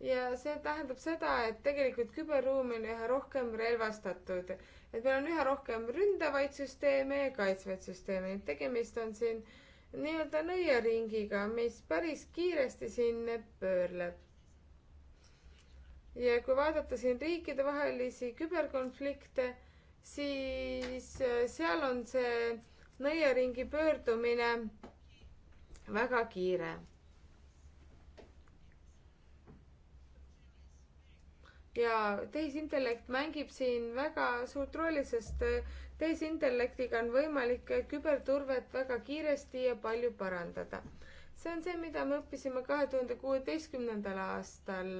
ja see tähendab seda, et tegelikult küberruum on üha rohkem relvastatud, et meil on üha rohkem ründavaid süsteeme ja kaitsvaid süsteeme, et tegemist on siin nii-öelda nõiaringiga, mis päris kiiresti siin pöörleb ja kui vaadata siin riikidevahelisi küberkonflikte, siis äh, seal on see nõiaringi pöördumine väga kiire. ja tehisintellekt mängib siin väga suurt rolli, sest äh, tehisintellektiga on võimalik äh, küberturvet väga kiiresti ja palju parandada. see on see, mida me õppisime kahe tuhande kuueteistkümnendal aastal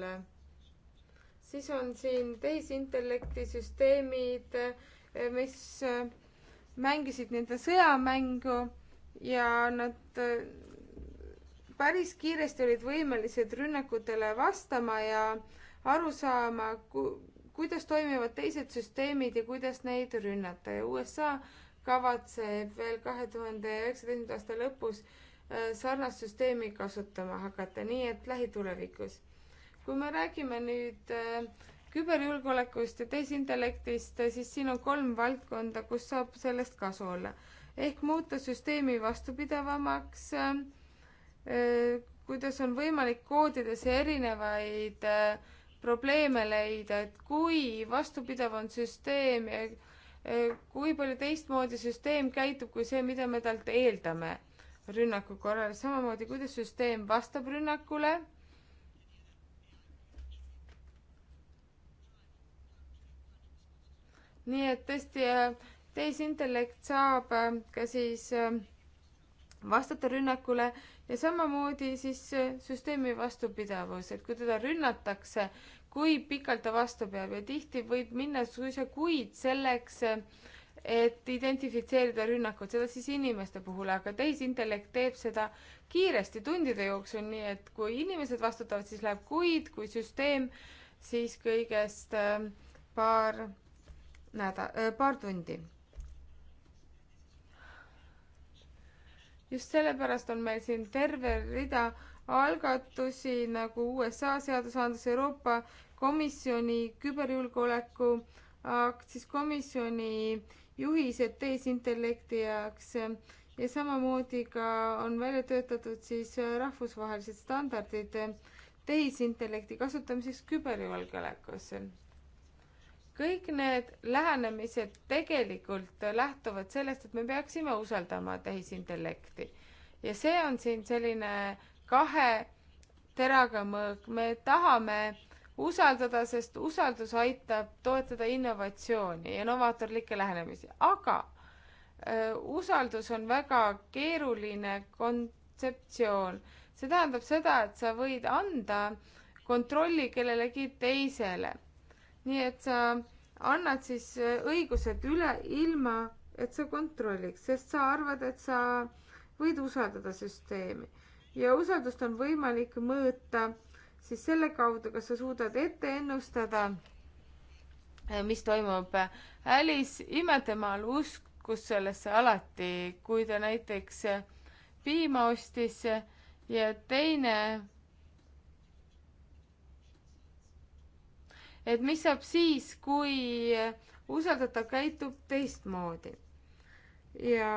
siis on siin tehisintellekti süsteemid, eh, mis eh, mängisid nende sõjamängu ja nad eh, päris kiiresti olid võimelised rünnakutele vastama ja aru saama, kuidas toimivad teised süsteemid ja kuidas neid rünnata ja USA kavatseb veel kahe tuhande üheksateistkümnenda aasta lõpus sarnast süsteemi kasutama hakata, nii et lähitulevikus kui me räägime nüüd äh, küberjulgeolekust ja tehisintellektist, äh, siis siin on kolm valdkonda, kus saab sellest kasu olla. ehk muuta süsteemi vastupidavamaks, äh, kuidas on võimalik koodides erinevaid probleeme leida, et kui vastupidav on süsteem ja kui palju teistmoodi süsteem käitub kui see, mida me talt eeldame rünnaku korral, samamoodi kuidas süsteem vastab rünnakule nii et tõesti äh, tehisintellekt saab äh, ka siis äh, vastata rünnakule ja samamoodi siis süsteemi vastupidavus, et kui teda rünnatakse, kui pikalt ta vastu peab ja tihti võib minna suisa kuid selleks, et identifitseerida rünnakut, seda siis inimeste puhul, aga tehisintellekt teeb seda kiiresti tundide jooksul, nii et kui inimesed vastutavad, siis läheb kuid, kui süsteem, siis kõigest paar näda-, äh, paar tundi. just sellepärast on meil siin terve rida algatusi nagu USA seadusandlus, Euroopa Komisjoni küberjulgeoleku akt, siis komisjoni juhised tehisintellekti jaoks ja samamoodi ka on välja töötatud siis rahvusvahelised standardid tehisintellekti kasutamiseks küberjulgeolekus kõik need lähenemised tegelikult lähtuvad sellest, et me peaksime usaldama tehisintellekti. ja see on siin selline kahe teraga mõõk, me tahame usaldada, sest usaldus aitab toetada innovatsiooni ja novaatorlikke lähenemisi, aga öö, äh, usaldus on väga keeruline kontseptsioon. see tähendab seda, et sa võid anda kontrolli kellelegi teisele nii et sa annad siis äh, õigused üle ilma, et sa kontrolliks, sest sa arvad, et sa võid usaldada süsteemi ja usaldust on võimalik mõõta siis selle kaudu, kas sa suudad ette ennustada, äh, mis toimub. Äh, Alice Imetemaal uskus sellesse alati, kui ta näiteks piima ostis ja teine et mis saab siis, kui usaldatav käitub teistmoodi. ja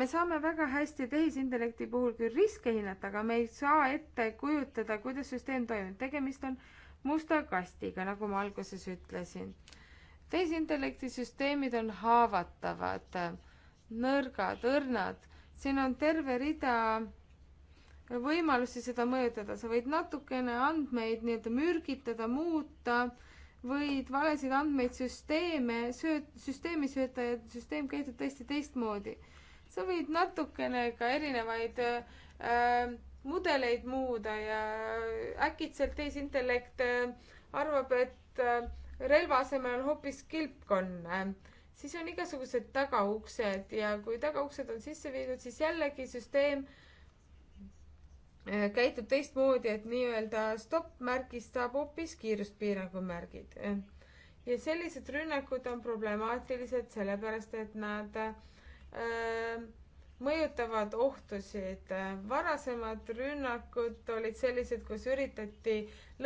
me saame väga hästi tehisintellekti puhul küll riske hinnata, aga me ei saa ette kujutada, kuidas süsteem toimib. tegemist on musta kastiga, nagu ma alguses ütlesin. tehisintellekti süsteemid on haavatavad, nõrgad, õrnad. siin on terve rida võimalusi seda mõjutada, sa võid natukene andmeid nii-öelda mürgitada, muuta, võid valesid andmeid süsteeme, sööt-, süsteemi sööta ja süsteem käitub täiesti teistmoodi. sa võid natukene ka erinevaid äh, mudeleid muuda ja äkitselt tehisintellekt äh, arvab, et äh, relva asemel on hoopis kilpkonn äh, siis on igasugused tagauksed ja kui tagauksed on sisse viidud, siis jällegi süsteem äh, Äh, käitub teistmoodi, et nii-öelda stopp-märgist saab hoopis kiiruspiirangu märgid. Äh, ja sellised rünnakud on problemaatilised sellepärast, et nad öö, äh, mõjutavad ohtusid. varasemad rünnakud olid sellised, kus üritati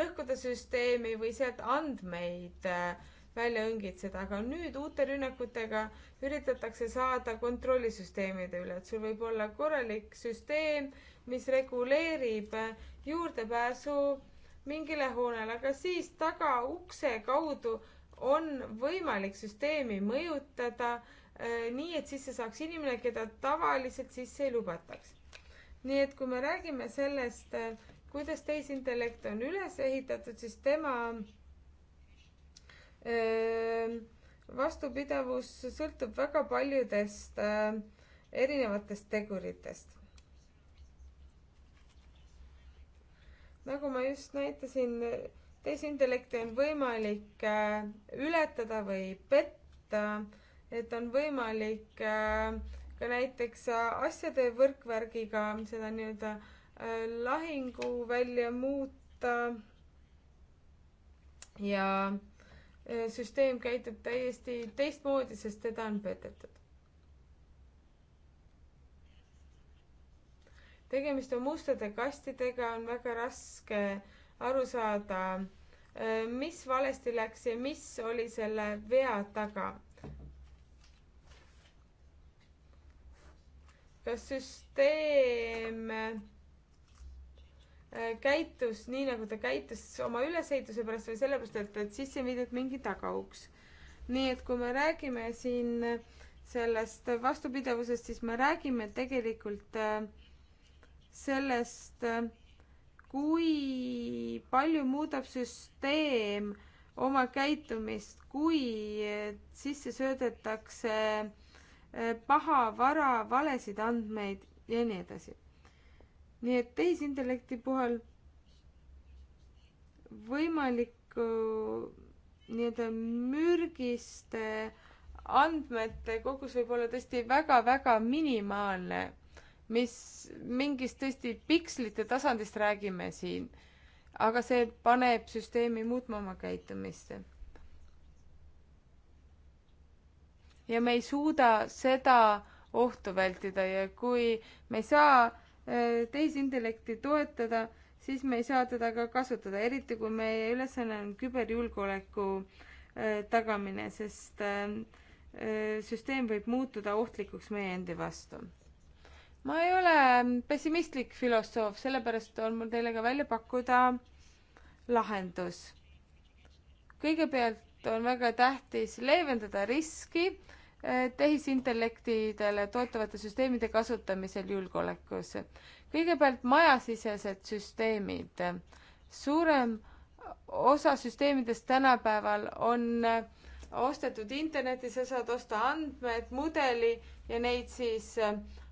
lõhkuda süsteemi või sealt andmeid äh, välja õngitseda, aga nüüd uute rünnakutega üritatakse saada kontrollisüsteemide üle, et sul võib olla korralik süsteem, mis reguleerib juurdepääsu mingile hoonele, aga siis tagaukse kaudu on võimalik süsteemi mõjutada äh, nii, et sisse saaks inimene, keda tavaliselt sisse ei lubataks. nii et kui me räägime sellest, eh, kuidas tehisintellekt on üles ehitatud, siis tema äh, Ehm, vastupidavus sõltub väga paljudest äh, erinevatest teguritest. nagu ma just näitasin, tehisintellekti on võimalik äh, ületada või petta, et on võimalik äh, ka näiteks asjade võrkvärgiga seda nii-öelda lahinguvälja muuta ja äh, Äh, süsteem käitub täiesti teistmoodi, sest teda on petetud. tegemist on mustade kastidega, on väga raske aru saada, äh, mis valesti läks ja mis oli selle vea taga kas süsteem Äh, käitus nii, nagu ta käitus oma ülesehituse pärast või sellepärast, et, et sisse on viidud mingi tagauks. nii et kui me räägime siin sellest vastupidavusest, siis me räägime tegelikult äh, sellest, äh, kui palju muudab süsteem oma käitumist, kui sisse söödetakse paha vara, valesid andmeid ja nii edasi nii et tehisintellekti puhul võimalikku äh, nii-öelda mürgiste andmete kogus võib olla tõesti väga-väga minimaalne, mis mingist tõesti pikslite tasandist räägime siin, aga see paneb süsteemi muutma oma käitumist. ja me ei suuda seda ohtu vältida ja kui me ei saa Äh, tehisintellekti toetada, siis me ei saa teda ka kasutada, eriti kui meie ülesanne on küberjulgeoleku äh, tagamine, sest äh, süsteem võib muutuda ohtlikuks meie endi vastu. ma ei ole pessimistlik filosoof, sellepärast on mul teile ka välja pakkuda lahendus. kõigepealt on väga tähtis leevendada riski tehisintellektidele toetuvate süsteemide kasutamisel julgeolekus. kõigepealt majasisesed süsteemid. suurem osa süsteemidest tänapäeval on ostetud internetis, sa saad osta andmed, mudeli ja neid siis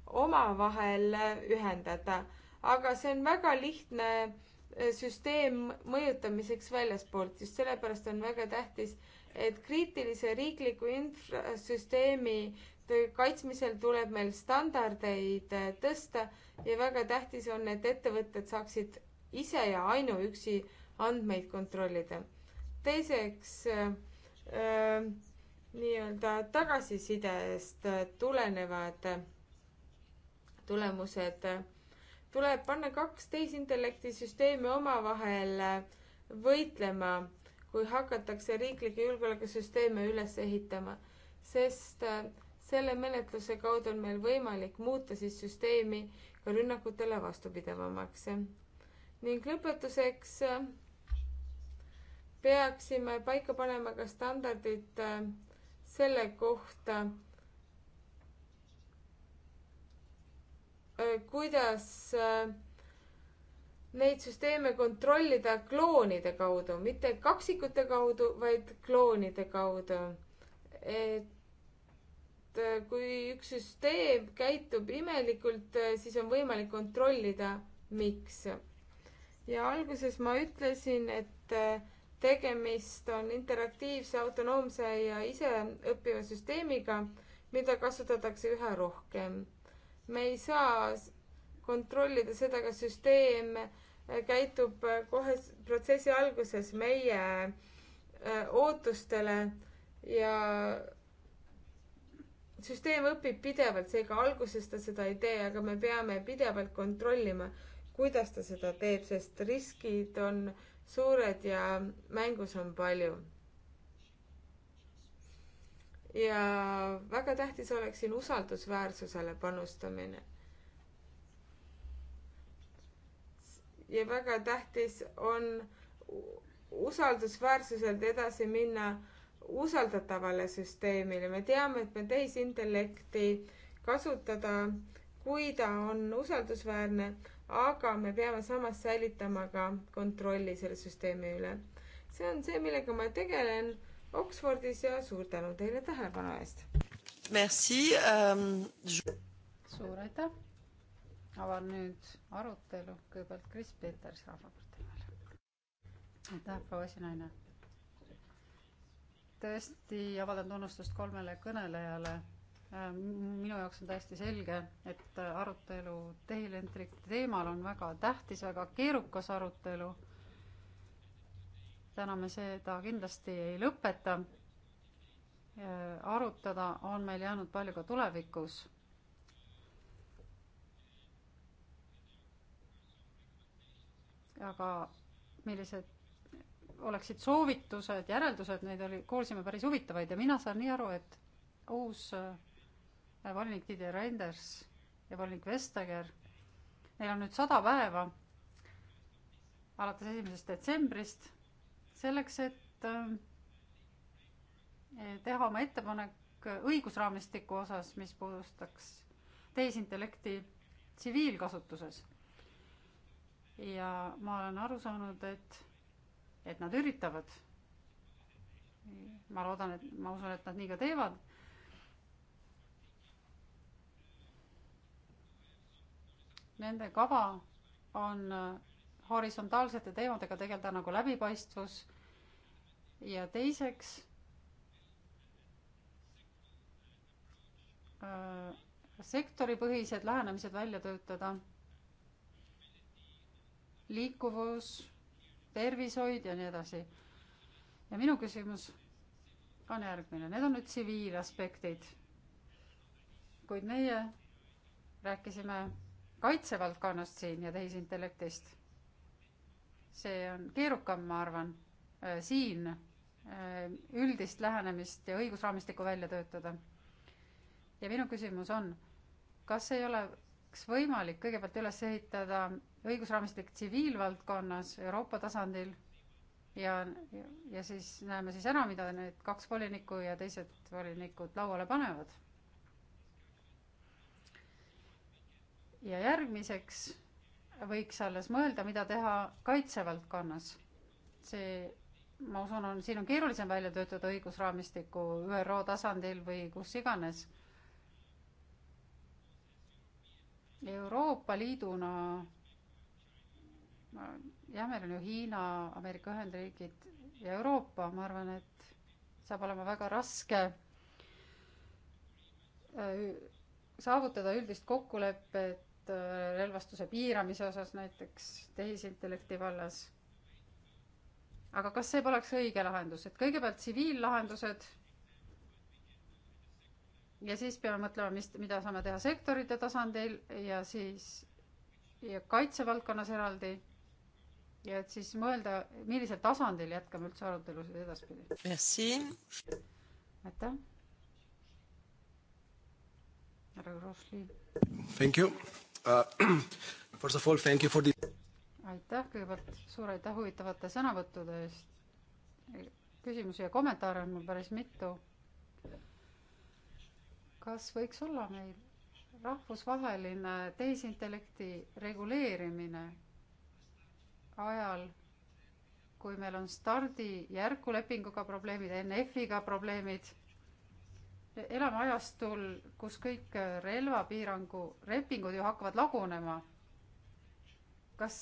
omavahel ühendada. aga see on väga lihtne süsteem mõjutamiseks väljaspoolt, just sellepärast on väga tähtis, et kriitilise riikliku infrasüsteemi kaitsmisel tuleb meil standardeid äh, tõsta ja väga tähtis on, et ettevõtted saaksid ise ja ainuüksi andmeid kontrollida. teiseks äh, äh nii-öelda tagasisidest äh, tulenevad tulemused tuleb panna kaks tehisintellekti süsteemi omavahel võitlema kui hakatakse riiklikke julgeolekusüsteeme üles ehitama, sest äh, selle menetluse kaudu on meil võimalik muuta siis süsteemi ka rünnakutele vastupidavamaks. ning lõpetuseks äh, peaksime paika panema ka standardid äh, selle kohta, kuidas neid süsteeme kontrollida kloonide kaudu, mitte kaksikute kaudu, vaid kloonide kaudu. et äh, kui üks süsteem käitub imelikult, äh, siis on võimalik kontrollida, miks. ja alguses ma ütlesin, et äh, tegemist on interaktiivse, autonoomse ja iseõppiva süsteemiga, mida kasutatakse üha rohkem. me ei saa kontrollida seda, kas süsteem äh, käitub kohe protsessi alguses meie ootustele ja süsteem õpib pidevalt, seega alguses ta seda ei tee, aga me peame pidevalt kontrollima, kuidas ta seda teeb, sest riskid on suured ja mängus on palju. ja väga tähtis oleks siin usaldusväärsusele panustamine ja väga tähtis on usaldusväärsuselt edasi minna usaldatavale süsteemile. me teame, et me tehisintellekti kasutada, kui ta on usaldusväärne, aga me peame samas säilitama ka kontrolli selle süsteemi üle. see on see, millega ma tegelen Oxfordis ja suur tänu teile tähelepanu eest. Merci um.... suur aitäh avan nüüd arutelu, kõigepealt Kris Peters Rahvapartei nimel. aitäh, proua esinaine. tõesti avaldan tunnustust kolmele kõnelejale. Äh, minu jaoks on täiesti selge, et arutelu tehilentrite teemal on väga tähtis, väga keerukas arutelu. täna me seda kindlasti ei lõpeta. Äh, arutada on meil jäänud palju ka tulevikus aga millised oleksid soovitused, järeldused, neid oli, kuulsime päris huvitavaid ja mina saan nii aru, et uus äh, volinik Didier Reinders ja volinik Vestager, neil on nüüd sada päeva alates esimesest detsembrist selleks, et äh, teha oma ettepanek õigusraamistiku osas, mis puudutaks tehisintellekti tsiviilkasutuses ja ma olen aru saanud, et, et nad üritavad. ma loodan, et ma usun, et nad nii ka teevad. Nende kava on äh, horisontaalsete teemadega tegeleda nagu läbipaistvus ja teiseks äh, sektoripõhised lähenemised välja töötada liikuvus, tervishoid ja nii edasi. ja minu küsimus on järgmine, need on nüüd tsiviilaspektid. kuid meie rääkisime kaitsevaldkonnast siin ja tehisintellektist. see on keerukam, ma arvan, äh, siin äh, üldist lähenemist ja õigusraamistikku välja töötada. ja minu küsimus on, kas ei oleks võimalik kõigepealt üles ehitada õigusraamistik tsiviilvaldkonnas Euroopa tasandil ja, ja siis näeme siis ära, mida need kaks volinikku ja teised volinikud lauale panevad. ja järgmiseks võiks alles mõelda, mida teha kaitsevaldkonnas. see, ma usun, on, siin on keerulisem välja töötada õigusraamistikku ÜRO tasandil või kus iganes. Euroopa Liiduna jah, meil on ju Hiina, Ameerika Ühendriigid ja Euroopa, ma arvan, et saab olema väga raske äh, saavutada üldist kokkulepet äh, relvastuse piiramise osas näiteks tehisintellekti vallas. aga kas see poleks õige lahendus, et kõigepealt tsiviillahendused ja siis peame mõtlema, mis, mida saame teha sektorite tasandil ja siis ja kaitsevaldkonnas eraldi ja et siis mõelda, millisel tasandil jätkame üldse arutelusid edaspidi. Merci. aitäh. härra Grossli. Thank you uh,. First of all, thank you for the. aitäh kõigepealt, suur aitäh huvitavate sõnavõttude eest. küsimusi ja kommentaare on mul päris mitu. kas võiks olla meil rahvusvaheline tehisintellekti reguleerimine ajal, kui meil on stardijärku lepinguga probleemid, NF-iga probleemid, elame ajastul, kus kõik relvapiirangu lepingud ju hakkavad lagunema. kas,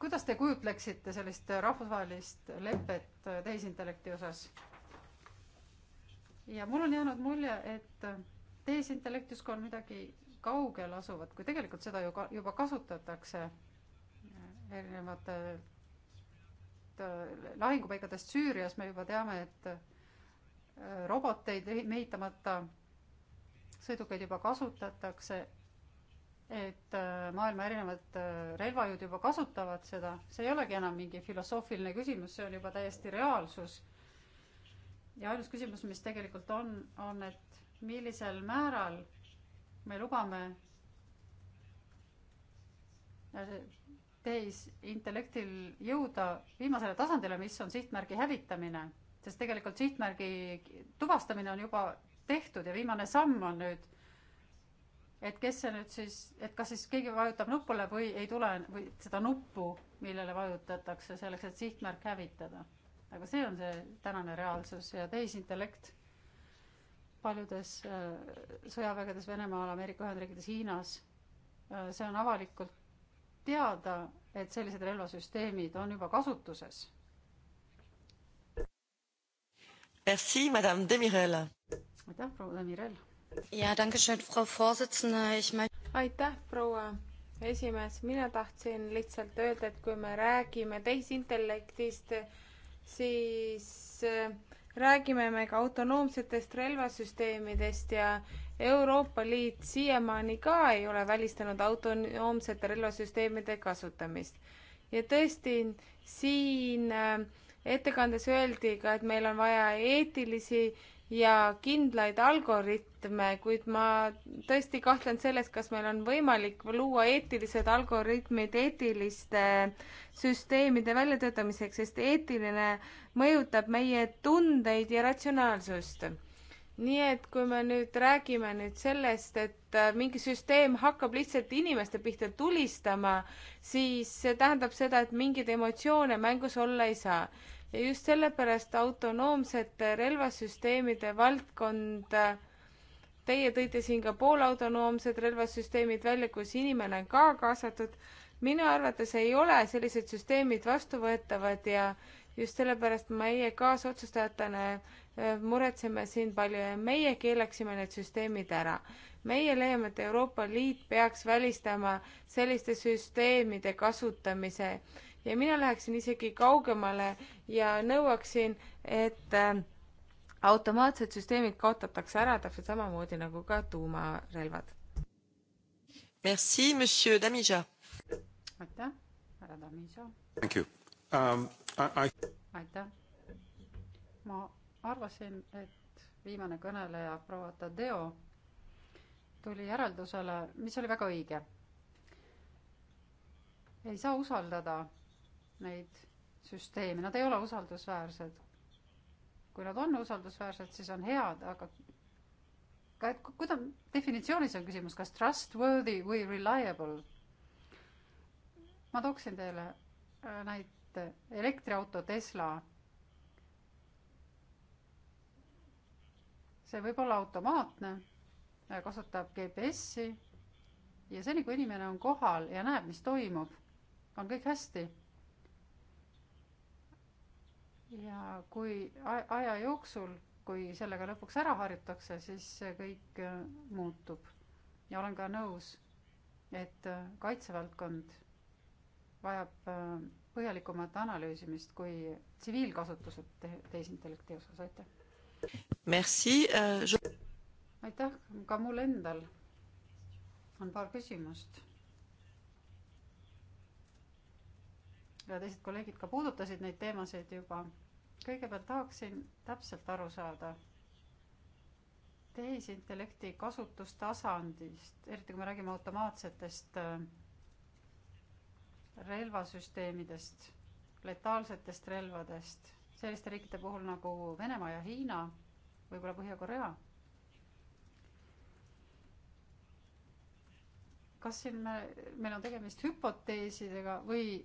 kuidas te kujutleksite sellist rahvusvahelist lepet tehisintellekti osas? ja mul on jäänud mulje, et tehisintellekt justkui on midagi kaugel asuvad, kui tegelikult seda ju ka juba kasutatakse äh, erinevatelt äh, lahingupaikadest Süürias me juba teame, et äh, roboteid mehitamata sõidukeid juba kasutatakse, et maailma erinevad relvajõud juba kasutavad seda, see ei olegi enam mingi filosoofiline küsimus, see on juba täiesti reaalsus. ja ainus küsimus, mis tegelikult on, on, et millisel määral me lubame äh, tehisintellektil jõuda viimasele tasandile, mis on sihtmärgi hävitamine, sest tegelikult sihtmärgi tuvastamine on juba tehtud ja viimane samm on nüüd, et kes see nüüd siis, et kas siis keegi vajutab nupule või ei tule või seda nuppu, millele vajutatakse selleks, et sihtmärk hävitada. aga see on see tänane reaalsus ja tehisintellekt paljudes äh, sõjavägedes Venemaal, Ameerika Ühendriikides, Hiinas. Äh, see on avalikult teada, et sellised relvasüsteemid on juba kasutuses. Merci, madame Demirel. aitäh, proua Demirel. ja, aitäh, proua esimees, mina tahtsin lihtsalt öelda, et kui me räägime tehisintellektist, siis äh, räägime me ka autonoomsetest relvasüsteemidest ja Euroopa Liit siiamaani ka ei ole välistanud autonoomsete relvasüsteemide kasutamist. ja tõesti, siin äh, ettekandes öeldi ka, et meil on vaja eetilisi ja kindlaid algoritme, kuid ma tõesti kahtlen selles, kas meil on võimalik luua eetilised algoritmid eetiliste süsteemide väljatöötamiseks, sest eetiline mõjutab meie tundeid ja ratsionaalsust. nii et kui me nüüd räägime nüüd sellest, et äh, mingi süsteem hakkab lihtsalt inimeste pihta tulistama, siis see tähendab seda, et mingeid emotsioone mängus olla ei saa ja just sellepärast autonoomsete relvasüsteemide valdkond Teie tõite siin ka poolautonoomsed relvasüsteemid välja, kus inimene on ka kaasatud. minu arvates ei ole sellised süsteemid vastuvõetavad ja just sellepärast meie kaasotsustajatena äh, muretseme siin palju ja meie keelaksime need süsteemid ära. meie leiame, et Euroopa Liit peaks välistama selliste süsteemide kasutamise ja mina läheksin isegi kaugemale ja nõuaksin, et äh, automaatsed süsteemid kaotatakse ära täpselt samamoodi nagu ka tuumarelvad. Merci, monsieur Damija. aitäh, härra Damija. Thank you um,. I, I... aitäh. ma arvasin, et viimane kõneleja, proua Tadeo, tuli järeldusele, mis oli väga õige. ei saa usaldada neid süsteeme, nad ei ole usaldusväärsed. kui nad on usaldusväärsed, siis on head, aga ka, et kuidas, definitsioonis on küsimus, kas trustworthy või reliable. ma tooksin teile äh, näite, elektriauto Tesla. see võib olla automaatne, äh, kasutab GPS-i ja seni, kui inimene on kohal ja näeb, mis toimub, on kõik hästi ja kui aja jooksul, kui sellega lõpuks ära harjutakse, siis see kõik äh, muutub. ja olen ka nõus, et äh, kaitsevaldkond vajab äh, põhjalikumat analüüsimist kui tsiviilkasutused te tehisintellekti osas, aitäh. Merci uh,. Je... aitäh, ka mul endal on paar küsimust. ja teised kolleegid ka puudutasid neid teemasid juba kõigepealt tahaksin täpselt aru saada tehisintellekti kasutustasandist, eriti kui me räägime automaatsetest äh, relvasüsteemidest, letaalsetest relvadest, selliste riikide puhul nagu Venemaa ja Hiina, võib-olla Põhja-Korea. kas siin me, meil on tegemist hüpoteesidega või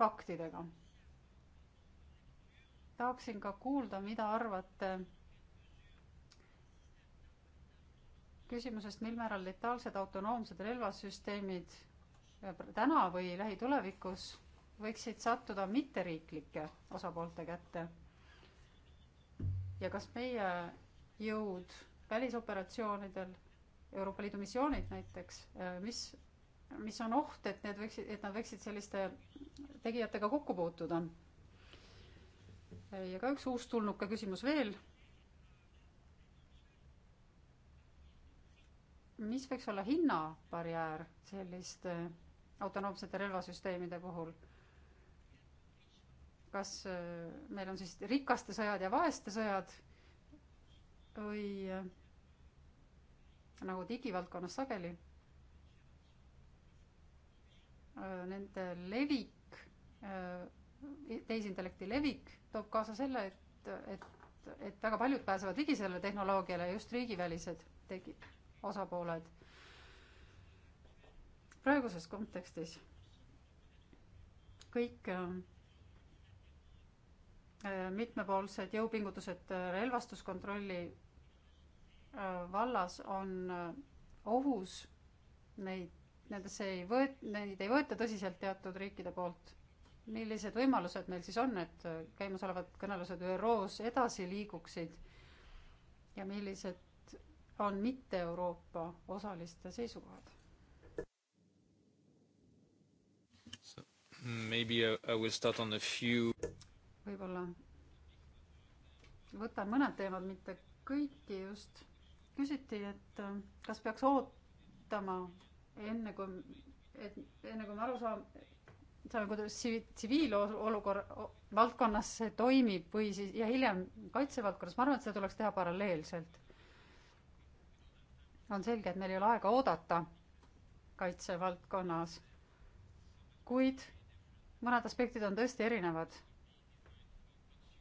faktidega? tahaksin ka kuulda, mida arvate küsimusest, mil määral letaalsed autonoomsed relvasüsteemid äh, täna või lähitulevikus võiksid sattuda mitteriiklike osapoolte kätte. ja kas meie jõud välisoperatsioonidel, Euroopa Liidu missioonid näiteks, äh, mis, mis on oht, et need võiksid, et nad võiksid selliste tegijatega kokku puutuda? ja ka üks uustulnuka küsimus veel. mis võiks olla hinnabarjäär selliste autonoomsete relvasüsteemide puhul? kas äh, meil on siis rikaste sõjad ja vaeste sõjad või äh, nagu digivaldkonnas sageli, äh, nende levik, tehisintellekti levik toob kaasa selle, et, et, et väga paljud pääsevad ligi sellele tehnoloogiale, just riigivälised tegi-, osapooled. praeguses kontekstis kõik äh, äh mitmepoolsed jõupingutused äh, relvastuskontrolli äh, vallas on äh, ohus, neid, nendesse ei võet-, neid ei võeta tõsiselt teatud riikide poolt millised võimalused meil siis on, et käimasolevad kõnelused ÜRO-s edasi liiguksid ja millised on mitte Euroopa osaliste seisukohad? Maybe I will start on a few. võib-olla võtan mõned teemad, mitte kõiki just. küsiti, et äh, kas peaks ootama enne kui, et enne kui me aru saame, saame, kuidas tsiviilolukorra valdkonnas see toimib või siis ja hiljem kaitsevaldkonnas, ma arvan, et seda tuleks teha paralleelselt. on selge, et meil ei ole aega oodata kaitsevaldkonnas, kuid mõned aspektid on tõesti erinevad.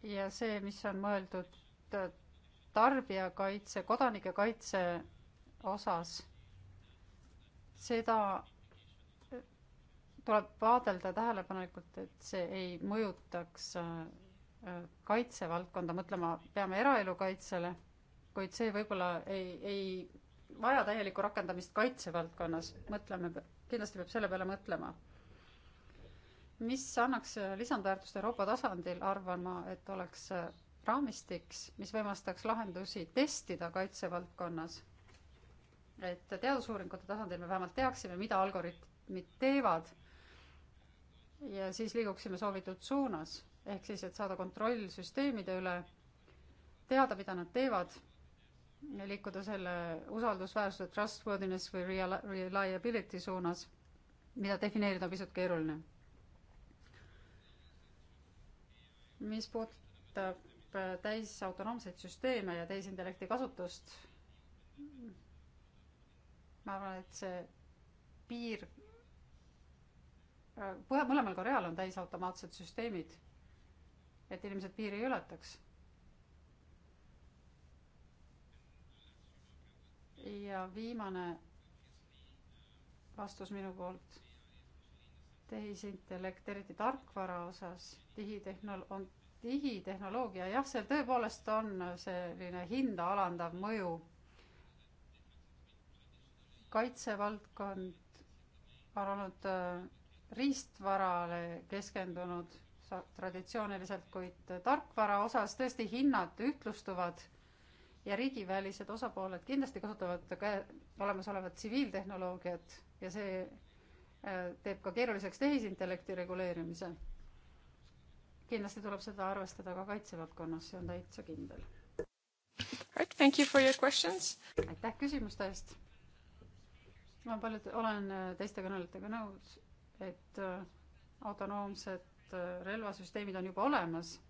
ja see, mis on mõeldud äh, tarbijakaitse, kodanike kaitse osas, seda tuleb vaadelda tähelepanelikult, et see ei mõjutaks äh, äh, kaitsevaldkonda, mõtlema peame eraelu kaitsele, kuid see võib-olla ei, ei vaja täielikku rakendamist kaitsevaldkonnas, mõtleme, kindlasti peab selle peale mõtlema. mis annaks äh, lisandväärtust Euroopa tasandil, arvan ma, et oleks raamistiks, mis võimaldaks lahendusi testida kaitsevaldkonnas. et teadusuuringute tasandil me vähemalt teaksime, mida algoritmid teevad ja siis liiguksime soovitud suunas, ehk siis, et saada kontroll süsteemide üle, teada, mida nad teevad, liikuda selle usaldusväärsuse, trustworthiness või real-, reliability suunas, mida defineerida on pisut keeruline. mis puudutab äh, täisautonoomseid süsteeme ja tehisintellekti kasutust, ma arvan, et see piir mõlemal Koreal on täisautomaatsed süsteemid, et inimesed piiri ei ületaks. ja viimane vastus minu poolt. tehisintellekt, eriti tarkvara osas, digitehnol-, on digitehnoloogia, jah, see tõepoolest on selline hinda alandav mõju. kaitsevaldkond on olnud äh, riistvarale keskendunud traditsiooniliselt, kuid tarkvara osas tõesti hinnad ühtlustuvad ja riigivälised osapooled kindlasti kasutavad ka olemasolevat tsiviiltehnoloogiat ja see äh, teeb ka keeruliseks tehisintellekti reguleerimise. kindlasti tuleb seda arvestada ka kaitsevaldkonnas, see on täitsa kindel. Right, thank you for your questions. aitäh küsimuste eest. ma paljud, olen äh, teiste kõnelejatega nõus et äh, autonoomsed äh, relvasüsteemid on juba olemas.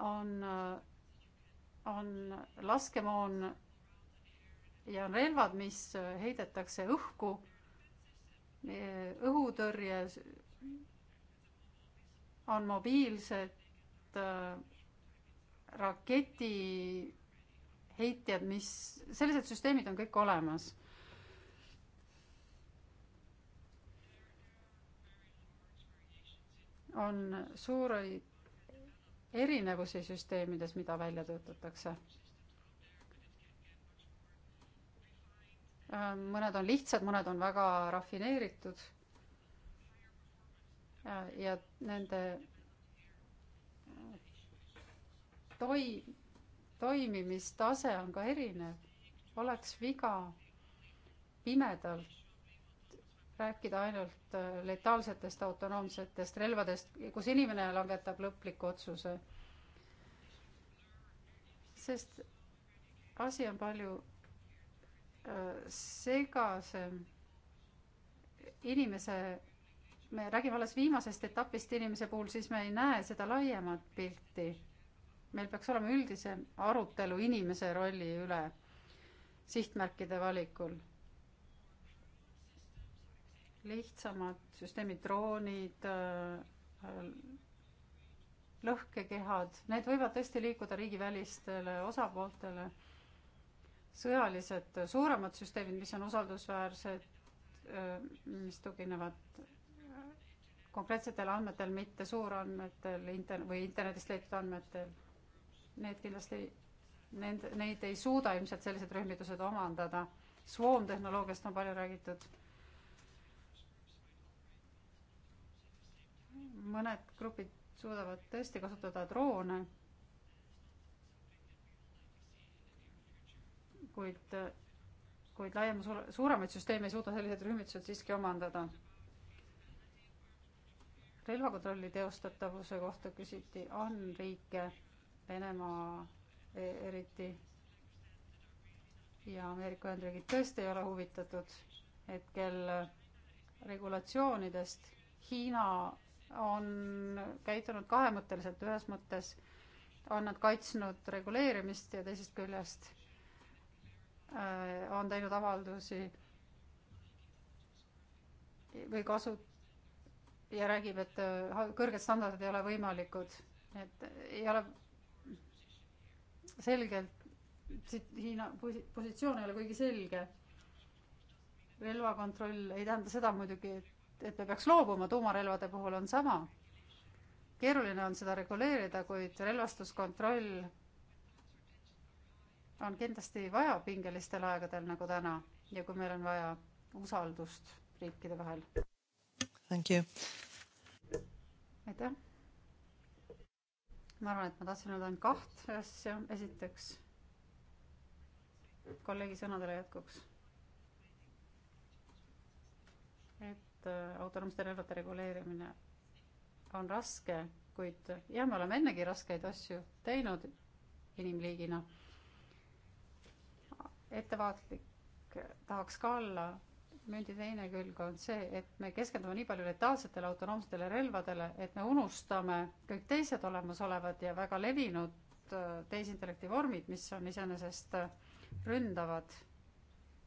on, äh, on laskemoon ja on relvad, mis heidetakse õhku, õhutõrje on mobiilsed raketi heitjad, mis, sellised süsteemid on kõik olemas. on suuri erinevusi süsteemides, mida välja töötatakse. Äh, mõned on lihtsad, mõned on väga rafineeritud. Äh, ja nende äh, toi-, toimimistase on ka erinev. oleks viga pimedalt rääkida ainult äh, letaalsetest autonoomsetest relvadest, kus inimene langetab lõpliku otsuse. sest asi on palju äh, segasem. inimese, me räägime alles viimasest etapist inimese puhul, siis me ei näe seda laiemat pilti meil peaks olema üldisem arutelu inimese rolli üle sihtmärkide valikul. lihtsamad süsteemid, droonid, äh, lõhkekehad, need võivad tõesti liikuda riigivälistele osapooltele. sõjalised suuremad süsteemid, mis on usaldusväärsed, äh, mis tuginevad äh, konkreetsetel andmetel, mitte suurandmetel inter- või internetist leitud andmetel need kindlasti, nend-, neid ei suuda ilmselt sellised rühmitused omandada. Swarm-tehnoloogiast on palju räägitud. mõned grupid suudavad tõesti kasutada droone, kuid, kuid laiema suure, suuremaid süsteeme ei suuda sellised rühmitused siiski omandada relvakontrolli teostatavuse kohta küsiti, on riike, Venemaa e, eriti ja Ameerika Ühendriigid tõesti ei ole huvitatud hetkel regulatsioonidest. Hiina on käitunud kahemõtteliselt, ühes mõttes on nad kaitsnud reguleerimist ja teisest küljest äh, on teinud avaldusi või kasu- ja räägib, et äh, kõrged standardid ei ole võimalikud, et ei ole selgelt, Hiina positsioon ei ole kuigi selge. relvakontroll ei tähenda seda muidugi, et, et me peaks loobuma, tuumarelvade puhul on sama. keeruline on seda reguleerida, kuid relvastuskontroll on kindlasti vaja pingelistel aegadel nagu täna ja kui meil on vaja usaldust riikide vahel. aitäh ma arvan, et ma tahtsin öelda ainult kaht asja, esiteks kolleegi sõnadele jätkuks. et äh, autonoomsete relvade reguleerimine on raske, kuid jah, me oleme ennegi raskeid asju teinud inimliigina. ettevaatlik tahaks ka olla mündi teine külg on see, et me keskendume nii palju letaalsetele autonoomsetele relvadele, et me unustame kõik teised olemasolevad ja väga levinud äh, tehisintellekti vormid, mis on iseenesest äh, ründavad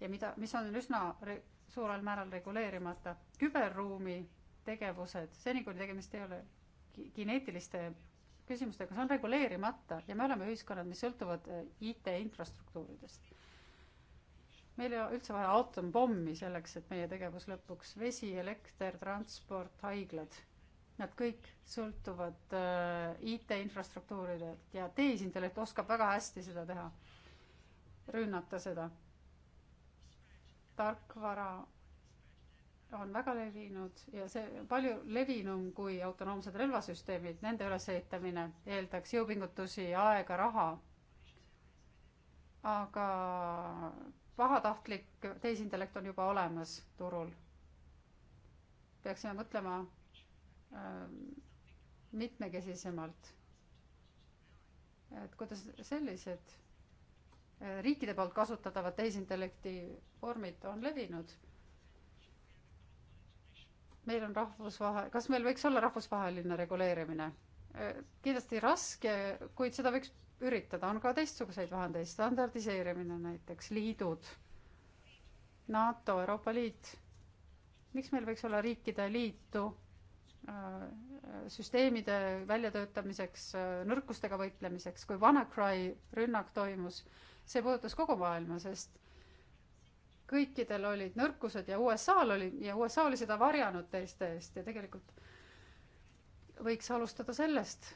ja mida, mis on üsna re-, suurel määral reguleerimata. küberruumi tegevused, seni kuni tegemist ei ole kineetiliste küsimustega, see on reguleerimata ja me oleme ühiskonnad, mis sõltuvad äh, IT infrastruktuuridest meil ei ole üldse vaja aatompommi selleks, et meie tegevus lõpuks, vesi, elekter, transport, haiglad, nad kõik sõltuvad äh, IT-infrastruktuuridelt ja tehisintellekt oskab väga hästi seda teha, rünnata seda. tarkvara on väga levinud ja see palju levinum kui autonoomsed relvasüsteemid, nende ülesehitamine eeldaks jõupingutusi, aega, raha, aga pahatahtlik tehisintellekt on juba olemas turul. peaksime mõtlema äh, mitmekesisemalt. et kuidas sellised äh, riikide poolt kasutatavad tehisintellekti vormid on levinud. meil on rahvusvahe-, kas meil võiks olla rahvusvaheline reguleerimine? Äh, kindlasti raske, kuid seda võiks üritada, on ka teistsuguseid vahendeid, standardiseerimine näiteks, liidud, NATO, Euroopa Liit. miks meil võiks olla riikide liitu äh, süsteemide väljatöötamiseks, äh, nõrkustega võitlemiseks, kui WannaCry rünnak toimus, see puudutas kogu maailma, sest kõikidel olid nõrkused ja USA-l oli ja USA oli seda varjanud teiste eest ja tegelikult võiks alustada sellest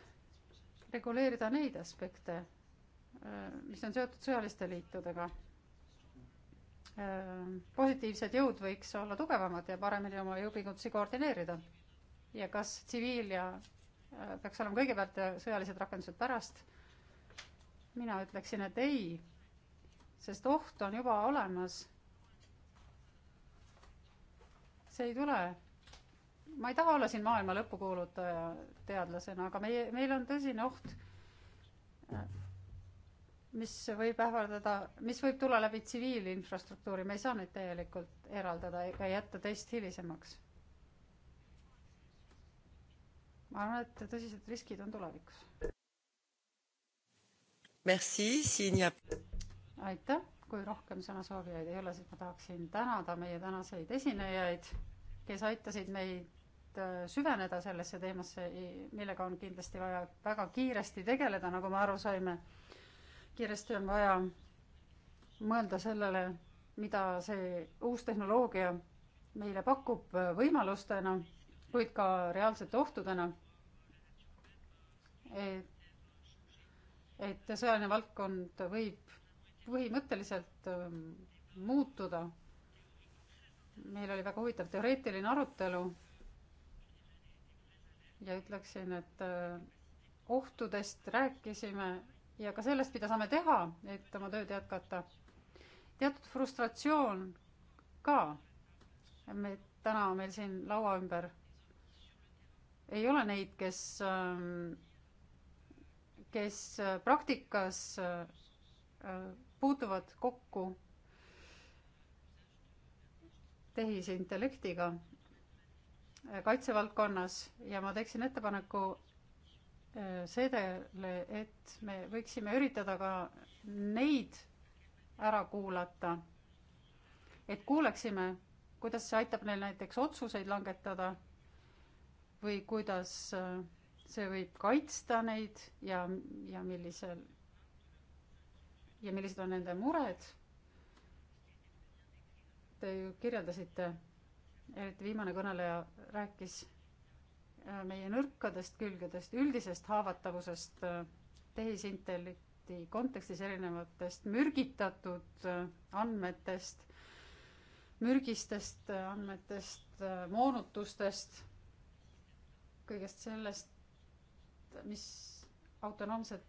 reguleerida neid aspekte, mis on seotud sõjaliste liitudega. positiivsed jõud võiks olla tugevamad ja paremini oma jõupingutusi koordineerida. ja kas tsiviil ja peaks olema kõigepealt ja sõjalised rakendused pärast? mina ütleksin, et ei, sest oht on juba olemas. see ei tule ma ei taha olla siin maailma lõpukuulutaja teadlasena, aga meie, meil on tõsine oht, mis võib ähvardada, mis võib tulla läbi tsiviilinfrastruktuuri, me ei saa neid täielikult eraldada ega jätta teist hilisemaks. ma arvan, et tõsised riskid on tulevikus. Merci, Sinja. aitäh, kui rohkem sõnasoovijaid ei ole, siis ma tahaksin tänada meie tänaseid esinejaid, kes aitasid meid Äh, süveneda sellesse teemasse, millega on kindlasti vaja väga kiiresti tegeleda, nagu me aru saime. kiiresti on vaja mõelda sellele, mida see uus tehnoloogia meile pakub äh, võimalustena, kuid ka reaalsete ohtudena. et, et sõjaline valdkond võib põhimõtteliselt ähm, muutuda. meil oli väga huvitav teoreetiline arutelu ja ütleksin, et äh, ohtudest rääkisime ja ka sellest, mida saame teha, et oma tööd jätkata. teatud frustratsioon ka. me täna meil siin laua ümber ei ole neid, kes, ähm, kes äh, praktikas äh, puutuvad kokku tehisintellektiga kaitsevaldkonnas ja ma teeksin ettepaneku äh, seedele, et me võiksime üritada ka neid ära kuulata. et kuuleksime, kuidas see aitab neil näiteks otsuseid langetada või kuidas äh, see võib kaitsta neid ja, ja millisel ja millised on nende mured. Te ju kirjeldasite et viimane kõneleja rääkis äh, meie nõrkadest külgedest, üldisest haavatavusest äh, tehisintellekti kontekstis erinevatest mürgitatud äh, andmetest, mürgistest andmetest, moonutustest, kõigest sellest, mis autonoomsed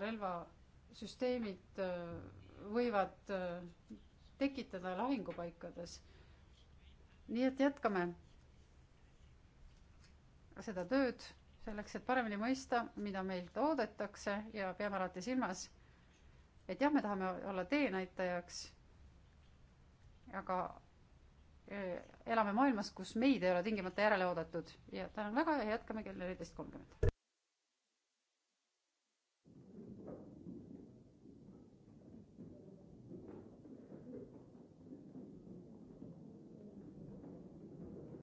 relvasüsteemid võivad tekitada lahingupaikades nii et jätkame seda tööd selleks, et paremini mõista, mida meilt oodatakse ja peame alati silmas, et jah, me tahame olla teenäitajaks, aga e, elame maailmas, kus meid ei ole tingimata järele oodatud ja tänan väga ja jätkame kell neliteist kolmkümmend.